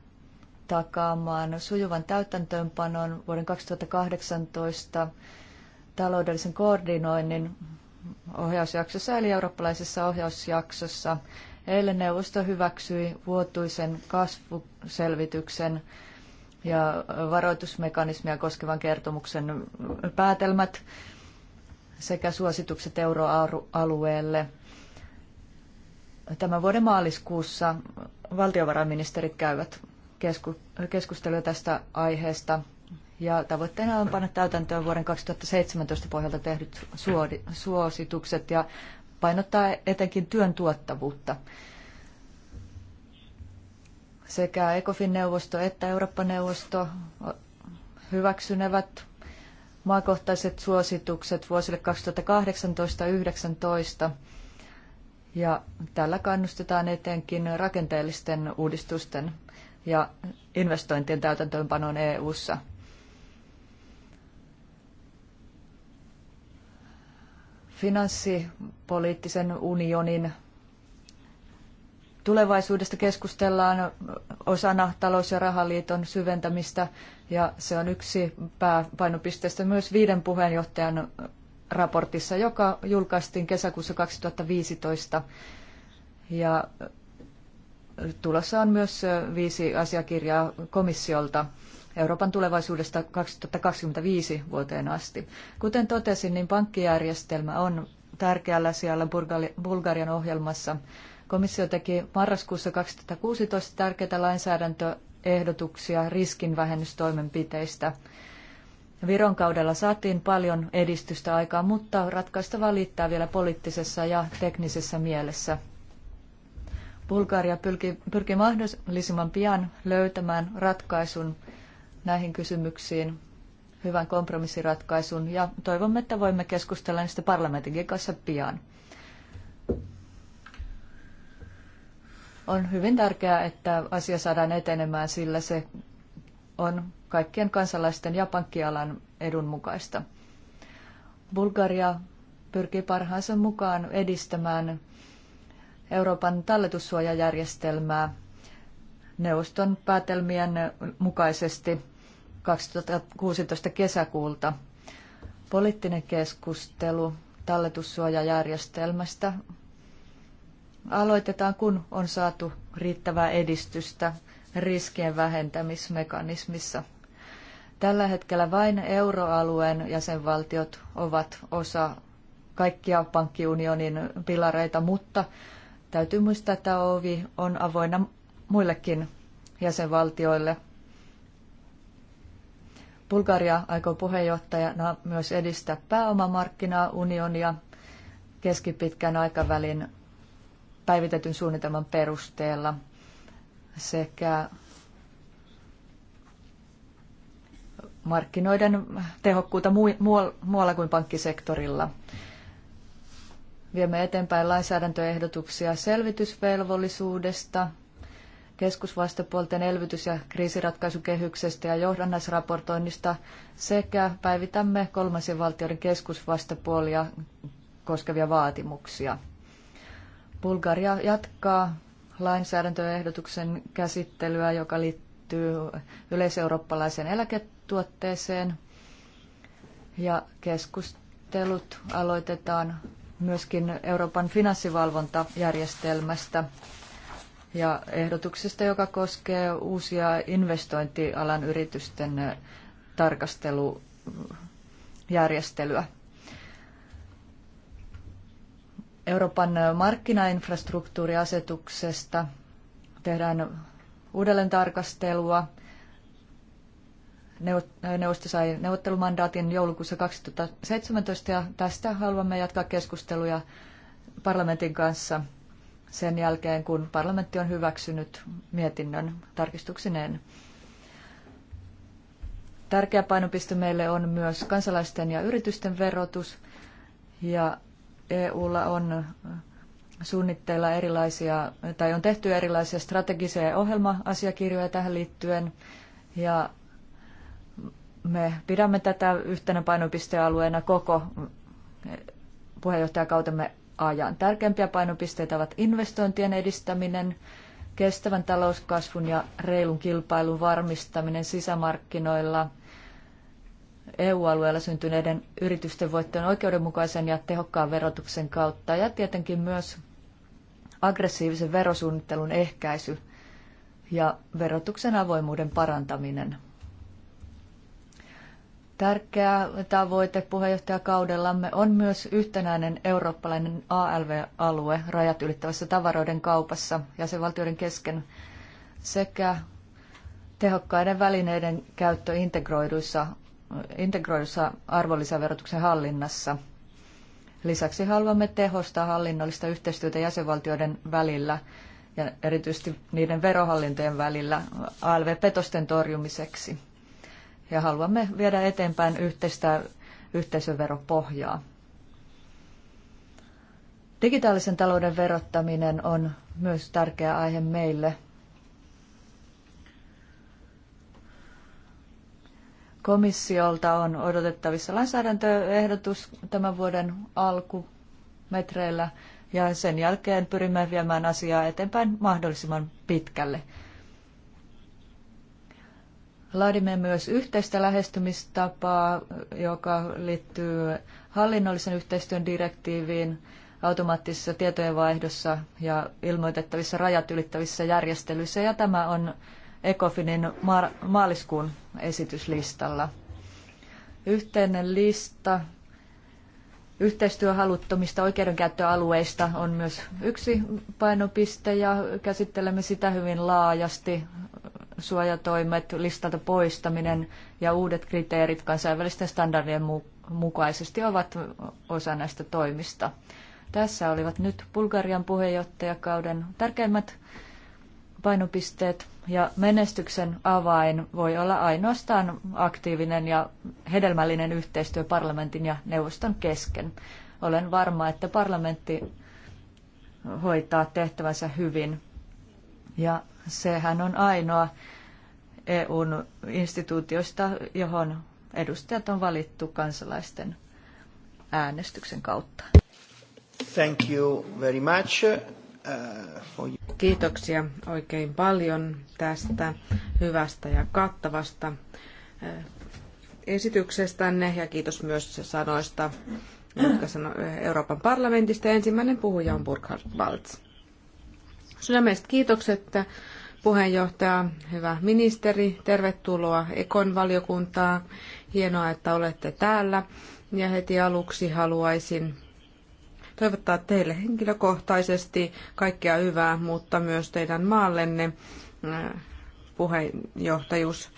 takaamaan sujuvan täytäntöönpanon vuoden 2018 taloudellisen koordinoinnin ohjausjaksossa eli eurooppalaisessa ohjausjaksossa. Eilen neuvosto hyväksyi vuotuisen kasvuselvityksen ja varoitusmekanismia koskevan kertomuksen päätelmät sekä suositukset euroalueelle. Tämän vuoden maaliskuussa valtiovarainministerit käyvät kesku- keskustelua tästä aiheesta ja tavoitteena on panna täytäntöön vuoden 2017 pohjalta tehdyt suositukset ja painottaa etenkin työn tuottavuutta. Sekä ECOFIN-neuvosto että Eurooppa-neuvosto hyväksynevät maakohtaiset suositukset vuosille 2018-2019. Ja tällä kannustetaan etenkin rakenteellisten uudistusten ja investointien täytäntöönpanoon EU:ssa. Finanssipoliittisen unionin tulevaisuudesta keskustellaan osana talous- ja rahaliiton syventämistä ja se on yksi pääpainopisteistä myös viiden puheenjohtajan raportissa, joka julkaistiin kesäkuussa 2015. Ja tulossa on myös viisi asiakirjaa komissiolta Euroopan tulevaisuudesta 2025 vuoteen asti. Kuten totesin, niin pankkijärjestelmä on tärkeällä sijalla Bulgarian ohjelmassa Komissio teki marraskuussa 2016 tärkeitä lainsäädäntöehdotuksia riskinvähennystoimenpiteistä. Viron kaudella saatiin paljon edistystä aikaan, mutta ratkaistavaa liittää vielä poliittisessa ja teknisessä mielessä. Bulgaria pyrki, pyrki mahdollisimman pian löytämään ratkaisun näihin kysymyksiin, hyvän kompromissiratkaisun, ja toivomme, että voimme keskustella niistä parlamentinkin kanssa pian. On hyvin tärkeää, että asia saadaan etenemään, sillä se on kaikkien kansalaisten ja pankkialan edun mukaista. Bulgaria pyrkii parhaansa mukaan edistämään Euroopan talletussuojajärjestelmää neuvoston päätelmien mukaisesti 2016 kesäkuulta. Poliittinen keskustelu talletussuojajärjestelmästä aloitetaan, kun on saatu riittävää edistystä riskien vähentämismekanismissa. Tällä hetkellä vain euroalueen jäsenvaltiot ovat osa kaikkia pankkiunionin pilareita, mutta täytyy muistaa, että ovi on avoinna muillekin jäsenvaltioille. Bulgaria aikoo puheenjohtajana myös edistää pääomamarkkinaunionia keskipitkän aikavälin päivitetyn suunnitelman perusteella sekä markkinoiden tehokkuutta muualla kuin pankkisektorilla. Viemme eteenpäin lainsäädäntöehdotuksia selvitysvelvollisuudesta, keskusvastapuolten elvytys- ja kriisiratkaisukehyksestä ja johdannaisraportoinnista sekä päivitämme kolmansien valtioiden keskusvastapuolia koskevia vaatimuksia. Bulgaria jatkaa lainsäädäntöehdotuksen käsittelyä, joka liittyy yleiseurooppalaiseen eläketuotteeseen. Ja keskustelut aloitetaan myöskin Euroopan finanssivalvontajärjestelmästä ja ehdotuksesta, joka koskee uusia investointialan yritysten tarkastelujärjestelyä. Euroopan markkinainfrastruktuuriasetuksesta tehdään uudelleen tarkastelua. Neuvosto sai neuvottelumandaatin joulukuussa 2017 ja tästä haluamme jatkaa keskusteluja parlamentin kanssa sen jälkeen, kun parlamentti on hyväksynyt mietinnön tarkistuksineen. Tärkeä painopiste meille on myös kansalaisten ja yritysten verotus ja EUlla on suunnitteilla erilaisia, tai on tehty erilaisia strategisia ohjelma-asiakirjoja tähän liittyen, ja me pidämme tätä yhtenä painopistealueena koko puheenjohtajakautemme ajan. Tärkeimpiä painopisteitä ovat investointien edistäminen, kestävän talouskasvun ja reilun kilpailun varmistaminen sisämarkkinoilla – EU-alueella syntyneiden yritysten voittojen oikeudenmukaisen ja tehokkaan verotuksen kautta ja tietenkin myös aggressiivisen verosuunnittelun ehkäisy ja verotuksen avoimuuden parantaminen. Tärkeä tavoite puheenjohtajakaudellamme on myös yhtenäinen eurooppalainen ALV-alue rajat ylittävässä tavaroiden kaupassa jäsenvaltioiden kesken sekä tehokkaiden välineiden käyttö integroiduissa integroidussa arvonlisäverotuksen hallinnassa. Lisäksi haluamme tehostaa hallinnollista yhteistyötä jäsenvaltioiden välillä ja erityisesti niiden verohallintojen välillä ALV-petosten torjumiseksi. Ja haluamme viedä eteenpäin yhteistä yhteisöveropohjaa. Digitaalisen talouden verottaminen on myös tärkeä aihe meille – Komissiolta on odotettavissa lainsäädäntöehdotus tämän vuoden alkumetreillä ja sen jälkeen pyrimme viemään asiaa eteenpäin mahdollisimman pitkälle. Laadimme myös yhteistä lähestymistapaa, joka liittyy hallinnollisen yhteistyön direktiiviin, automaattisessa tietojenvaihdossa ja ilmoitettavissa rajat ylittävissä järjestelyissä, ja tämä on Ecofinin maaliskuun esityslistalla. Yhteinen lista yhteistyöhaluttomista oikeudenkäyttöalueista on myös yksi painopiste ja käsittelemme sitä hyvin laajasti. Suojatoimet, listalta poistaminen ja uudet kriteerit kansainvälisten standardien mukaisesti ovat osa näistä toimista. Tässä olivat nyt Bulgarian puheenjohtajakauden tärkeimmät painopisteet. Ja menestyksen avain voi olla ainoastaan aktiivinen ja hedelmällinen yhteistyö parlamentin ja neuvoston kesken. Olen varma, että parlamentti hoitaa tehtävänsä hyvin. Ja sehän on ainoa EUn instituutioista, johon edustajat on valittu kansalaisten äänestyksen kautta. Thank you very much. Kiitoksia oikein paljon tästä hyvästä ja kattavasta eh, esityksestänne ja kiitos myös sanoista jotka sanoi Euroopan parlamentista. Ensimmäinen puhuja on Burkhard Balz. Sydämestä kiitokset puheenjohtaja, hyvä ministeri, tervetuloa Ekon valiokuntaan. Hienoa, että olette täällä. Ja heti aluksi haluaisin toivottaa teille henkilökohtaisesti kaikkea hyvää, mutta myös teidän maallenne äh, puheenjohtajuus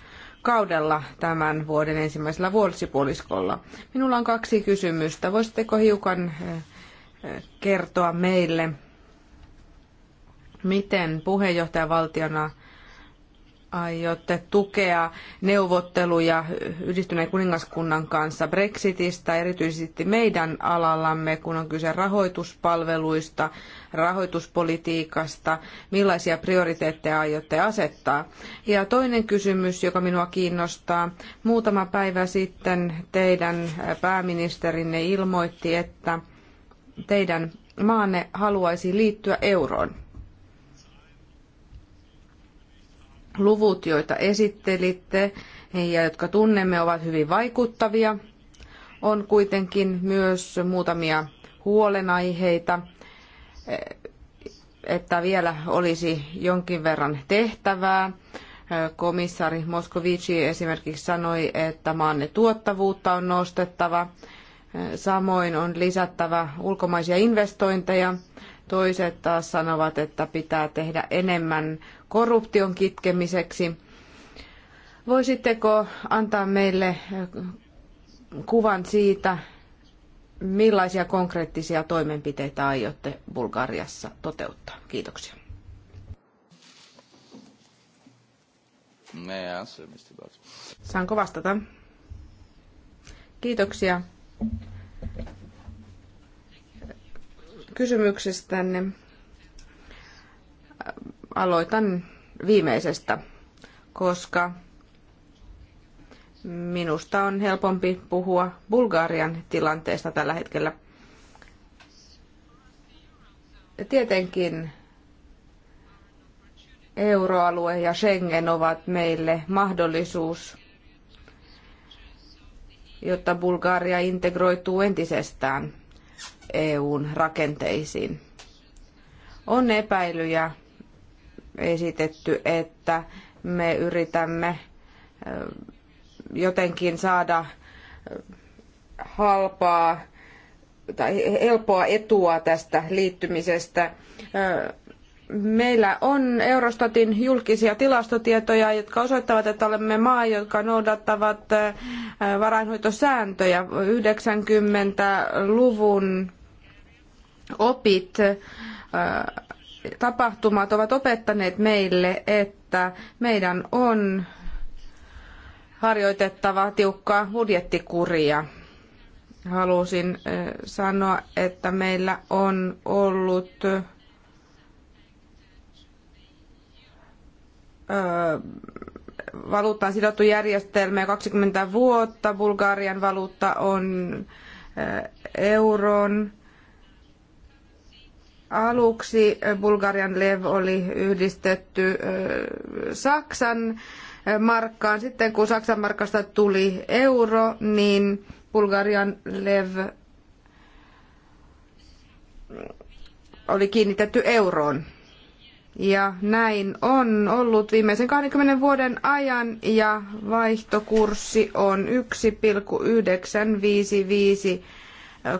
kaudella tämän vuoden ensimmäisellä vuosipuoliskolla. Minulla on kaksi kysymystä. Voisitteko hiukan äh, äh, kertoa meille, miten puheenjohtajavaltiona aiotte tukea neuvotteluja yhdistyneen kuningaskunnan kanssa Brexitistä, erityisesti meidän alallamme, kun on kyse rahoituspalveluista, rahoituspolitiikasta, millaisia prioriteetteja aiotte asettaa? Ja toinen kysymys, joka minua kiinnostaa, muutama päivä sitten teidän pääministerinne ilmoitti, että teidän maanne haluaisi liittyä euroon. Luvut, joita esittelitte ja jotka tunnemme, ovat hyvin vaikuttavia. On kuitenkin myös muutamia huolenaiheita, että vielä olisi jonkin verran tehtävää. Komissaari Moskovici esimerkiksi sanoi, että maanne tuottavuutta on nostettava. Samoin on lisättävä ulkomaisia investointeja. Toiset taas sanovat, että pitää tehdä enemmän korruption kitkemiseksi. Voisitteko antaa meille kuvan siitä, millaisia konkreettisia toimenpiteitä aiotte Bulgariassa toteuttaa? Kiitoksia. Saanko vastata? Kiitoksia kysymyksestänne. Aloitan viimeisestä, koska minusta on helpompi puhua Bulgarian tilanteesta tällä hetkellä. Tietenkin euroalue ja Schengen ovat meille mahdollisuus, jotta Bulgaria integroituu entisestään EUn rakenteisiin. On epäilyjä esitetty, että me yritämme jotenkin saada halpaa tai helppoa etua tästä liittymisestä. Meillä on Eurostatin julkisia tilastotietoja, jotka osoittavat, että olemme maa, jotka noudattavat äh, varainhoitosääntöjä. 90-luvun opit, äh, tapahtumat ovat opettaneet meille, että meidän on harjoitettava tiukkaa budjettikuria. Halusin äh, sanoa, että meillä on ollut valuuttaan sidottu järjestelmä jo 20 vuotta. Bulgarian valuutta on euron. Aluksi Bulgarian lev oli yhdistetty Saksan markkaan. Sitten kun Saksan markasta tuli euro, niin Bulgarian lev oli kiinnitetty euroon. Ja näin on ollut viimeisen 20 vuoden ajan ja vaihtokurssi on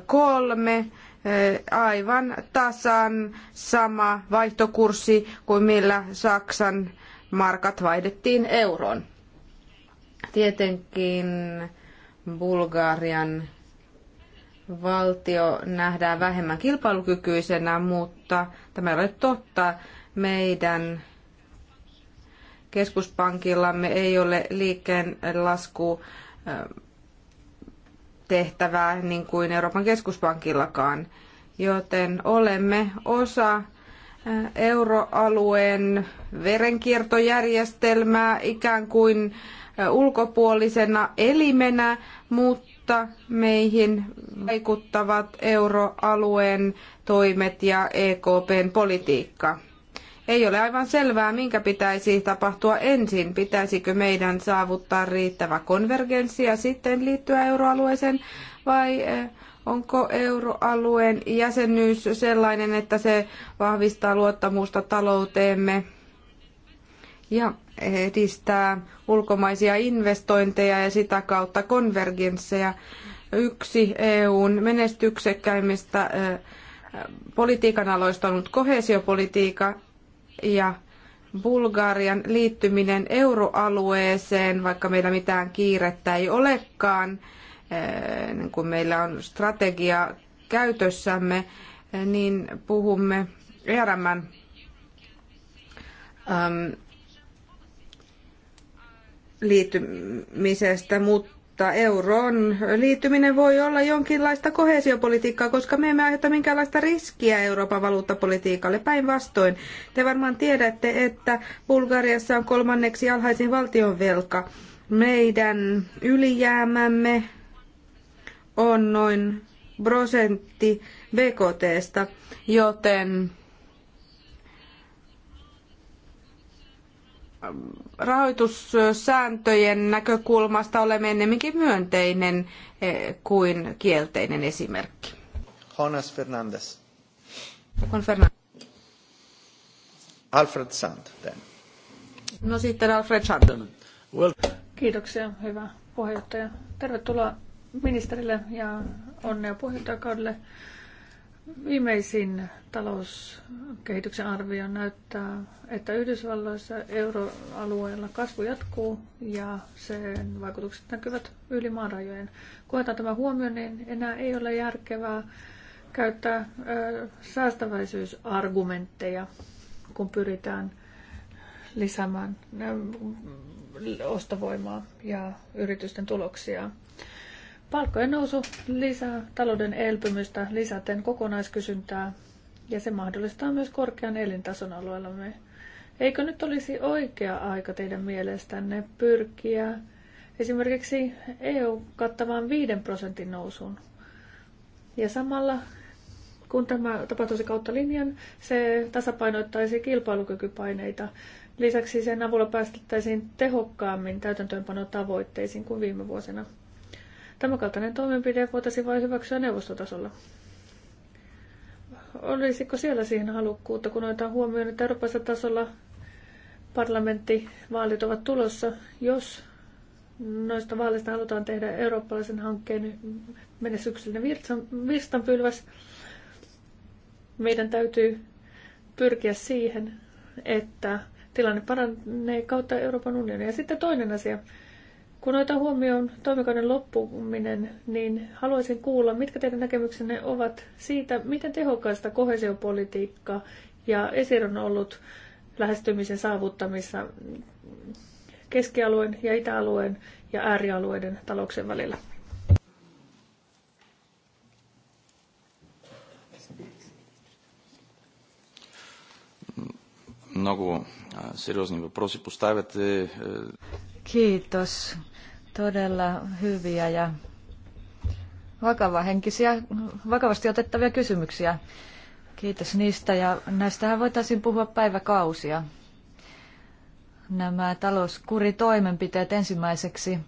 kolme äh, aivan tasan sama vaihtokurssi kuin millä Saksan markat vaihdettiin euroon. Tietenkin Bulgarian valtio nähdään vähemmän kilpailukykyisenä, mutta tämä ei ole totta meidän keskuspankillamme ei ole liikkeen lasku tehtävää niin kuin Euroopan keskuspankillakaan, joten olemme osa euroalueen verenkiertojärjestelmää ikään kuin ulkopuolisena elimenä, mutta meihin vaikuttavat euroalueen toimet ja EKPn politiikka. Ei ole aivan selvää, minkä pitäisi tapahtua ensin. Pitäisikö meidän saavuttaa riittävä konvergenssi ja sitten liittyä euroalueeseen vai eh, onko euroalueen jäsenyys sellainen, että se vahvistaa luottamusta talouteemme ja edistää ulkomaisia investointeja ja sitä kautta konvergensseja. Yksi EUn menestyksekkäimmistä eh, politiikan aloista on ollut kohesiopolitiikka, ja Bulgarian liittyminen euroalueeseen, vaikka meillä mitään kiirettä ei olekaan, eh, niin kun meillä on strategia käytössämme, eh, niin puhumme ERMn liittymisestä, mutta mutta euron liittyminen voi olla jonkinlaista koheesiopolitiikkaa, koska me emme aiheuta minkäänlaista riskiä Euroopan valuuttapolitiikalle. Päinvastoin, te varmaan tiedätte, että Bulgariassa on kolmanneksi alhaisin valtionvelka. Meidän ylijäämämme on noin prosentti BKTstä, joten rahoitussääntöjen näkökulmasta olemme ennemminkin myönteinen eh, kuin kielteinen esimerkki. Jonas Fernandes. Juan Fernandes. Alfred Sand. Then. No sitten Alfred Sand. Well. Kiitoksia, hyvä puheenjohtaja. Tervetuloa ministerille ja onnea puheenjohtajakaudelle. Viimeisin talouskehityksen arvio näyttää, että Yhdysvalloissa euroalueella kasvu jatkuu ja sen vaikutukset näkyvät yli maanrajojen. Koetaan tämä huomioon, niin enää ei ole järkevää käyttää ö, säästäväisyysargumentteja, kun pyritään lisäämään ö, ostovoimaa ja yritysten tuloksia. Palkkojen nousu lisää talouden elpymystä lisäten kokonaiskysyntää ja se mahdollistaa myös korkean elintason alueellamme. Eikö nyt olisi oikea aika teidän mielestänne pyrkiä esimerkiksi EU-kattavaan 5 prosentin nousuun? Ja samalla kun tämä tapahtuisi kautta linjan, se tasapainoittaisi kilpailukykypaineita. Lisäksi sen avulla päästettäisiin tehokkaammin täytäntöönpanotavoitteisiin kuin viime vuosina. Tämänkaltainen toimenpide voitaisiin vain hyväksyä neuvostotasolla. Olisiko siellä siihen halukkuutta, kun otetaan huomioon, että Euroopassa tasolla parlamenttivaalit ovat tulossa, jos noista vaaleista halutaan tehdä eurooppalaisen hankkeen menestyksellinen virstanpylväs, meidän täytyy pyrkiä siihen, että tilanne paranee kautta Euroopan unionia. Ja sitten toinen asia, kun otetaan huomioon toimikauden loppuminen, niin haluaisin kuulla, mitkä teidän näkemyksenne ovat siitä, miten tehokkaista kohesiopolitiikka ja ESIR on ollut lähestymisen saavuttamissa keskialueen ja itäalueen ja äärialueiden talouksen välillä. Много сериозни въпроси поставяте. Kiitos todella hyviä ja vakavahenkisiä, vakavasti otettavia kysymyksiä. Kiitos niistä ja näistähän voitaisiin puhua päiväkausia. Nämä talouskuritoimenpiteet ensimmäiseksi.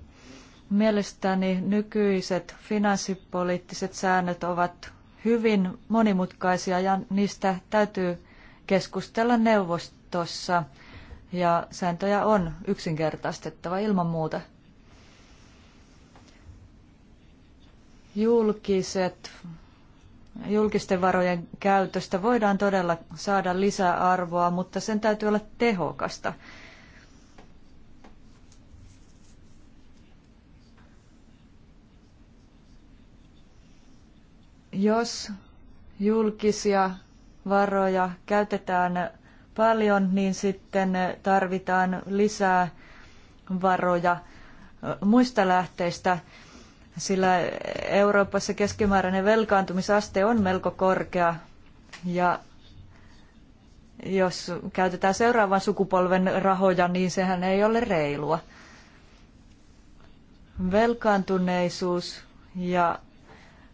Mielestäni nykyiset finanssipoliittiset säännöt ovat hyvin monimutkaisia ja niistä täytyy keskustella neuvostossa ja sääntöjä on yksinkertaistettava ilman muuta. julkiset, julkisten varojen käytöstä voidaan todella saada lisäarvoa, mutta sen täytyy olla tehokasta. Jos julkisia varoja käytetään paljon, niin sitten tarvitaan lisää varoja muista lähteistä sillä Euroopassa keskimääräinen velkaantumisaste on melko korkea ja jos käytetään seuraavan sukupolven rahoja, niin sehän ei ole reilua. Velkaantuneisuus ja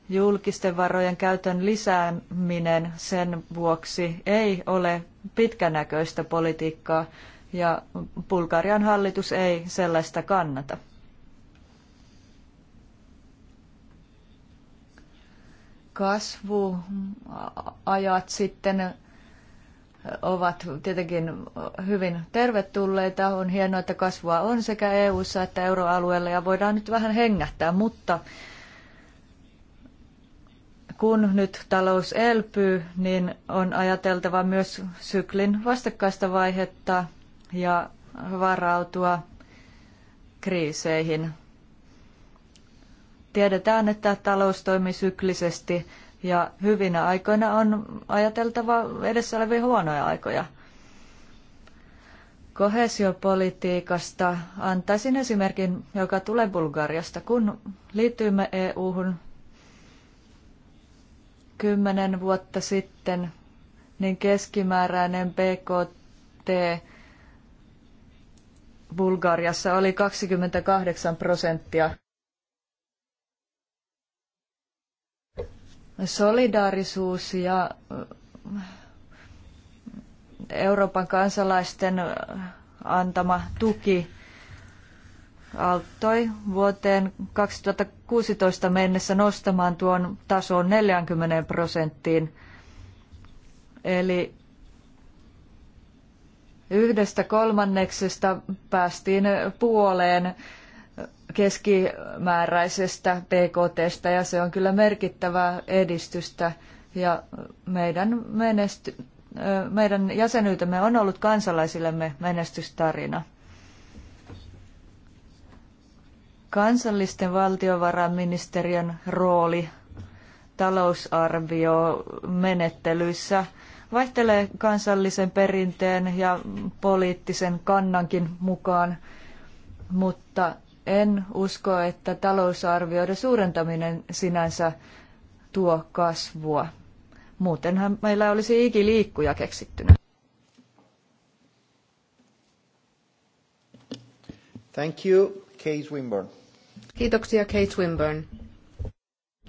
julkisten varojen käytön lisääminen sen vuoksi ei ole pitkänäköistä politiikkaa ja Bulgarian hallitus ei sellaista kannata. kasvuajat sitten ovat tietenkin hyvin tervetulleita. On hienoa, että kasvua on sekä EU:ssa että euroalueella ja voidaan nyt vähän hengähtää, mutta kun nyt talous elpyy, niin on ajateltava myös syklin vastakkaista vaihetta ja varautua kriiseihin Tiedetään, että talous toimii syklisesti ja hyvinä aikoina on ajateltava edessä olevia huonoja aikoja. Kohesiopolitiikasta antaisin esimerkin, joka tulee Bulgariasta. Kun liittyimme EU-hun kymmenen vuotta sitten, niin keskimääräinen BKT Bulgariassa oli 28 prosenttia. Solidaarisuus ja äh, Euroopan kansalaisten äh, antama tuki auttoi vuoteen 2016 mennessä nostamaan tuon tason 40 prosenttiin. Eli yhdestä kolmanneksesta päästiin puoleen keskimääräisestä BKTstä ja se on kyllä merkittävää edistystä ja meidän, menesty, meidän jäsenyytemme on ollut kansalaisillemme menestystarina. Kansallisten valtiovarainministeriön rooli talousarvio menettelyissä vaihtelee kansallisen perinteen ja poliittisen kannankin mukaan, mutta en usko, että talousarvioiden suurentaminen sinänsä tuo kasvua. Muutenhan meillä olisi ikiliikkuja keksittynä. Thank you, Kate Winburn. Kiitoksia, Kate Winburn.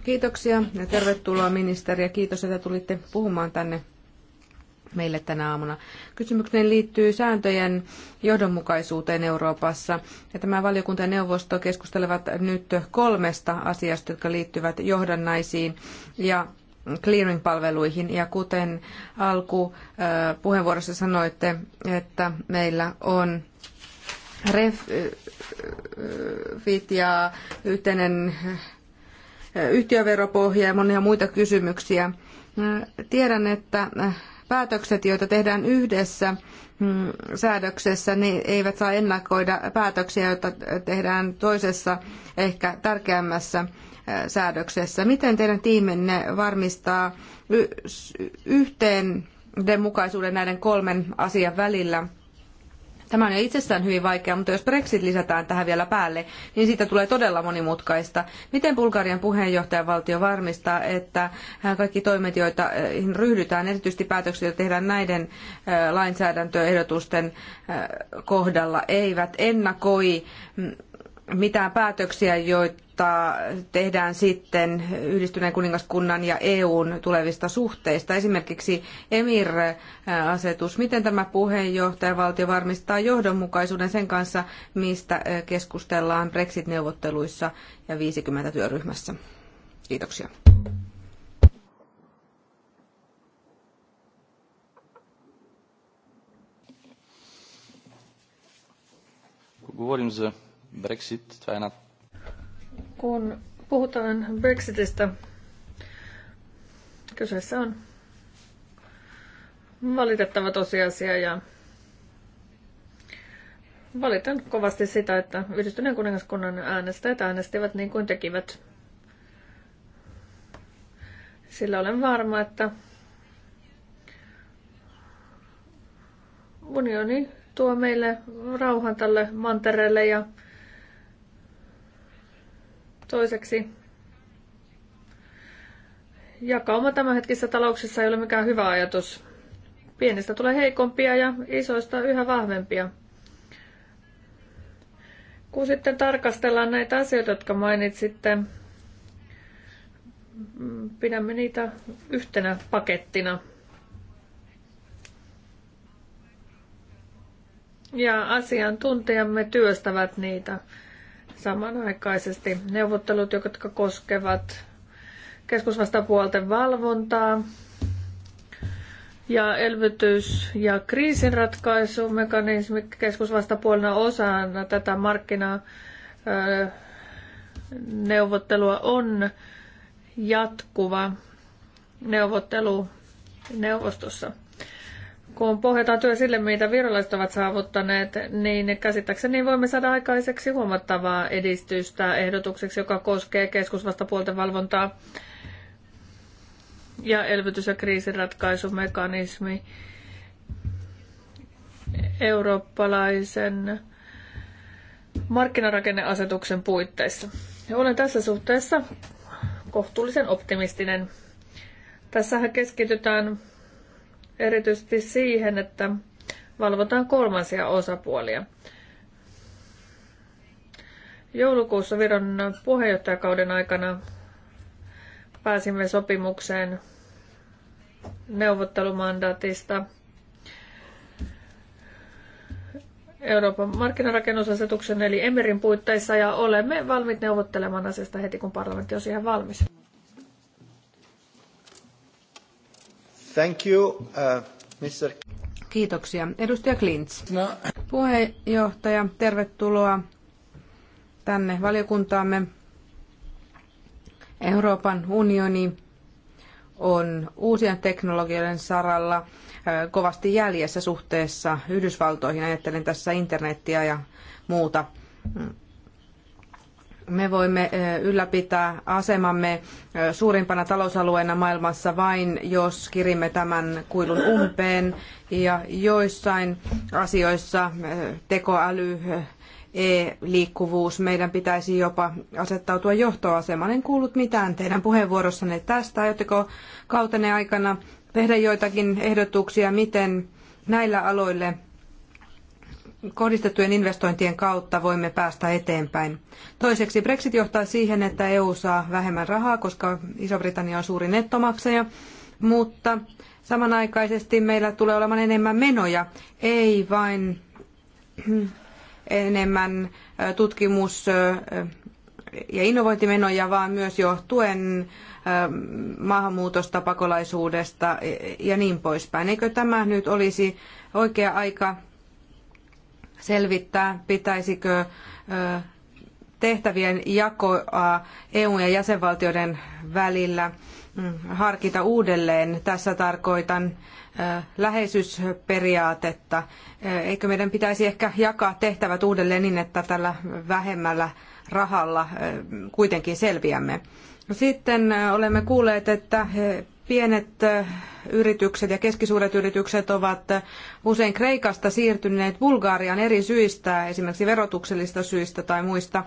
Kiitoksia ja tervetuloa ministeri ja kiitos, että tulitte puhumaan tänne meille tänä aamuna. Kysymykseen liittyy sääntöjen johdonmukaisuuteen Euroopassa. Ja tämä valiokunta ja neuvosto keskustelevat nyt kolmesta asiasta, jotka liittyvät johdannaisiin ja clearing-palveluihin. Ja kuten alku puheenvuorossa sanoitte, että meillä on refit ja yhteinen yhtiöveropohja ja monia muita kysymyksiä. Tiedän, että päätökset, joita tehdään yhdessä mm, säädöksessä, niin eivät saa ennakoida päätöksiä, joita tehdään toisessa ehkä tärkeämmässä säädöksessä. Miten teidän tiimenne varmistaa yhteendenmukaisuuden näiden kolmen asian välillä? Tämä on jo itsessään hyvin vaikea, mutta jos Brexit lisätään tähän vielä päälle, niin siitä tulee todella monimutkaista. Miten Bulgarian puheenjohtajavaltio varmistaa, että äh, kaikki toimet, joita äh, ryhdytään, erityisesti päätökset, joita tehdään näiden äh, lainsäädäntöehdotusten kohdalla, eivät ennakoi mm, mitään päätöksiä, joita jota tehdään sitten yhdistyneen kuningaskunnan ja EUn tulevista suhteista. Esimerkiksi Emir-asetus. Miten tämä puheenjohtajavaltio varmistaa johdonmukaisuuden sen kanssa, mistä keskustellaan Brexit-neuvotteluissa ja 50 työryhmässä? Kiitoksia. Kun siis Brexit, to kun puhutaan Brexitistä, kyseessä on valitettava tosiasia ja valitan kovasti sitä, että yhdistyneen kuningaskunnan äänestäjät äänestivät niin kuin tekivät. Sillä olen varma, että unioni tuo meille rauhan tälle mantereelle ja Toiseksi, jakauma hetkissä talouksissa ei ole mikään hyvä ajatus. Pienistä tulee heikompia ja isoista yhä vahvempia. Kun sitten tarkastellaan näitä asioita, jotka mainitsitte, pidämme niitä yhtenä pakettina. Ja asiantuntijamme työstävät niitä samanaikaisesti neuvottelut, jotka koskevat keskusvastapuolten valvontaa ja elvytys- ja kriisinratkaisumekanismi keskusvastapuolena osana tätä markkinaa neuvottelua on jatkuva neuvottelu neuvostossa kun pohjataan työ sille, mitä virolaiset ovat saavuttaneet, niin käsittääkseni voimme saada aikaiseksi huomattavaa edistystä ehdotukseksi, joka koskee keskusvastapuolten valvontaa ja elvytys- ja kriisiratkaisumekanismi eurooppalaisen markkinarakenneasetuksen puitteissa. Ja olen tässä suhteessa kohtuullisen optimistinen. Tässähän keskitytään erityisesti siihen, että valvotaan kolmansia osapuolia. Joulukuussa Viron puheenjohtajakauden aikana pääsimme sopimukseen neuvottelumandaatista Euroopan markkinarakennusasetuksen eli Emerin puitteissa ja olemme valmiit neuvottelemaan asiasta heti, kun parlamentti on siihen valmis. Thank you, uh, Mr. Kiitoksia. Edustaja Klints. No. Puheenjohtaja, tervetuloa tänne valiokuntaamme. Euroopan unioni on uusien teknologioiden saralla kovasti jäljessä suhteessa Yhdysvaltoihin. Ajattelen tässä internettiä ja muuta. Mm me voimme eh, ylläpitää asemamme eh, suurimpana talousalueena maailmassa vain, jos kirimme tämän kuilun umpeen. Ja joissain asioissa eh, tekoäly, e-liikkuvuus, meidän pitäisi jopa asettautua johtoasemaan. En kuullut mitään teidän puheenvuorossanne tästä. Aiotteko kautenne aikana tehdä joitakin ehdotuksia, miten näillä aloille kohdistettujen investointien kautta voimme päästä eteenpäin. Toiseksi Brexit johtaa siihen, että EU saa vähemmän rahaa, koska Iso-Britannia on suuri nettomaksaja, mutta samanaikaisesti meillä tulee olemaan enemmän menoja, ei vain enemmän tutkimus- ja innovointimenoja, vaan myös johtuen maahanmuutosta, pakolaisuudesta e, ja niin poispäin. Eikö tämä nyt olisi oikea aika selvittää, pitäisikö tehtävien jakoa EUn ja jäsenvaltioiden välillä mm, harkita uudelleen. Tässä tarkoitan läheisyysperiaatetta. Eikö meidän pitäisi ehkä jakaa tehtävät uudelleen niin, että tällä vähemmällä rahalla kuitenkin selviämme? Sitten olemme kuulleet, että Pienet yritykset ja keskisuuret yritykset ovat usein Kreikasta siirtyneet Bulgariaan eri syistä, esimerkiksi verotuksellista syistä tai muista.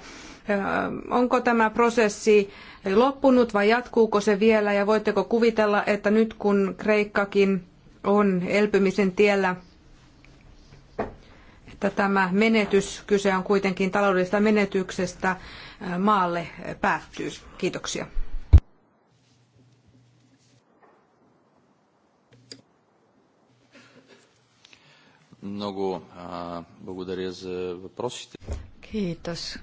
Onko tämä prosessi loppunut vai jatkuuko se vielä ja voitteko kuvitella, että nyt kun Kreikkakin on elpymisen tiellä, että tämä menetys, kyse on kuitenkin taloudellisesta menetyksestä, maalle päättyy. Kiitoksia. Много благодаря за въпросите. Kiitos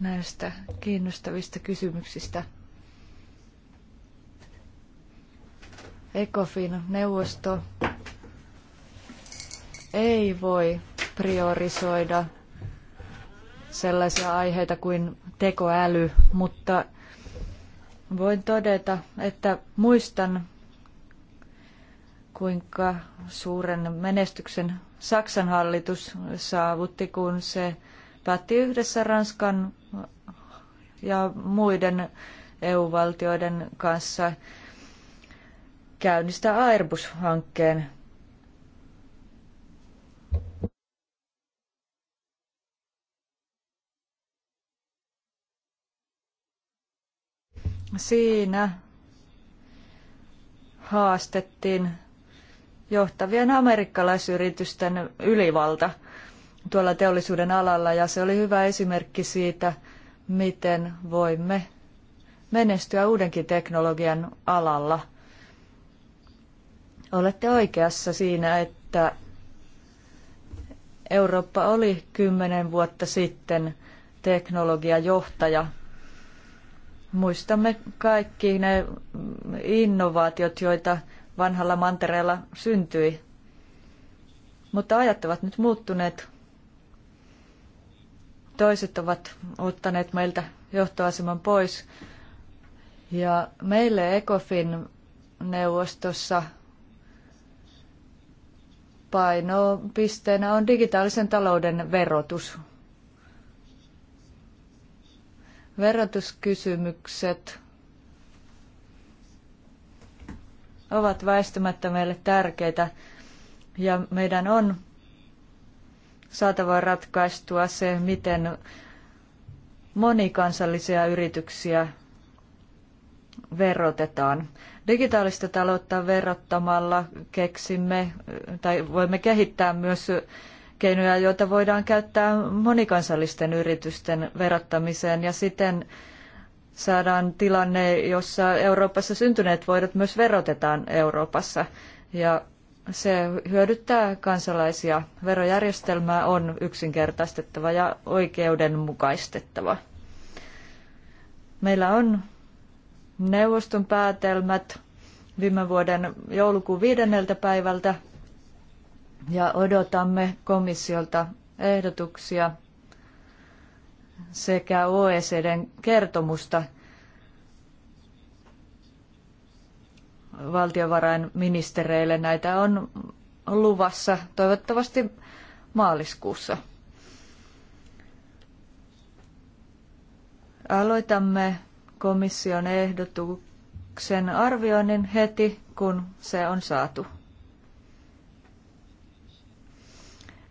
näistä kiinnostavista kysymyksistä. ECOFIN neuvosto ei voi priorisoida sellaisia aiheita kuin tekoäly, mutta voin todeta, että muistan kuinka suuren menestyksen Saksan hallitus saavutti, kun se päätti yhdessä Ranskan ja muiden EU-valtioiden kanssa käynnistää Airbus-hankkeen. Siinä haastettiin johtavien amerikkalaisyritysten ylivalta tuolla teollisuuden alalla ja se oli hyvä esimerkki siitä, miten voimme menestyä uudenkin teknologian alalla. Olette oikeassa siinä, että Eurooppa oli kymmenen vuotta sitten teknologiajohtaja. Muistamme kaikki ne innovaatiot, joita vanhalla mantereella syntyi. Mutta ajat ovat nyt muuttuneet. Toiset ovat ottaneet meiltä johtoaseman pois. Ja meille ECOFIN neuvostossa painopisteenä on digitaalisen talouden verotus. Verotuskysymykset ovat väistämättä meille tärkeitä ja meidän on saatava ratkaistua se, miten monikansallisia yrityksiä verotetaan. Digitaalista taloutta verottamalla keksimme tai voimme kehittää myös keinoja, joita voidaan käyttää monikansallisten yritysten verottamiseen ja siten saadaan tilanne, jossa Euroopassa syntyneet voidot myös verotetaan Euroopassa. Ja se hyödyttää kansalaisia. Verojärjestelmää on yksinkertaistettava ja oikeudenmukaistettava. Meillä on neuvoston päätelmät viime vuoden joulukuun viidenneltä päivältä ja odotamme komissiolta ehdotuksia sekä OECDn kertomusta valtiovarainministereille. Näitä on luvassa toivottavasti maaliskuussa. Aloitamme komission ehdotuksen arvioinnin heti, kun se on saatu.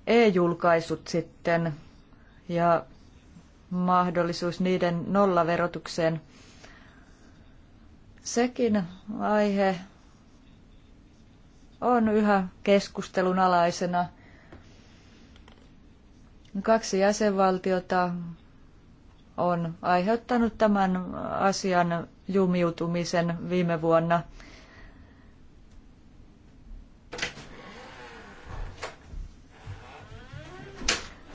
E-julkaisut sitten ja mahdollisuus niiden nollaverotukseen. Sekin aihe on yhä keskustelun alaisena. Kaksi jäsenvaltiota on aiheuttanut tämän asian jumiutumisen viime vuonna –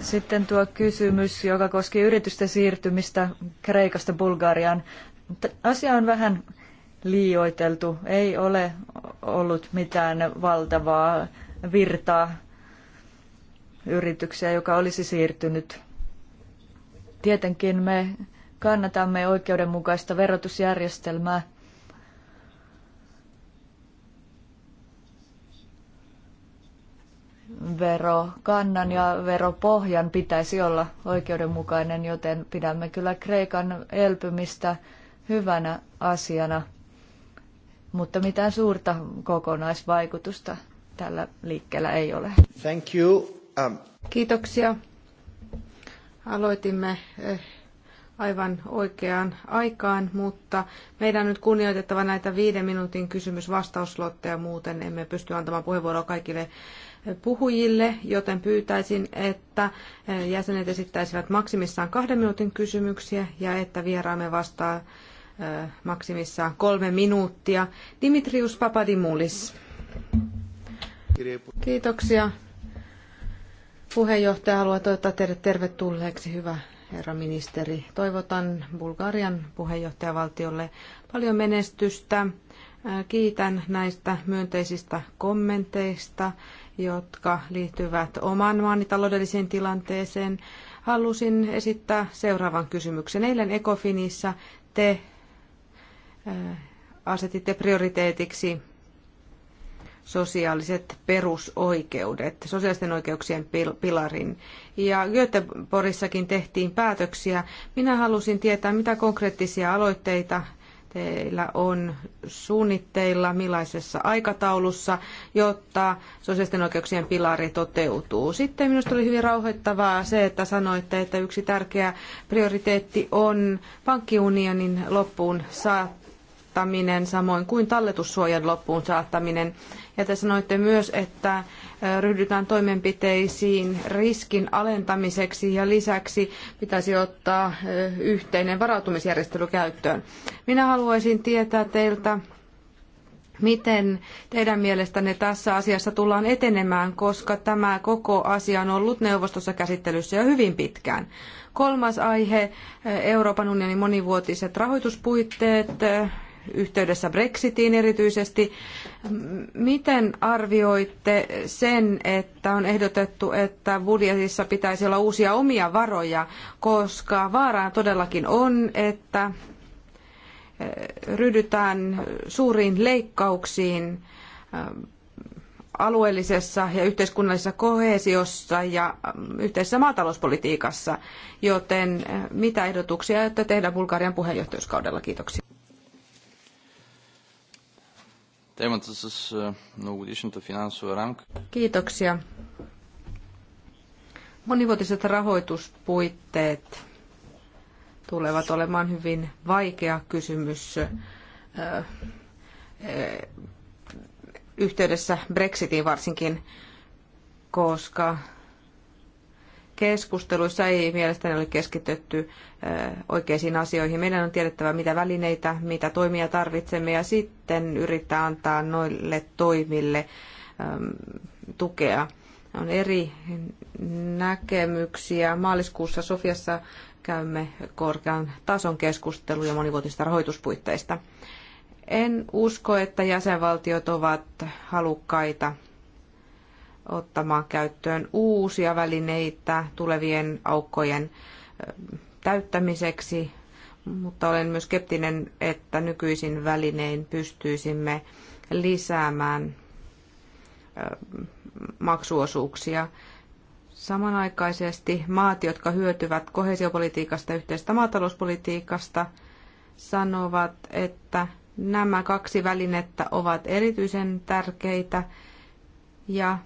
Sitten tuo kysymys, joka koski yritysten siirtymistä Kreikasta Bulgariaan. Asia on vähän liioiteltu. Ei ole ollut mitään valtavaa virtaa yrityksiä, joka olisi siirtynyt. Tietenkin me kannatamme oikeudenmukaista verotusjärjestelmää verokannan ja veropohjan pitäisi olla oikeudenmukainen, joten pidämme kyllä Kreikan elpymistä hyvänä asiana, mutta mitään suurta kokonaisvaikutusta tällä liikkeellä ei ole. Thank you. Um... Kiitoksia. Aloitimme eh, aivan oikeaan aikaan, mutta meidän on nyt kunnioitettava näitä viiden minuutin kysymys-vastauslotteja, muuten emme pysty antamaan puheenvuoroa kaikille puhujille, joten pyytäisin, että eh, jäsenet esittäisivät maksimissaan kahden minuutin kysymyksiä ja että vieraamme vastaa eh, maksimissaan kolme minuuttia. Dimitrius Papadimulis. Kiitoksia. Puheenjohtaja haluaa toivottaa teidät tervetulleeksi, hyvä herra ministeri. Toivotan Bulgarian puheenjohtajavaltiolle paljon menestystä. Kiitän näistä myönteisistä kommenteista jotka liittyvät oman maani taloudelliseen tilanteeseen. Halusin esittää seuraavan kysymyksen. Eilen Ecofinissa te äh, asetitte prioriteetiksi sosiaaliset perusoikeudet, sosiaalisten oikeuksien pilarin. Ja Göteborissakin tehtiin päätöksiä. Minä halusin tietää, mitä konkreettisia aloitteita teillä on suunnitteilla, millaisessa aikataulussa, jotta sosiaalisten oikeuksien pilari toteutuu. Sitten minusta oli hyvin rauhoittavaa se, että sanoitte, että yksi tärkeä prioriteetti on pankkiunionin loppuun saattaminen, samoin kuin talletussuojan loppuun saattaminen. Ja te sanoitte myös, että ryhdytään toimenpiteisiin riskin alentamiseksi ja lisäksi pitäisi ottaa yhteinen varautumisjärjestely käyttöön. Minä haluaisin tietää teiltä, miten teidän mielestänne tässä asiassa tullaan etenemään, koska tämä koko asia on ollut neuvostossa käsittelyssä jo hyvin pitkään. Kolmas aihe, Euroopan unionin monivuotiset rahoituspuitteet yhteydessä Brexitiin erityisesti. Miten arvioitte sen, että on ehdotettu, että budjetissa pitäisi olla uusia omia varoja, koska vaarana todellakin on, että eh, ryhdytään suuriin leikkauksiin eh, alueellisessa ja yhteiskunnallisessa koheesiossa ja eh, yhteisessä maatalouspolitiikassa, joten mitä ehdotuksia aiotte tehdä Bulgarian puheenjohtajuuskaudella? Kiitoksia. Kiitoksia. Monivuotiset rahoituspuitteet tulevat olemaan hyvin vaikea kysymys yhteydessä Brexitiin varsinkin, koska keskusteluissa ei mielestäni ole keskitytty oikeisiin asioihin. Meidän on tiedettävä, mitä välineitä, mitä toimia tarvitsemme ja sitten yrittää antaa noille toimille tukea. On eri näkemyksiä. Maaliskuussa Sofiassa käymme korkean tason keskusteluja monivuotisista rahoituspuitteista. En usko, että jäsenvaltiot ovat halukkaita ottamaan käyttöön uusia välineitä tulevien aukkojen täyttämiseksi, mutta olen myös skeptinen, että nykyisin välinein pystyisimme lisäämään maksuosuuksia. Samanaikaisesti maat, jotka hyötyvät kohesiopolitiikasta ja yhteisestä maatalouspolitiikasta, sanovat, että nämä kaksi välinettä ovat erityisen tärkeitä ja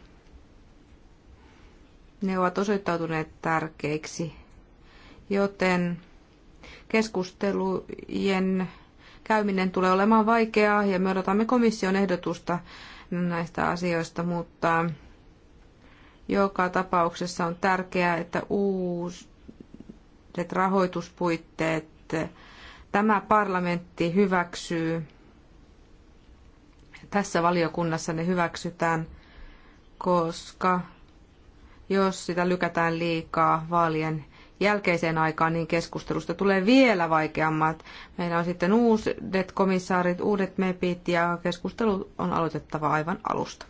ne ovat osoittautuneet tärkeiksi. Joten keskustelujen käyminen tulee olemaan vaikeaa ja me odotamme komission ehdotusta näistä asioista, mutta joka tapauksessa on tärkeää, että uudet rahoituspuitteet tämä parlamentti hyväksyy. Tässä valiokunnassa ne hyväksytään, koska jos sitä lykätään liikaa vaalien jälkeiseen aikaan, niin keskustelusta tulee vielä vaikeammat. Meillä on sitten uudet komissaarit, uudet mepit ja keskustelu on aloitettava aivan alusta.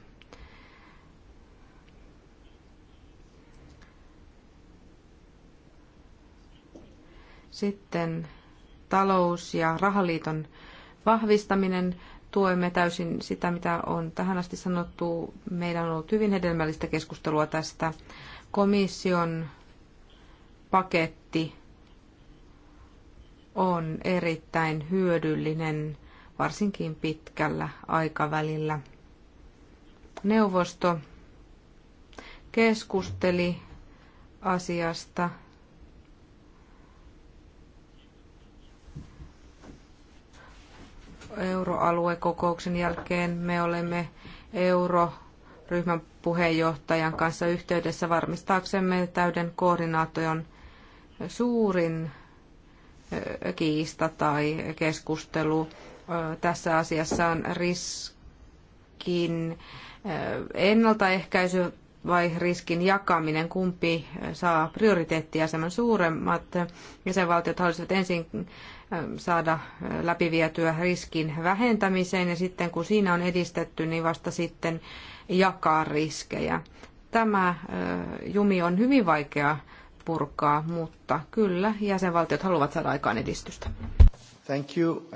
Sitten talous- ja rahaliiton vahvistaminen tuemme täysin sitä, mitä on tähän asti sanottu. Meillä on ollut hyvin hedelmällistä keskustelua tästä. Komission paketti on erittäin hyödyllinen, varsinkin pitkällä aikavälillä. Neuvosto keskusteli asiasta euroaluekokouksen jälkeen me olemme euroryhmän puheenjohtajan kanssa yhteydessä varmistaaksemme täyden koordinaation suurin kiista tai keskustelu tässä asiassa on riskin ennaltaehkäisy vai riskin jakaminen, kumpi saa prioriteettiaseman suuremmat jäsenvaltiot haluaisivat ensin Ähm, saada äh, läpivietyä riskin vähentämiseen ja sitten kun siinä on edistetty, niin vasta sitten jakaa riskejä. Tämä äh, jumi on hyvin vaikea purkaa, mutta kyllä jäsenvaltiot haluavat saada aikaan edistystä. Thank you.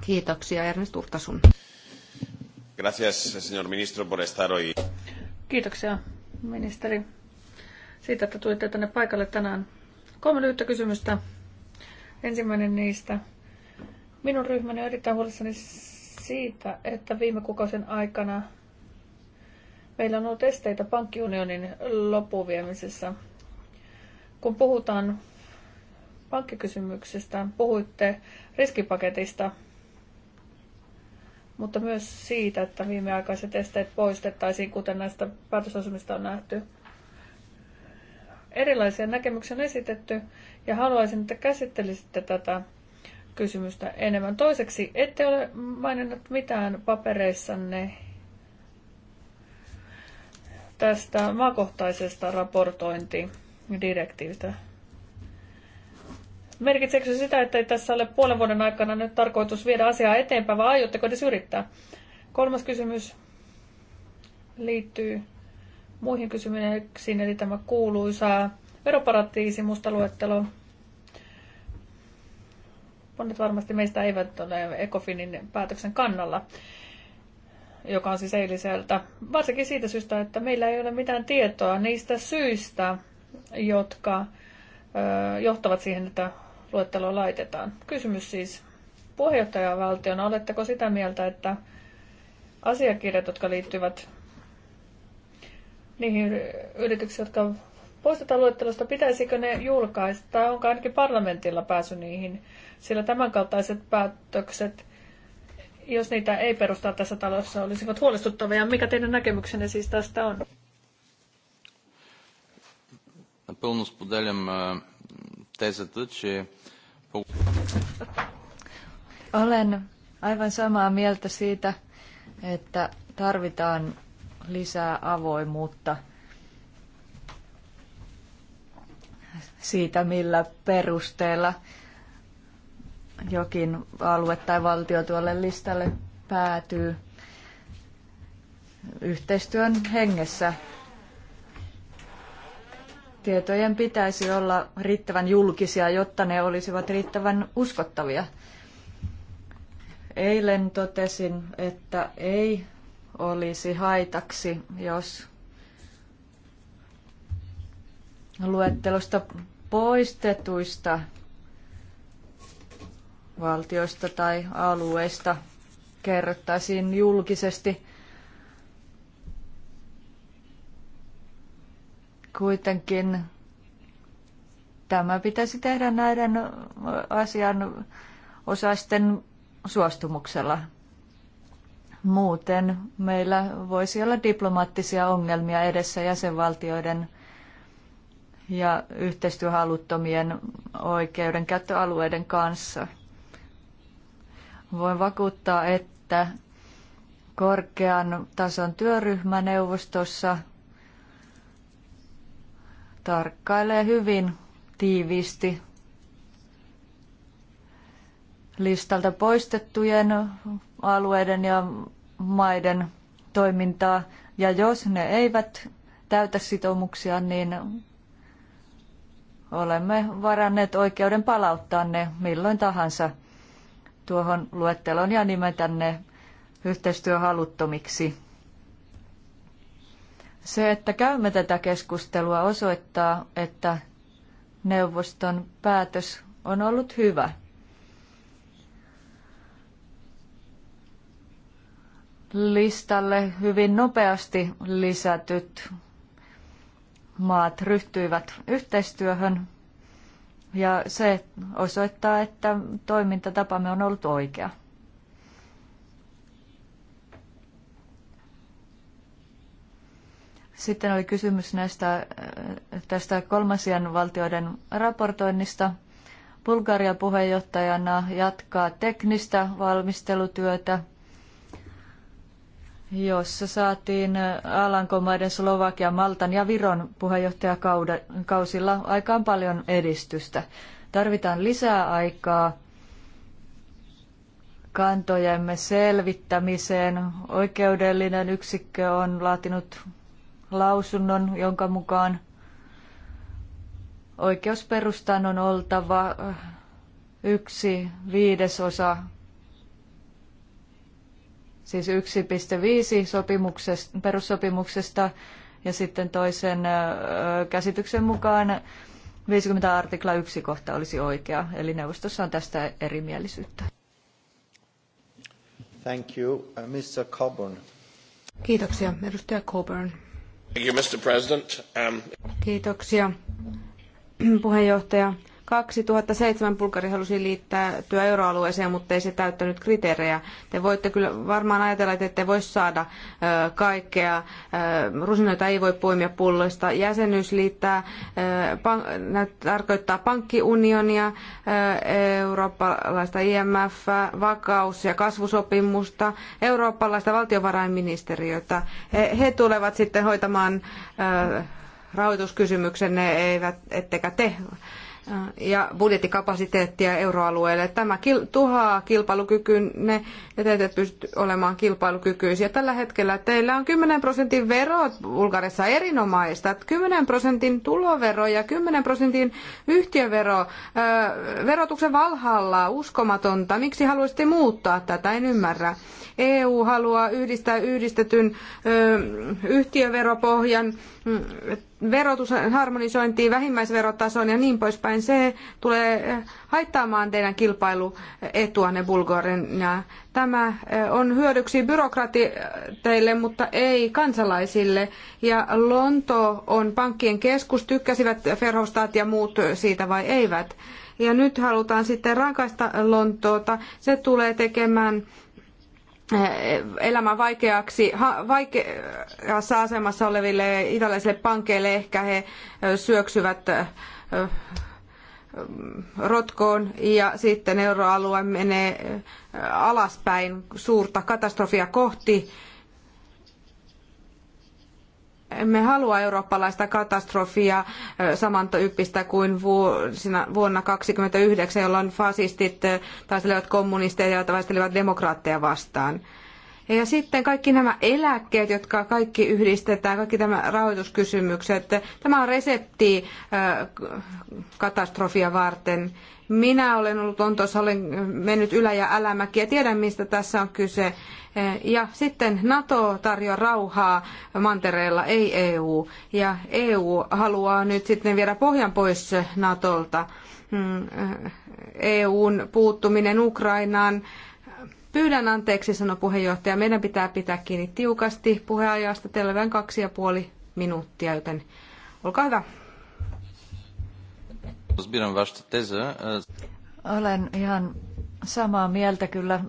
Kiitoksia Ernest Urtasun. Gracias, señor ministro, por estar hoy. Kiitoksia, ministeri, siitä, että tulitte tänne paikalle tänään. Kolme lyhyttä kysymystä. Ensimmäinen niistä. Minun ryhmäni on erittäin huolissani siitä, että viime kuukausien aikana meillä on ollut esteitä pankkiunionin lopuviemisessä. Kun puhutaan pankkikysymyksistä, puhuitte riskipaketista, mutta myös siitä, että viimeaikaiset esteet poistettaisiin, kuten näistä päätösasumista on nähty. Erilaisia näkemyksiä on esitetty ja haluaisin, että käsittelisitte tätä kysymystä enemmän. Toiseksi, ette ole maininnut mitään papereissanne tästä maakohtaisesta raportointidirektiivistä. Merkitseekö se sitä, että ei tässä ole puolen vuoden aikana nyt tarkoitus viedä asiaa eteenpäin, vai aiotteko edes yrittää? Kolmas kysymys liittyy muihin kysymyksiin, eli tämä kuuluisaa Veroparatiisi, musta luettelo. Monet varmasti meistä eivät ole Ecofinin päätöksen kannalla, joka on siis eiliseltä. Varsinkin siitä syystä, että meillä ei ole mitään tietoa niistä syistä, jotka johtavat siihen, että luettelo laitetaan. Kysymys siis puheenjohtajavaltiona, oletteko sitä mieltä, että asiakirjat, jotka liittyvät niihin yrityksiin, jotka poistetaan luettelosta, pitäisikö ne julkaista, onko ainakin parlamentilla pääsy niihin, sillä tämänkaltaiset päätökset, jos niitä ei perustaa tässä talossa, olisivat huolestuttavia. Mikä teidän näkemyksenne siis tästä on? Olen aivan samaa mieltä siitä, että tarvitaan lisää avoimuutta – siitä, millä perusteella jokin alue tai valtio tuolle listalle päätyy yhteistyön hengessä. Tietojen pitäisi olla riittävän julkisia, jotta ne olisivat riittävän uskottavia. Eilen totesin, että ei olisi haitaksi, jos luettelosta poistetuista valtioista tai alueista kerrottaisiin julkisesti. Kuitenkin tämä pitäisi tehdä näiden asian osaisten suostumuksella. Muuten meillä voisi olla diplomaattisia ongelmia edessä jäsenvaltioiden ja yhteistyöhaluttomien oikeudenkäyttöalueiden kanssa. Voin vakuuttaa, että korkean tason työryhmä neuvostossa tarkkailee hyvin tiiviisti listalta poistettujen alueiden ja maiden toimintaa. Ja jos ne eivät täytä sitoumuksia, niin Olemme varanneet oikeuden palauttaa ne milloin tahansa tuohon luetteloon ja nimetä ne yhteistyöhaluttomiksi. Se, että käymme tätä keskustelua, osoittaa, että neuvoston päätös on ollut hyvä. Listalle hyvin nopeasti lisätyt maat ryhtyivät yhteistyöhön ja se osoittaa, että toimintatapamme on ollut oikea. Sitten oli kysymys näistä, tästä kolmansien valtioiden raportoinnista. Bulgaria puheenjohtajana jatkaa teknistä valmistelutyötä – jossa saatiin Alankomaiden, Slovakian, Maltan ja Viron puheenjohtajakausilla aikaan paljon edistystä. Tarvitaan lisää aikaa kantojemme selvittämiseen. Oikeudellinen yksikkö on laatinut lausunnon, jonka mukaan oikeusperustan on oltava yksi viidesosa siis 1.5 sopimuksesta, perussopimuksesta ja sitten toisen käsityksen mukaan 50 artikla 1 kohta olisi oikea, eli neuvostossa on tästä erimielisyyttä. Thank you. Uh, Mr. Coburn. Kiitoksia, edustaja Coburn. Thank you, Mr. President. Um... Kiitoksia, puheenjohtaja. 2007 Bulgari halusi liittää euroalueeseen, mutta ei se täyttänyt kriteerejä. Te voitte kyllä varmaan ajatella, että ette voi saada kaikkea. Rusinoita ei voi poimia pulloista. Jäsenyys liittää, tarkoittaa pankkiunionia, eurooppalaista IMF, vakaus- ja kasvusopimusta, eurooppalaista valtiovarainministeriötä. He, tulevat sitten hoitamaan rahoituskysymyksen, ne eivät, ettekä te ja budjettikapasiteettia euroalueelle. Tämä kil- tuhaa kilpailukykyyn, ne eteet pysty olemaan kilpailukykyisiä. Tällä hetkellä teillä on 10 prosentin verot Bulgarissa erinomaista, 10 prosentin tulovero ja 10 prosentin yhtiövero, öö, verotuksen valhalla, uskomatonta. Miksi haluaisitte muuttaa tätä? En ymmärrä. EU haluaa yhdistää yhdistetyn öö, yhtiöveropohjan Mm, verotusharmonisointiin, vähimmäisverotasoon ja niin poispäin, se tulee eh, haittaamaan teidän kilpailuetuanne Bulgariana. Tämä eh, on hyödyksi byrokrateille, mutta ei kansalaisille. Ja Lonto on pankkien keskus, tykkäsivät Ferhostat ja muut siitä vai eivät. Ja nyt halutaan sitten rankaista Lontoota. Se tulee tekemään Eh, elämän vaikeaksi, vaikeassa asemassa oleville italaisille pankeille ehkä he eh, syöksyvät eh, rotkoon ja sitten euroalue menee alaspäin suurta katastrofia kohti emme halua eurooppalaista katastrofia samantyyppistä kuin vuonna 1929, jolloin fasistit taistelivat kommunisteja ja taistelivat demokraatteja vastaan. Ja sitten kaikki nämä eläkkeet, jotka kaikki yhdistetään, kaikki tämä rahoituskysymykset, tämä on resepti katastrofia varten. Minä olen ollut Lontoossa, olen mennyt ylä- ja älämäki ja tiedän mistä tässä on kyse. Ja sitten NATO tarjoaa rauhaa mantereella, ei EU. Ja EU haluaa nyt sitten viedä pohjan pois NATOlta. Mm, EUn puuttuminen Ukrainaan Pyydän anteeksi, sanoi puheenjohtaja. Meidän pitää pitää kiinni tiukasti puheajasta. Teillä on vain kaksi ja puoli minuuttia, joten olkaa hyvä. Olen ihan samaa mieltä kyllä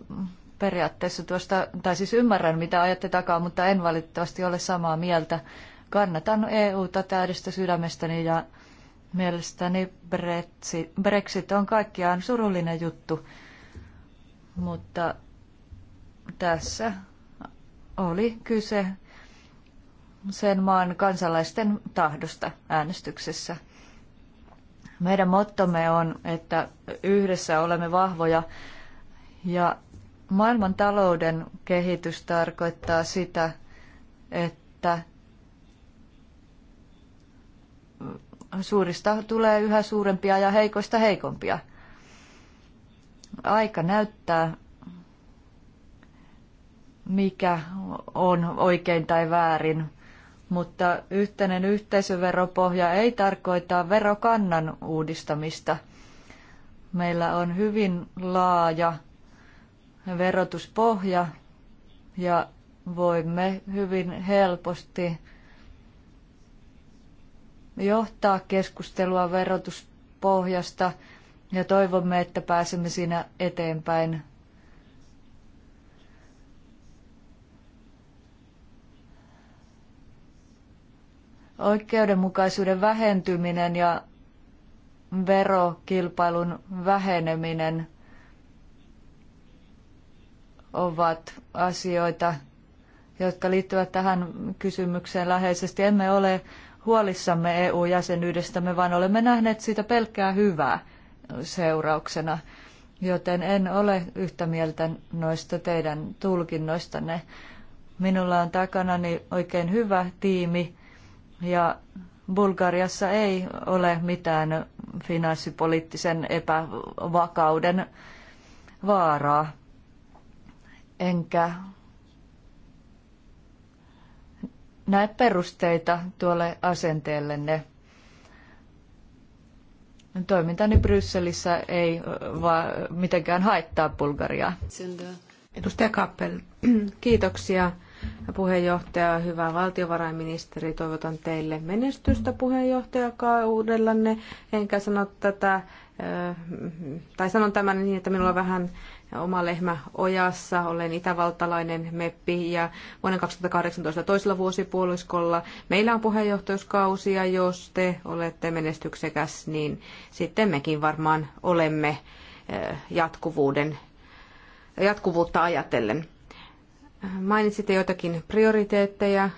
periaatteessa tuosta, tai siis ymmärrän mitä ajatte takaa, mutta en valitettavasti ole samaa mieltä. Kannatan EU-ta täydestä sydämestäni ja mielestäni Brexit on kaikkiaan surullinen juttu, mutta tässä oli kyse sen maan kansalaisten tahdosta äänestyksessä. Meidän mottomme on, että yhdessä olemme vahvoja ja maailman talouden kehitys tarkoittaa sitä, että suurista tulee yhä suurempia ja heikoista heikompia. Aika näyttää, mikä on oikein tai väärin, mutta yhteinen yhteisöveropohja ei tarkoita verokannan uudistamista. Meillä on hyvin laaja verotuspohja ja voimme hyvin helposti johtaa keskustelua verotuspohjasta ja toivomme, että pääsemme siinä eteenpäin Oikeudenmukaisuuden vähentyminen ja verokilpailun väheneminen ovat asioita, jotka liittyvät tähän kysymykseen läheisesti. Emme ole huolissamme EU-jäsenyydestämme, vaan olemme nähneet siitä pelkkää hyvää seurauksena. Joten en ole yhtä mieltä noista teidän tulkinnoistanne. Minulla on takanani oikein hyvä tiimi ja Bulgariassa ei ole mitään finanssipoliittisen epävakauden vaaraa. Enkä näe perusteita tuolle asenteellenne. Toimintani Brysselissä ei va- mitenkään haittaa Bulgariaa. Edustaja Kappel, kiitoksia puheenjohtaja, hyvä valtiovarainministeri, toivotan teille menestystä puheenjohtajakaudellanne. Enkä sano tätä, eh, tai sanon tämän niin, että minulla on vähän oma lehmä ojassa. Olen itävaltalainen meppi ja vuoden 2018 toisella vuosipuoliskolla meillä on puheenjohtajuuskausi ja jos te olette menestyksekäs, niin sitten mekin varmaan olemme eh, jatkuvuuden, jatkuvuutta ajatellen. Mainitsitte jotakin prioriteetteja.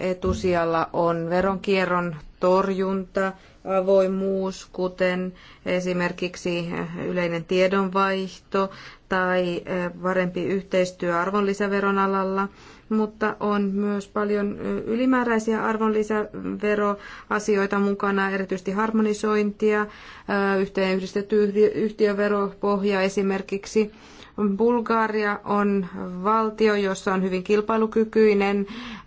Etusijalla on veronkierron torjunta, avoimuus, kuten esimerkiksi yleinen tiedonvaihto tai parempi yhteistyö arvonlisäveron alalla, mutta on myös paljon ylimääräisiä arvonlisäveroasioita mukana, erityisesti harmonisointia, yhteen yhdistetty yhtiöveropohja esimerkiksi Bulgaria on valtio, jossa on hyvin kilpailukykyinen äh,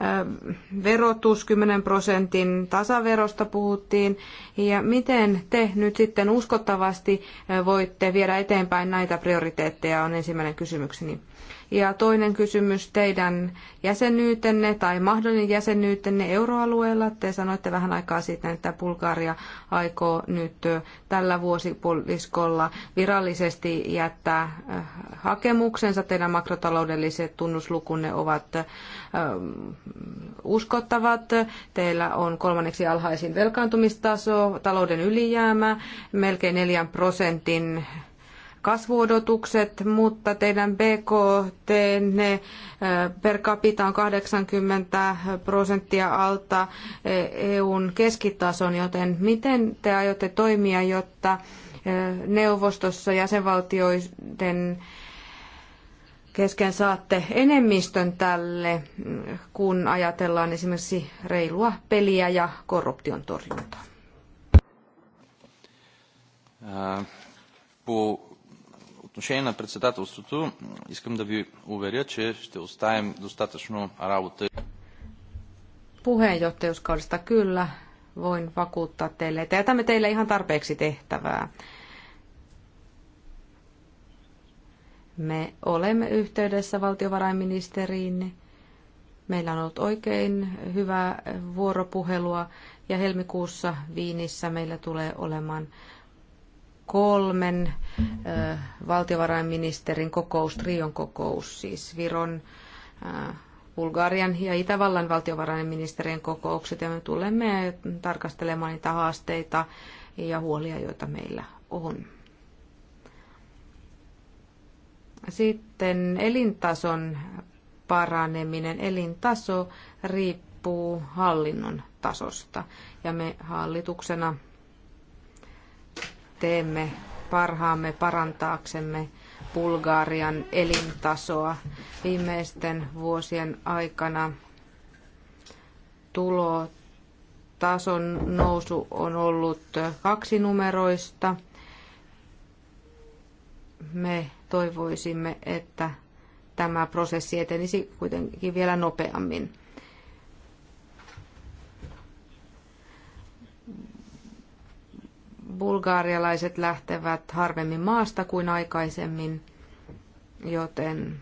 verotus, 10 prosentin tasaverosta puhuttiin. Ja miten te nyt sitten uskottavasti äh, voitte viedä eteenpäin näitä prioriteetteja, on ensimmäinen kysymykseni. Ja toinen kysymys teidän jäsenyytenne tai mahdollinen jäsenyytenne euroalueella. Te sanoitte vähän aikaa sitten, että Bulgaria aikoo nyt tällä vuosipuoliskolla virallisesti jättää hakemuksensa. Teidän makrotaloudelliset tunnuslukunne ovat uskottavat. Teillä on kolmanneksi alhaisin velkaantumistaso, talouden ylijäämä, melkein neljän prosentin kasvuodotukset, mutta teidän BKT per capita on 80 prosenttia alta e, EUn keskitason, joten miten te aiotte toimia, jotta neuvostossa jäsenvaltioiden kesken saatte enemmistön tälle, kun ajatellaan esimerkiksi reilua peliä ja korruption torjuntaa? Uh, отношение на председателството искам да ви уверя, че ще оставим достатъчно работа. Puheenjohtajuuskaudesta kyllä voin vakuuttaa teille, että jätämme teille ihan tarpeeksi tehtävää. Me olemme yhteydessä valtiovarainministeriin. Meillä on ollut oikein hyvää vuoropuhelua ja helmikuussa Viinissä meillä tulee olemaan kolmen valtiovarainministerin kokous, Trion kokous, siis Viron, Bulgarian ja Itävallan valtiovarainministerien kokoukset, ja me tulemme tarkastelemaan niitä haasteita ja huolia, joita meillä on. Sitten elintason paraneminen. Elintaso riippuu hallinnon tasosta, ja me hallituksena – teemme parhaamme parantaaksemme Bulgarian elintasoa. Viimeisten vuosien aikana tulotason nousu on ollut kaksinumeroista. Me toivoisimme, että tämä prosessi etenisi kuitenkin vielä nopeammin. bulgaarialaiset lähtevät harvemmin maasta kuin aikaisemmin, joten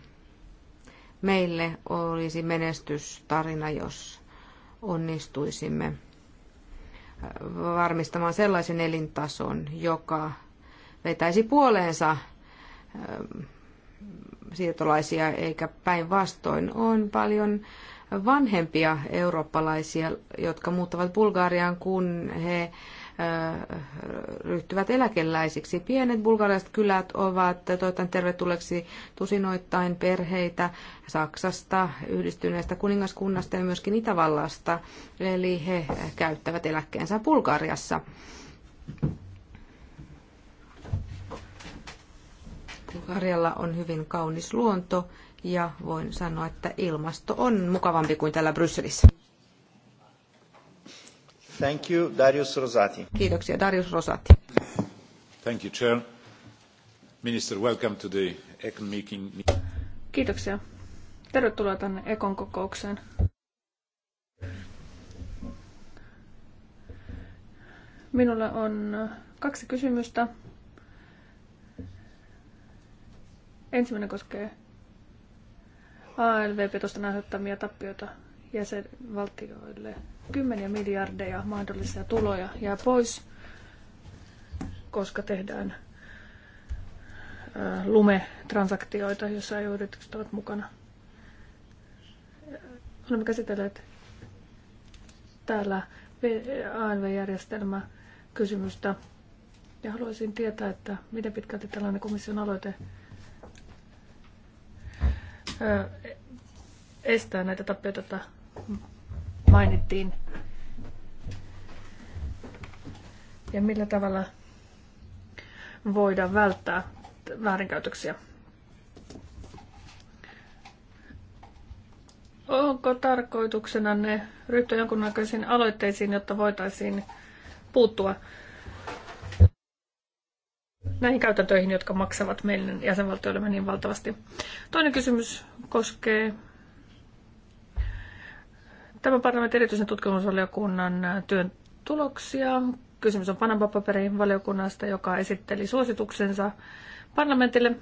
meille olisi menestystarina, jos onnistuisimme äh, varmistamaan sellaisen elintason, joka vetäisi puoleensa äh, siirtolaisia eikä päinvastoin. On paljon vanhempia eurooppalaisia, jotka muuttavat Bulgariaan, kun he ryhtyvät eläkeläisiksi. Pienet bulgarialaiset kylät ovat toivotan tervetulleeksi tusinoittain perheitä Saksasta, yhdistyneestä kuningaskunnasta ja myöskin Itävallasta, eli he käyttävät eläkkeensä Bulgariassa. Bulgarialla on hyvin kaunis luonto ja voin sanoa, että ilmasto on mukavampi kuin täällä Brysselissä. Thank you, Darius Rosati. Kiitoksia, Darius Rosati. Thank you, Chair. Minister, welcome to the ECON meeting. Kiitoksia. Tervetuloa tänne ECON kokoukseen. Minulla on kaksi kysymystä. Ensimmäinen koskee ALV-petosten aiheuttamia tappioita jäsenvaltioille kymmeniä miljardeja mahdollisia tuloja jää pois, koska tehdään lumetransaktioita, joissa ei yritykset ovat mukana. Olemme käsitelleet täällä anv järjestelmä kysymystä. Ja haluaisin tietää, että miten pitkälti tällainen komission aloite estää näitä tappioita, mainittiin. Ja millä tavalla voidaan välttää väärinkäytöksiä. Onko tarkoituksena ne ryhtyä jonkunnäköisiin aloitteisiin, jotta voitaisiin puuttua näihin käytäntöihin, jotka maksavat meidän jäsenvaltioillemme niin valtavasti? Toinen kysymys koskee Tämän parlamentin erityisen tutkimusvaliokunnan työn tuloksia. Kysymys on Panama-paperin valiokunnasta, joka esitteli suosituksensa parlamentille.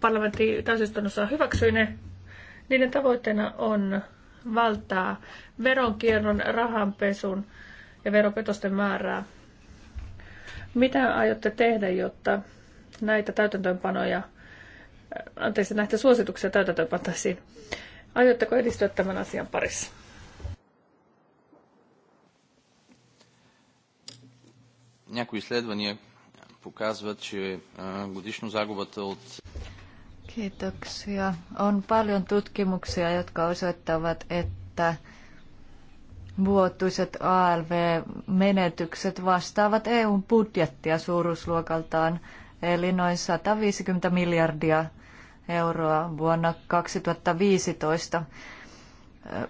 Parlamentti täysistunnossa hyväksyi ne. Niiden tavoitteena on valtaa veronkierron, rahanpesun ja veropetosten määrää. Mitä aiotte tehdä, jotta näitä täytäntöönpanoja, anteeksi, näitä suosituksia täytäntöönpantaisiin? Aiotteko edistyä tämän asian parissa? Някои изследвания показват, че годишно загубата от... Kiitoksia. On paljon tutkimuksia, jotka osoittavat, että vuotuiset ALV-menetykset vastaavat EUn budjettia suuruusluokaltaan, eli noin 150 miljardia euroa vuonna 2015.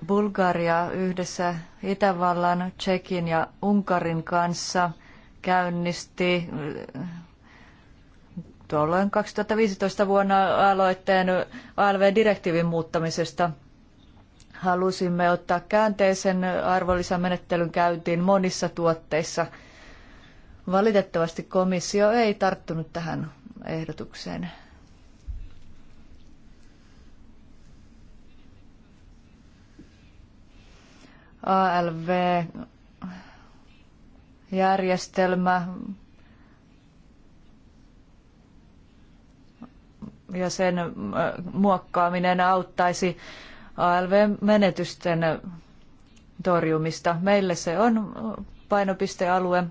Bulgaria yhdessä Itävallan, Tsekin ja Unkarin kanssa käynnisti eh, tuolloin 2015 vuonna aloitteen ALV-direktiivin muuttamisesta. Halusimme ottaa käänteisen arvonlisämenettelyn käyntiin monissa tuotteissa. Valitettavasti komissio ei tarttunut tähän ehdotukseen. ALV-järjestelmä ja sen äh, muokkaaminen auttaisi ALV-menetysten torjumista. Meille se on painopistealue.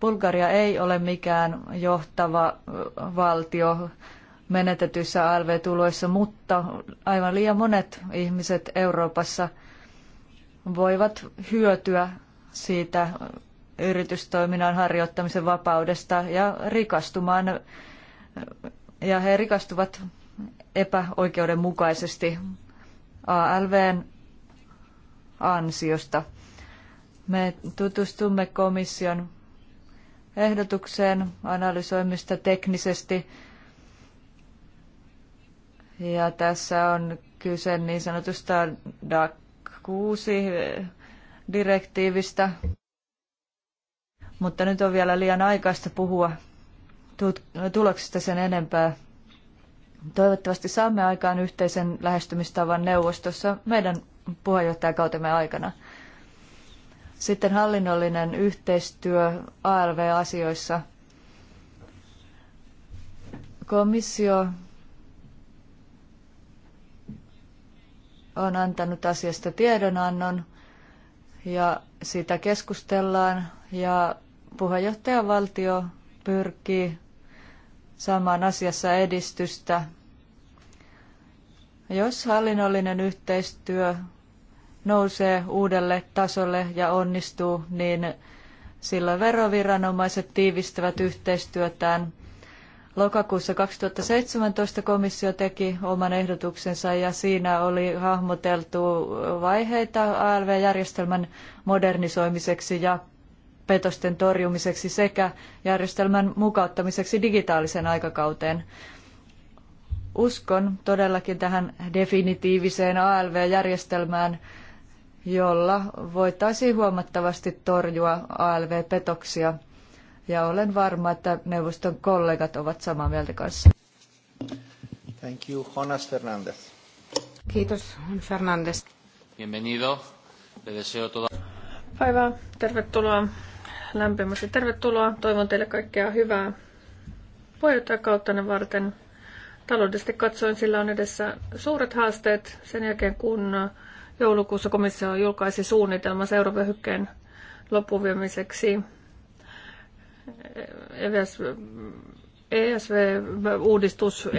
Bulgaria ei ole mikään johtava äh, valtio menetetyissä ALV-tuloissa, mutta aivan liian monet ihmiset Euroopassa – voivat hyötyä siitä yritystoiminnan harjoittamisen vapaudesta ja rikastumaan. Ja he rikastuvat epäoikeudenmukaisesti ALVn ansiosta. Me tutustumme komission ehdotukseen analysoimista teknisesti. Ja tässä on kyse niin sanotusta DAC 6 eh, direktiivistä, mutta nyt on vielä liian aikaista puhua tuloksista sen enempää. Toivottavasti saamme aikaan yhteisen lähestymistavan neuvostossa meidän puheenjohtajakautemme aikana. Sitten hallinnollinen yhteistyö ALV-asioissa. Komissio on antanut asiasta tiedonannon ja siitä keskustellaan ja puheenjohtajavaltio pyrkii saamaan asiassa edistystä. Jos hallinnollinen yhteistyö nousee uudelle tasolle ja onnistuu, niin silloin veroviranomaiset tiivistävät yhteistyötään Lokakuussa 2017 komissio teki oman ehdotuksensa ja siinä oli hahmoteltu vaiheita ALV-järjestelmän modernisoimiseksi ja petosten torjumiseksi sekä järjestelmän mukauttamiseksi digitaaliseen aikakauteen. Uskon todellakin tähän definitiiviseen ALV-järjestelmään, jolla voitaisiin huomattavasti torjua ALV-petoksia – ja olen varma, että neuvoston kollegat ovat samaa mieltä kanssa. Thank you, Jonas Fernandez. Kiitos, Fernandes. Bienvenido. Le deseo toda... Päivää. Tervetuloa. Lämpimästi tervetuloa. Toivon teille kaikkea hyvää puheenjohtajakauttanne varten. Taloudellisesti katsoen sillä on edessä suuret haasteet sen jälkeen, kun joulukuussa komissio julkaisi suunnitelmansa Euroopan hykkeen loppuviemiseksi edes esv e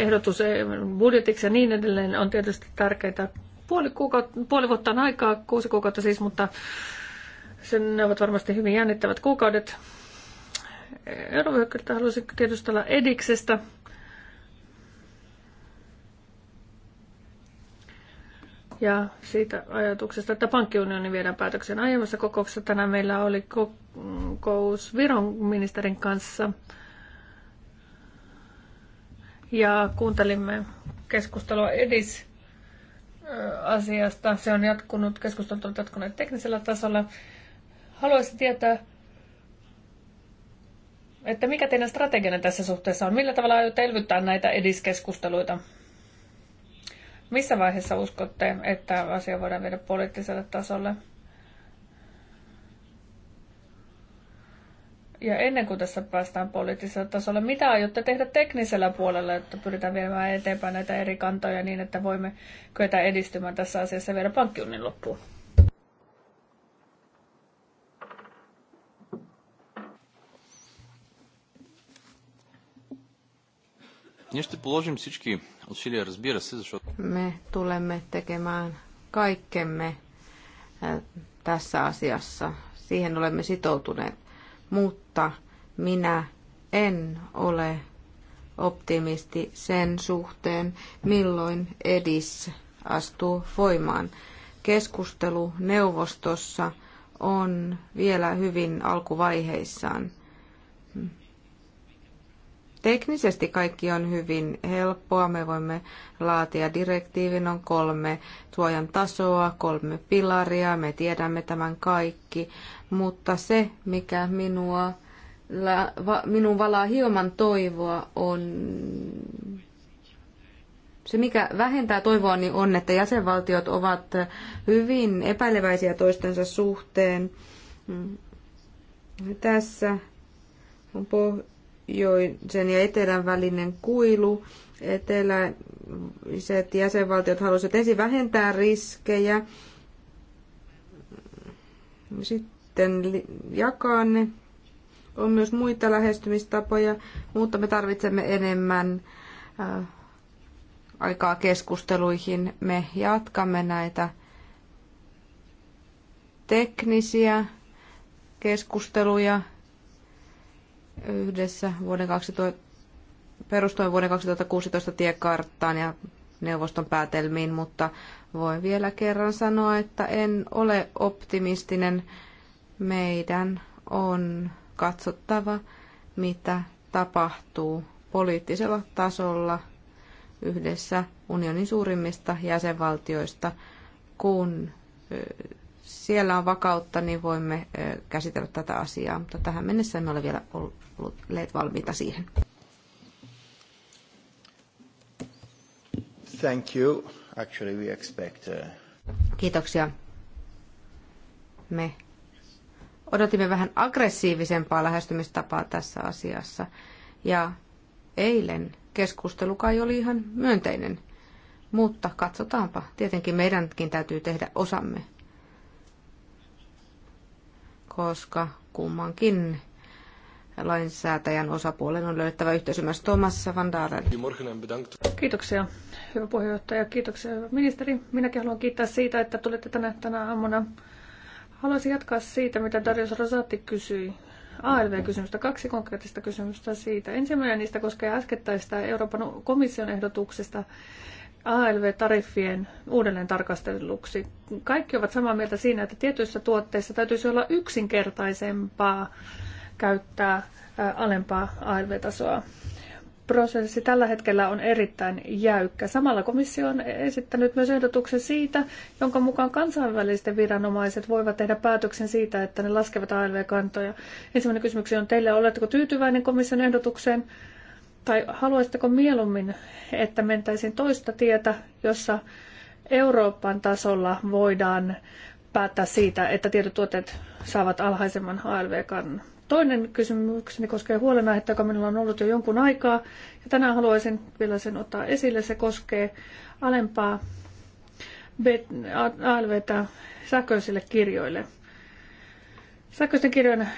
ehdotus e, budjetiksi ja niin edelleen on tietysti tärkeitä. Puoli, kuukautta, puoli vuotta on aikaa, kuusi kuukautta siis, mutta sen ne ovat varmasti hyvin jännittävät kuukaudet. Eurovyöhykkeeltä haluaisin tiedustella Ediksestä. ja siitä ajatuksesta, että pankkiunioni viedään päätöksen aiemmassa kokouksessa. Tänään meillä oli kokous Viron ministerin kanssa ja kuuntelimme keskustelua edis asiasta. Se on jatkunut, keskustelut on jatkunut teknisellä tasolla. Haluaisin tietää, että mikä teidän strategianne tässä suhteessa on? Millä tavalla aiotte elvyttää näitä ediskeskusteluita? Missä vaiheessa uskotte, että asia voidaan viedä poliittiselle tasolle? Ja ennen kuin tässä päästään poliittiselle tasolle, mitä aiotte tehdä teknisellä puolella, että pyritään viemään eteenpäin näitä eri kantoja niin, että voimme kyetä edistymään tässä asiassa vielä pankkiunnin loppuun? Ние ще положим всички me tulemme tekemään kaikkemme tässä asiassa. Siihen olemme sitoutuneet. Mutta minä en ole optimisti sen suhteen, milloin edis astuu voimaan. Keskustelu neuvostossa on vielä hyvin alkuvaiheissaan. Teknisesti kaikki on hyvin helppoa. Me voimme laatia direktiivin, on kolme suojan tasoa, kolme pilaria, me tiedämme tämän kaikki. Mutta se, mikä minua, minun valaa hieman toivoa, on se, mikä vähentää toivoa, niin on, että jäsenvaltiot ovat hyvin epäileväisiä toistensa suhteen. Mm. Tässä on po- sen ja etelän välinen kuilu. Eteläiset jäsenvaltiot halusivat ensin vähentää riskejä, sitten jakaa ne. On myös muita lähestymistapoja, mutta me tarvitsemme enemmän äh, aikaa keskusteluihin. Me jatkamme näitä teknisiä keskusteluja yhdessä vuoden 2000, perustuen vuoden 2016 tiekarttaan ja neuvoston päätelmiin, mutta voin vielä kerran sanoa, että en ole optimistinen. Meidän on katsottava, mitä tapahtuu poliittisella tasolla yhdessä unionin suurimmista jäsenvaltioista, kun siellä on vakautta, niin voimme käsitellä tätä asiaa, mutta tähän mennessä emme ole vielä olleet valmiita siihen. Thank you. Actually we expect, uh... Kiitoksia. Me odotimme vähän aggressiivisempaa lähestymistapaa tässä asiassa. Ja eilen keskustelu kai oli ihan myönteinen. Mutta katsotaanpa. Tietenkin meidänkin täytyy tehdä osamme. Koska kummankin lainsäätäjän osapuolen on löydettävä yhteisymmärrys. Thomas van Dalen. Kiitoksia, hyvä puheenjohtaja. Kiitoksia, hyvä ministeri. Minäkin haluan kiittää siitä, että tulitte tänne tänä aamuna. Haluaisin jatkaa siitä, mitä Darius Rosati kysyi. ALV-kysymystä, kaksi konkreettista kysymystä siitä. Ensimmäinen niistä koskee äskettäistä Euroopan komission ehdotuksesta ALV-tariffien uudelleen tarkasteluksi. Kaikki ovat samaa mieltä siinä, että tietyissä tuotteissa täytyisi olla yksinkertaisempaa käyttää alempaa ALV-tasoa. Prosessi tällä hetkellä on erittäin jäykkä. Samalla komissio on esittänyt myös ehdotuksen siitä, jonka mukaan kansainvälisten viranomaiset voivat tehdä päätöksen siitä, että ne laskevat ALV-kantoja. Ensimmäinen kysymys on teille, oletteko tyytyväinen komission ehdotukseen? Tai haluaisitteko mieluummin, että mentäisiin toista tietä, jossa Euroopan tasolla voidaan päättää siitä, että tietotuotteet saavat alhaisemman ALV-kannan? Toinen kysymykseni koskee huolenaihetta, joka minulla on ollut jo jonkun aikaa. Ja tänään haluaisin vielä sen ottaa esille. Se koskee alempaa ALVtä sähköisille kirjoille. Sähköisten kirjojen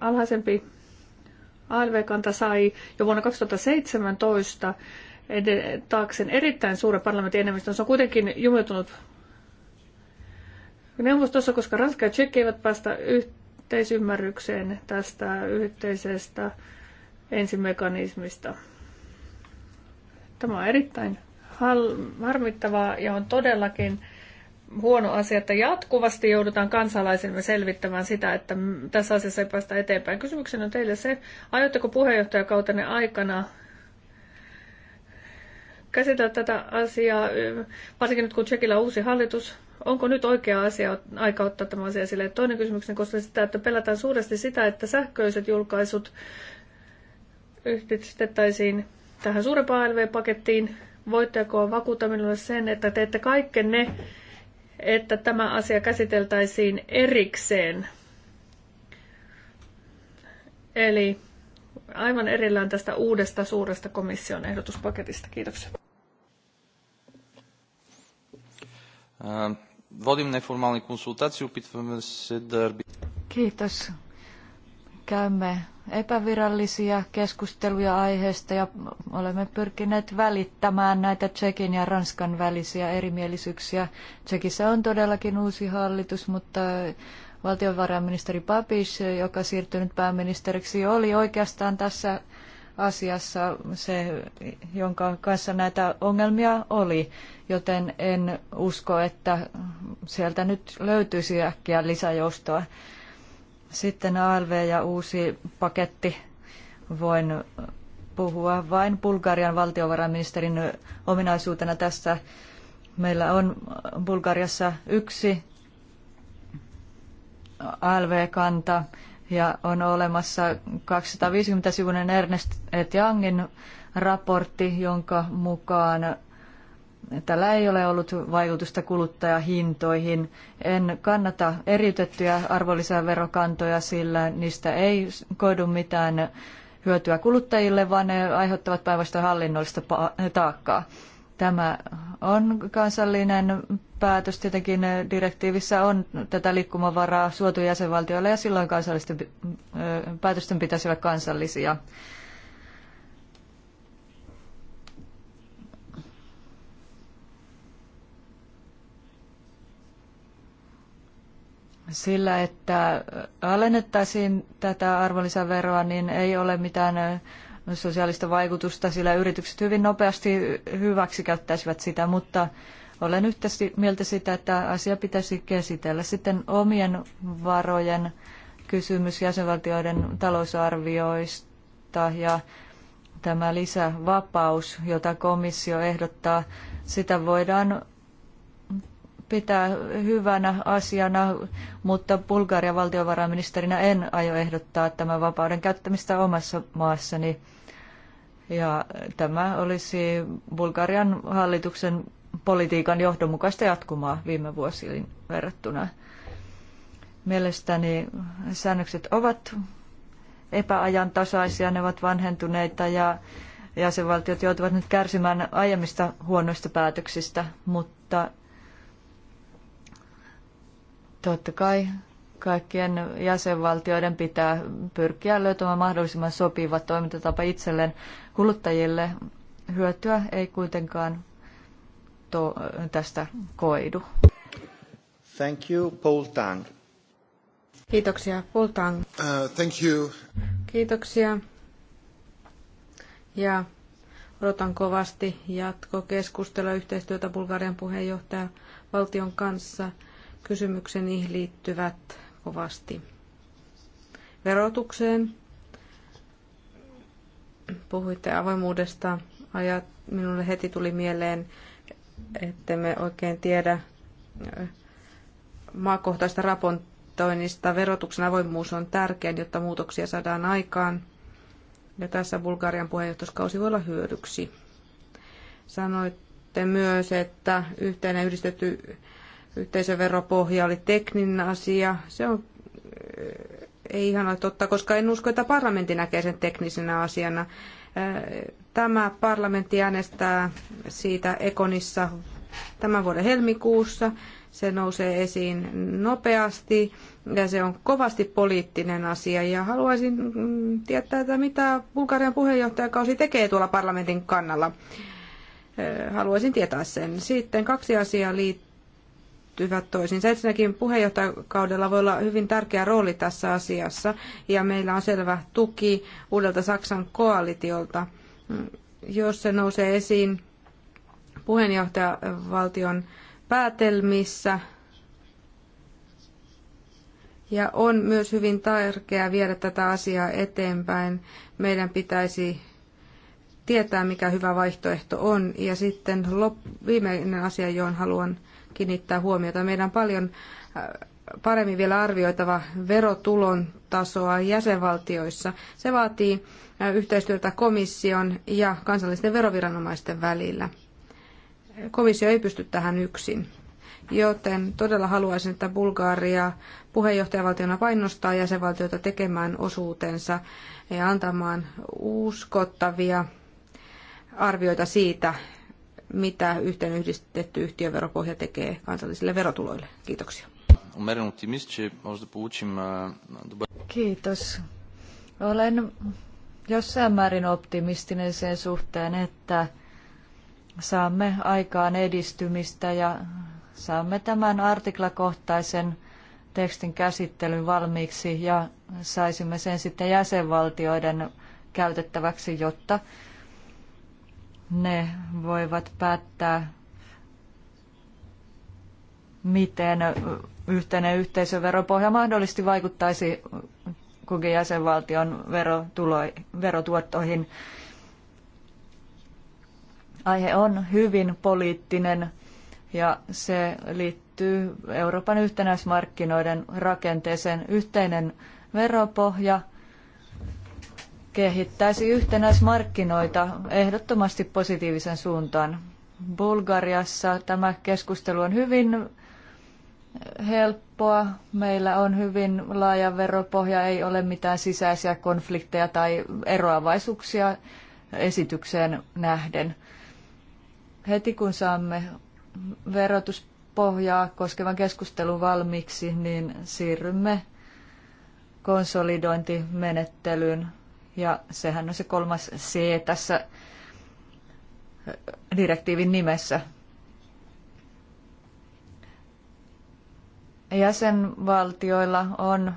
alhaisempi ALV-kanta sai jo vuonna 2017 taakseen erittäin suuren parlamentin enemmistön. Se on kuitenkin jumiutunut neuvostossa, koska Ranska ja Tsekki eivät päästä yhteen yhteisymmärrykseen tästä yhteisestä ensimekanismista. Tämä on erittäin harmittavaa ja on todellakin huono asia, että jatkuvasti joudutaan kansalaisille selvittämään sitä, että tässä asiassa ei päästä eteenpäin. Kysymyksen on teille se, aiotteko puheenjohtajakautenne aikana käsitellä tätä asiaa, varsinkin nyt kun Tsekillä on uusi hallitus, Onko nyt oikea asia, aika ottaa tämä asia esille? Toinen kysymys koskee sitä, että pelätään suuresti sitä, että sähköiset julkaisut yhdistettäisiin tähän suurempaan LV-pakettiin. Voitteko vakuuttaa minulle sen, että teette kaikkenne, että tämä asia käsiteltäisiin erikseen? Eli aivan erillään tästä uudesta suuresta komission ehdotuspaketista. Kiitoksia. Ähm, Vodim neformaalin konsultaatio, opitvamme se Kiitos. Käymme epävirallisia keskusteluja aiheesta ja olemme pyrkineet välittämään näitä Tsekin ja Ranskan välisiä erimielisyyksiä. Tsekissä on todellakin uusi hallitus, mutta valtiovarainministeri Papis, joka siirtynyt pääministeriksi, oli oikeastaan tässä asiassa se, jonka kanssa näitä ongelmia oli, joten en usko, että sieltä nyt löytyisi äkkiä lisäjoustoa. Sitten ALV ja uusi paketti. Voin puhua vain Bulgarian valtiovarainministerin ominaisuutena tässä. Meillä on Bulgariassa yksi ALV-kanta ja on olemassa 250-sivuinen Ernest et Youngin raportti, jonka mukaan tällä ei ole ollut vaikutusta kuluttajahintoihin. En kannata eriytettyjä arvonlisäverokantoja, sillä niistä ei koidu mitään hyötyä kuluttajille, vaan ne aiheuttavat päinvastoin hallinnollista taakkaa. Tämä on kansallinen päätös. Tietenkin direktiivissä on tätä liikkumavaraa suotu jäsenvaltioille ja silloin kansallisten päätösten pitäisi olla kansallisia. Sillä, että alennettaisiin tätä arvonlisäveroa, niin ei ole mitään sosiaalista vaikutusta, sillä yritykset hyvin nopeasti hyväksikäyttäisivät sitä, mutta olen yhtä mieltä sitä, että asia pitäisi käsitellä. Sitten omien varojen kysymys jäsenvaltioiden talousarvioista ja tämä lisävapaus, jota komissio ehdottaa, sitä voidaan pitää hyvänä asiana, mutta Bulgarian valtiovarainministerinä en aio ehdottaa tämän vapauden käyttämistä omassa maassani. Ja tämä olisi Bulgarian hallituksen politiikan johdonmukaista jatkumaa viime vuosiin verrattuna. Mielestäni säännökset ovat epäajantasaisia, ne ovat vanhentuneita ja jäsenvaltiot joutuvat nyt kärsimään aiemmista huonoista päätöksistä, mutta Totta kai kaikkien jäsenvaltioiden pitää pyrkiä löytämään mahdollisimman sopiva toimintatapa itselleen kuluttajille. Hyötyä ei kuitenkaan to- tästä koidu. Thank you, Paul Tang. Kiitoksia, Paul Tang. Uh, thank you. Kiitoksia. Ja odotan kovasti jatkokeskustelua yhteistyötä Bulgarian puheenjohtajan valtion kanssa kysymykseni liittyvät kovasti verotukseen. Puhuitte avoimuudesta. Ajat, minulle heti tuli mieleen, että me oikein tiedä maakohtaista raportoinnista. Verotuksen avoimuus on tärkeä, jotta muutoksia saadaan aikaan. Ja tässä Bulgarian puheenjohtajuuskausi voi olla hyödyksi. Sanoitte myös, että yhteinen yhdistetty yhteisöveropohja oli tekninen asia. Se on eh, ei ihan ole totta, koska en usko, että parlamentti näkee sen teknisenä asiana. Eh, tämä parlamentti äänestää siitä Ekonissa tämän vuoden helmikuussa. Se nousee esiin nopeasti ja se on kovasti poliittinen asia. Ja haluaisin mm, tietää, että mitä Bulgarian puheenjohtajakausi tekee tuolla parlamentin kannalla. Eh, haluaisin tietää sen. Sitten kaksi asiaa liittyy liittyvät toisiinsa. Ensinnäkin puheenjohtajakaudella voi olla hyvin tärkeä rooli tässä asiassa ja meillä on selvä tuki uudelta Saksan koalitiolta. Jos se nousee esiin puheenjohtajavaltion päätelmissä, ja on myös hyvin tärkeää viedä tätä asiaa eteenpäin. Meidän pitäisi tietää, mikä hyvä vaihtoehto on. Ja sitten lop- viimeinen asia, johon haluan kiinnittää huomiota. Meidän on paljon äh, paremmin vielä arvioitava verotulon tasoa jäsenvaltioissa. Se vaatii äh, yhteistyötä komission ja kansallisten veroviranomaisten välillä. Komissio ei pysty tähän yksin. Joten todella haluaisin, että Bulgaria puheenjohtajavaltiona painostaa jäsenvaltioita tekemään osuutensa ja antamaan uskottavia arvioita siitä, mitä yhteen yhdistetty yhtiöveropohja tekee kansallisille verotuloille. Kiitoksia. Kiitos. Olen jossain määrin optimistinen sen suhteen, että saamme aikaan edistymistä ja saamme tämän artiklakohtaisen tekstin käsittelyn valmiiksi ja saisimme sen sitten jäsenvaltioiden käytettäväksi, jotta ne voivat päättää, miten yhteinen yhteisöveropohja mahdollisesti vaikuttaisi kukin jäsenvaltion verotuottoihin. Aihe on hyvin poliittinen ja se liittyy Euroopan yhtenäismarkkinoiden rakenteeseen. Yhteinen veropohja – kehittäisi yhtenäismarkkinoita ehdottomasti positiivisen suuntaan. Bulgariassa tämä keskustelu on hyvin helppoa. Meillä on hyvin laaja veropohja, ei ole mitään sisäisiä konflikteja tai eroavaisuuksia esitykseen nähden. Heti kun saamme verotuspohjaa koskevan keskustelun valmiiksi, niin siirrymme konsolidointimenettelyyn ja sehän on se kolmas C tässä direktiivin nimessä. Jäsenvaltioilla on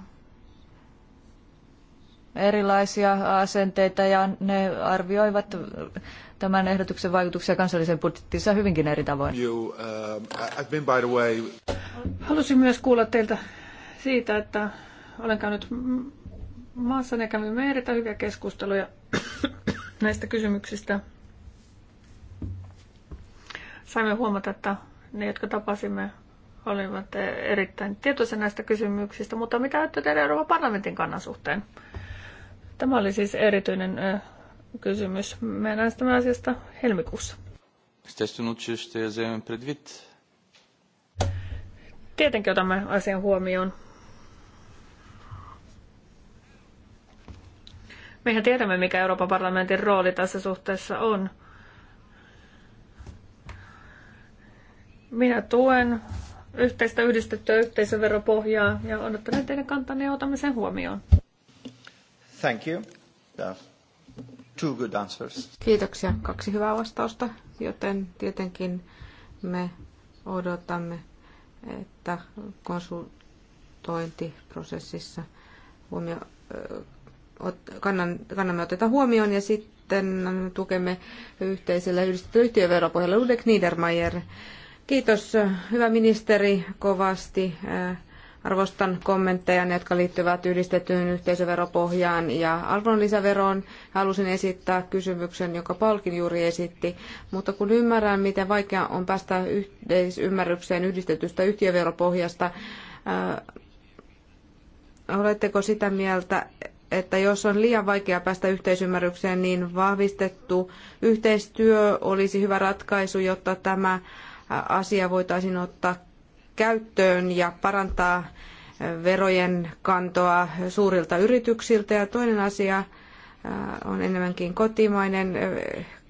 erilaisia asenteita ja ne arvioivat tämän ehdotuksen vaikutuksia kansalliseen budjettiinsa hyvinkin eri tavoin. You, uh, Halusin myös kuulla teiltä siitä, että olen käynyt maassa ne kävimme erittäin hyviä keskusteluja näistä kysymyksistä. Saimme huomata, että ne, jotka tapasimme, olivat erittäin tietoisia näistä kysymyksistä, mutta mitä ajattelee tehdä Euroopan parlamentin kannan suhteen? Tämä oli siis erityinen kysymys. Me äänestämme asiasta helmikuussa. Tietenkin otamme asian huomioon. Mehän tiedämme, mikä Euroopan parlamentin rooli tässä suhteessa on. Minä tuen yhteistä yhdistettyä yhteisöveropohjaa ja odottelen teidän kantanne ja otamme sen huomioon. Thank you. Two good answers. Kiitoksia. Kaksi hyvää vastausta, joten tietenkin me odotamme, että konsultointiprosessissa huomio kannan, kannamme oteta huomioon ja sitten tukemme yhteisellä yhdistetyllä yhtiöveropohjalla Ludek Niedermayer. Kiitos, hyvä ministeri, kovasti. Äh, arvostan kommentteja, jotka liittyvät yhdistettyyn yhteisöveropohjaan ja arvonlisäveroon. Halusin esittää kysymyksen, joka Paulkin juuri esitti, mutta kun ymmärrän, miten vaikea on päästä yhteisymmärrykseen yhdistetystä yhtiöveropohjasta, äh, oletteko sitä mieltä, että jos on liian vaikea päästä yhteisymmärrykseen, niin vahvistettu yhteistyö olisi hyvä ratkaisu, jotta tämä asia voitaisiin ottaa käyttöön ja parantaa verojen kantoa suurilta yrityksiltä. Ja toinen asia äh, on enemmänkin kotimainen,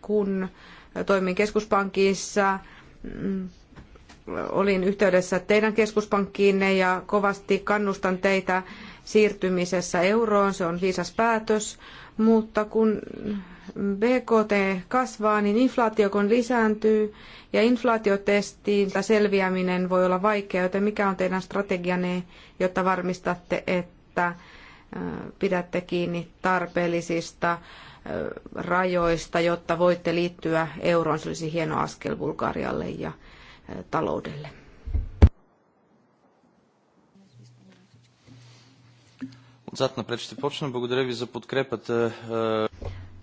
kun toimin keskuspankissa mm, olin yhteydessä teidän keskuspankkiinne ja kovasti kannustan teitä siirtymisessä euroon. Se on viisas päätös, mutta kun BKT kasvaa, niin inflaatio kun lisääntyy ja inflaatiotestiltä selviäminen voi olla vaikeaa, joten mikä on teidän strategianne, jotta varmistatte, että pidätte kiinni tarpeellisista rajoista, jotta voitte liittyä euroon. Se olisi hieno askel Bulgarialle ja taloudelle. Отзад напред ще Благодаря ви за подкрепата.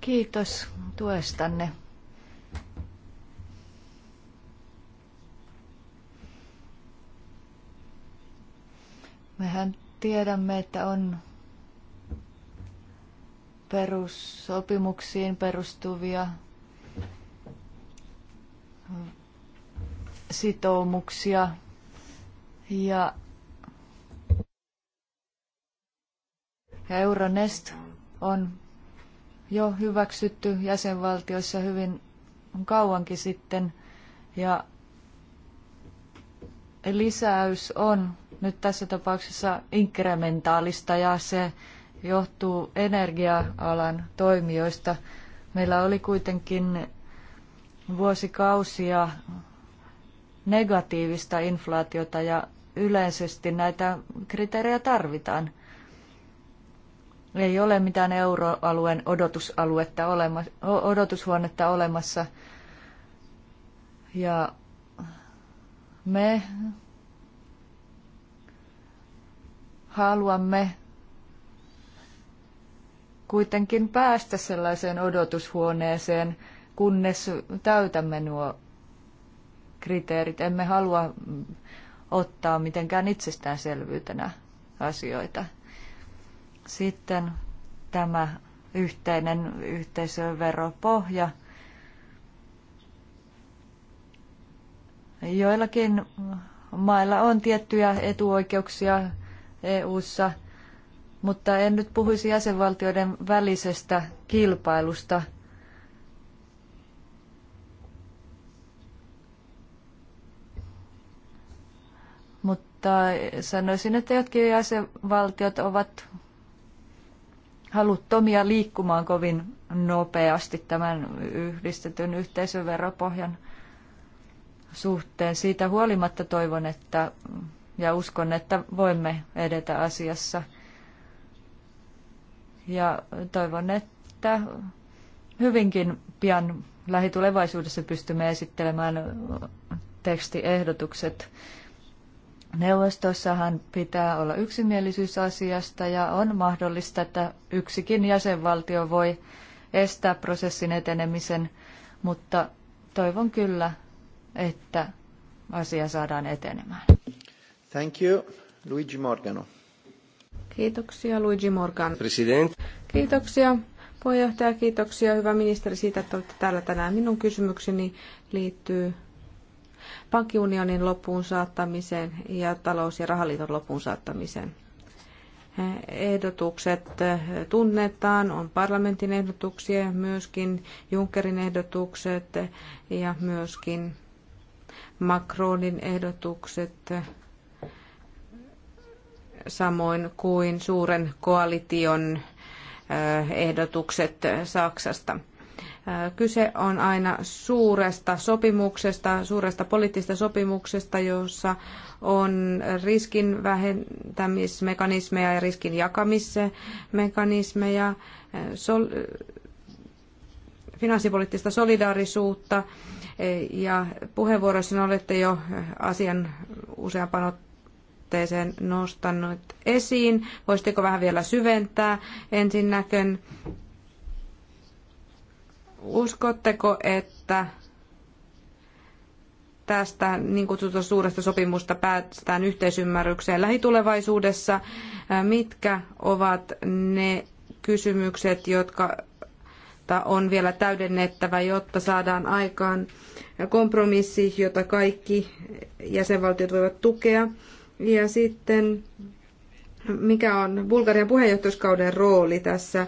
Kiitos tuestanne. Mehän tiedämme, että on perussopimuksiin perustuvia sitoumuksia ja ja Euronest on jo hyväksytty jäsenvaltioissa hyvin kauankin sitten ja lisäys on nyt tässä tapauksessa inkrementaalista ja se johtuu energia-alan toimijoista. Meillä oli kuitenkin vuosikausia negatiivista inflaatiota ja yleisesti näitä kriteerejä tarvitaan – ei ole mitään euroalueen odotusaluetta olema, odotushuonetta olemassa. Ja me haluamme kuitenkin päästä sellaiseen odotushuoneeseen, kunnes täytämme nuo kriteerit. Emme halua ottaa mitenkään itsestäänselvyytenä asioita. Sitten tämä yhteinen yhteisöveropohja. Joillakin mailla on tiettyjä etuoikeuksia EU:ssa, mutta en nyt puhuisi jäsenvaltioiden välisestä kilpailusta. Mutta sanoisin, että jotkin jäsenvaltiot ovat haluttomia liikkumaan kovin nopeasti tämän yhdistetyn yhteisöveropohjan suhteen. Siitä huolimatta toivon, että ja uskon, että voimme edetä asiassa. Ja toivon, että hyvinkin pian lähitulevaisuudessa pystymme esittelemään tekstiehdotukset Neuvostossahan pitää olla yksimielisyys asiasta ja on mahdollista, että yksikin jäsenvaltio voi estää prosessin etenemisen, mutta toivon kyllä, että asia saadaan etenemään. Thank you, Luigi Morgano. Kiitoksia, Luigi Morgan. President. Kiitoksia, puheenjohtaja. Kiitoksia, hyvä ministeri, siitä, että olette täällä tänään. Minun kysymykseni liittyy pankkiunionin loppuun saattamiseen ja talous- ja rahaliiton loppuun saattamiseen. Ehdotukset tunnetaan, on parlamentin ehdotuksia, myöskin Junckerin ehdotukset ja myöskin Macronin ehdotukset, samoin kuin suuren koalition eh, ehdotukset Saksasta. Kyse on aina suuresta sopimuksesta, suuresta poliittisesta sopimuksesta, jossa on riskin vähentämismekanismeja ja riskin jakamismekanismeja, sol- finanssipoliittista solidaarisuutta ja puheenvuoroissa olette jo asian useampaan otteeseen nostanut esiin. Voisitteko vähän vielä syventää ensinnäkin Uskotteko, että tästä niin kutsutusta suuresta sopimusta päästään yhteisymmärrykseen lähitulevaisuudessa? Mitkä ovat ne kysymykset, jotka on vielä täydennettävä, jotta saadaan aikaan kompromissi, jota kaikki jäsenvaltiot voivat tukea? Ja sitten mikä on Bulgarian puheenjohtajuuskauden rooli tässä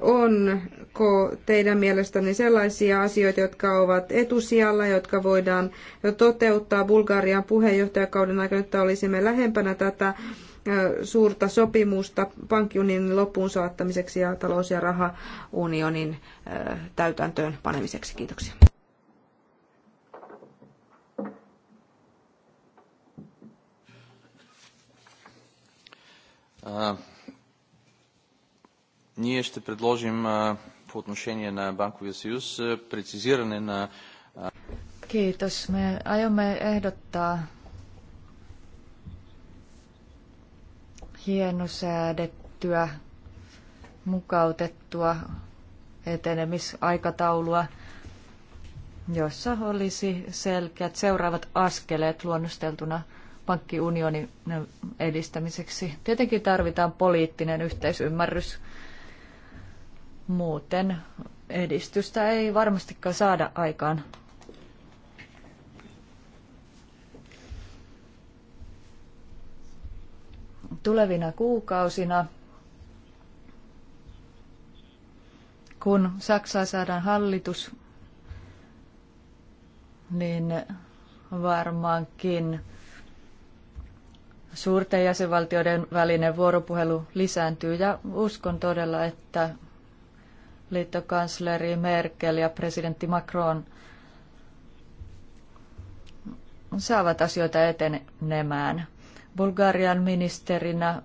Onko teidän mielestänne sellaisia asioita, jotka ovat etusijalla, jotka voidaan jo toteuttaa Bulgarian puheenjohtajakauden aikana, jotta olisimme lähempänä tätä suurta sopimusta pankkiunionin loppuun saattamiseksi ja talous- ja rahaunionin täytäntöön panemiseksi? Kiitoksia. Uh. Ние ще предложим по отношение на Банковия съюз прецизиране на... Kiitos. Me aiomme ehdottaa hienosäädettyä, mukautettua etenemisaikataulua, jossa olisi selkeät seuraavat askeleet luonnosteltuna pankkiunionin edistämiseksi. Tietenkin tarvitaan poliittinen yhteisymmärrys Muuten edistystä ei varmastikaan saada aikaan. Tulevina kuukausina, kun Saksaa saadaan hallitus, niin varmaankin suurten jäsenvaltioiden välinen vuoropuhelu lisääntyy ja uskon todella, että liittokansleri Merkel ja presidentti Macron saavat asioita etenemään. Bulgarian ministerinä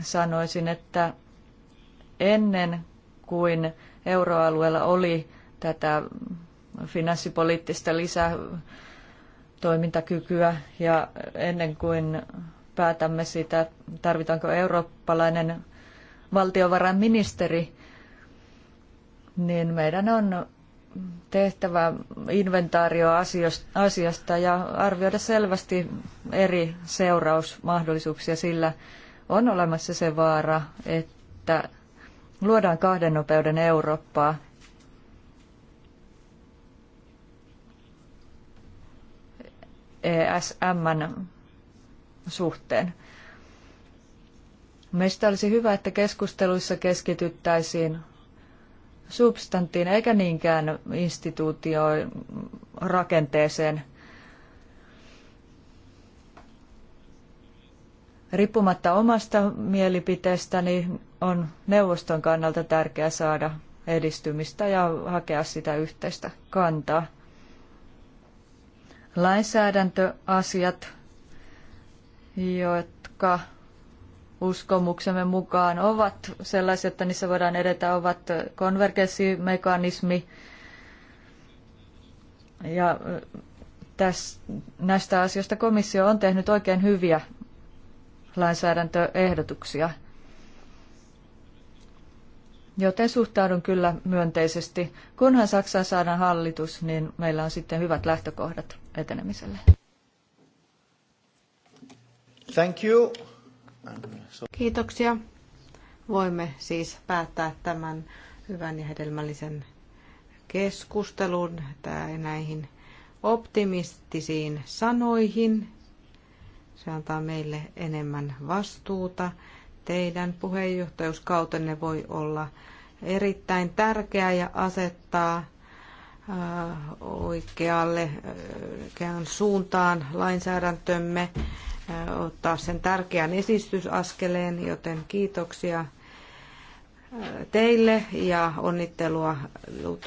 sanoisin, että ennen kuin euroalueella oli tätä finanssipoliittista lisätoimintakykyä ja ennen kuin päätämme sitä, tarvitaanko eurooppalainen valtiovarainministeri, niin meidän on tehtävä inventaario asiasta ja arvioida selvästi eri seurausmahdollisuuksia, sillä on olemassa se vaara, että luodaan kahden nopeuden Eurooppaa. esm suhteen. Meistä olisi hyvä, että keskusteluissa keskityttäisiin substanttiin eikä niinkään instituutioon rakenteeseen. Riippumatta omasta mielipiteestäni on neuvoston kannalta tärkeää saada edistymistä ja hakea sitä yhteistä kantaa. Lainsäädäntöasiat, jotka uskomuksemme mukaan ovat sellaisia, että niissä voidaan edetä, ovat konvergenssimekanismi ja täs, näistä asioista komissio on tehnyt oikein hyviä lainsäädäntöehdotuksia. Joten suhtaudun kyllä myönteisesti. Kunhan Saksaan saadaan hallitus, niin meillä on sitten hyvät lähtökohdat etenemiselle. Thank you. Kiitoksia. Voimme siis päättää tämän hyvän ja hedelmällisen keskustelun näihin optimistisiin sanoihin. Se antaa meille enemmän vastuuta. Teidän puheenjohtajuuskautenne voi olla erittäin tärkeä ja asettaa äh, oikealle, äh, oikeaan suuntaan lainsäädäntömme ottaa sen tärkeän esistysaskeleen, joten kiitoksia teille ja onnittelua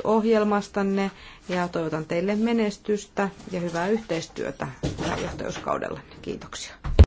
ohjelmastanne ja toivotan teille menestystä ja hyvää yhteistyötä puheenjohtajuuskaudellanne. Kiitoksia.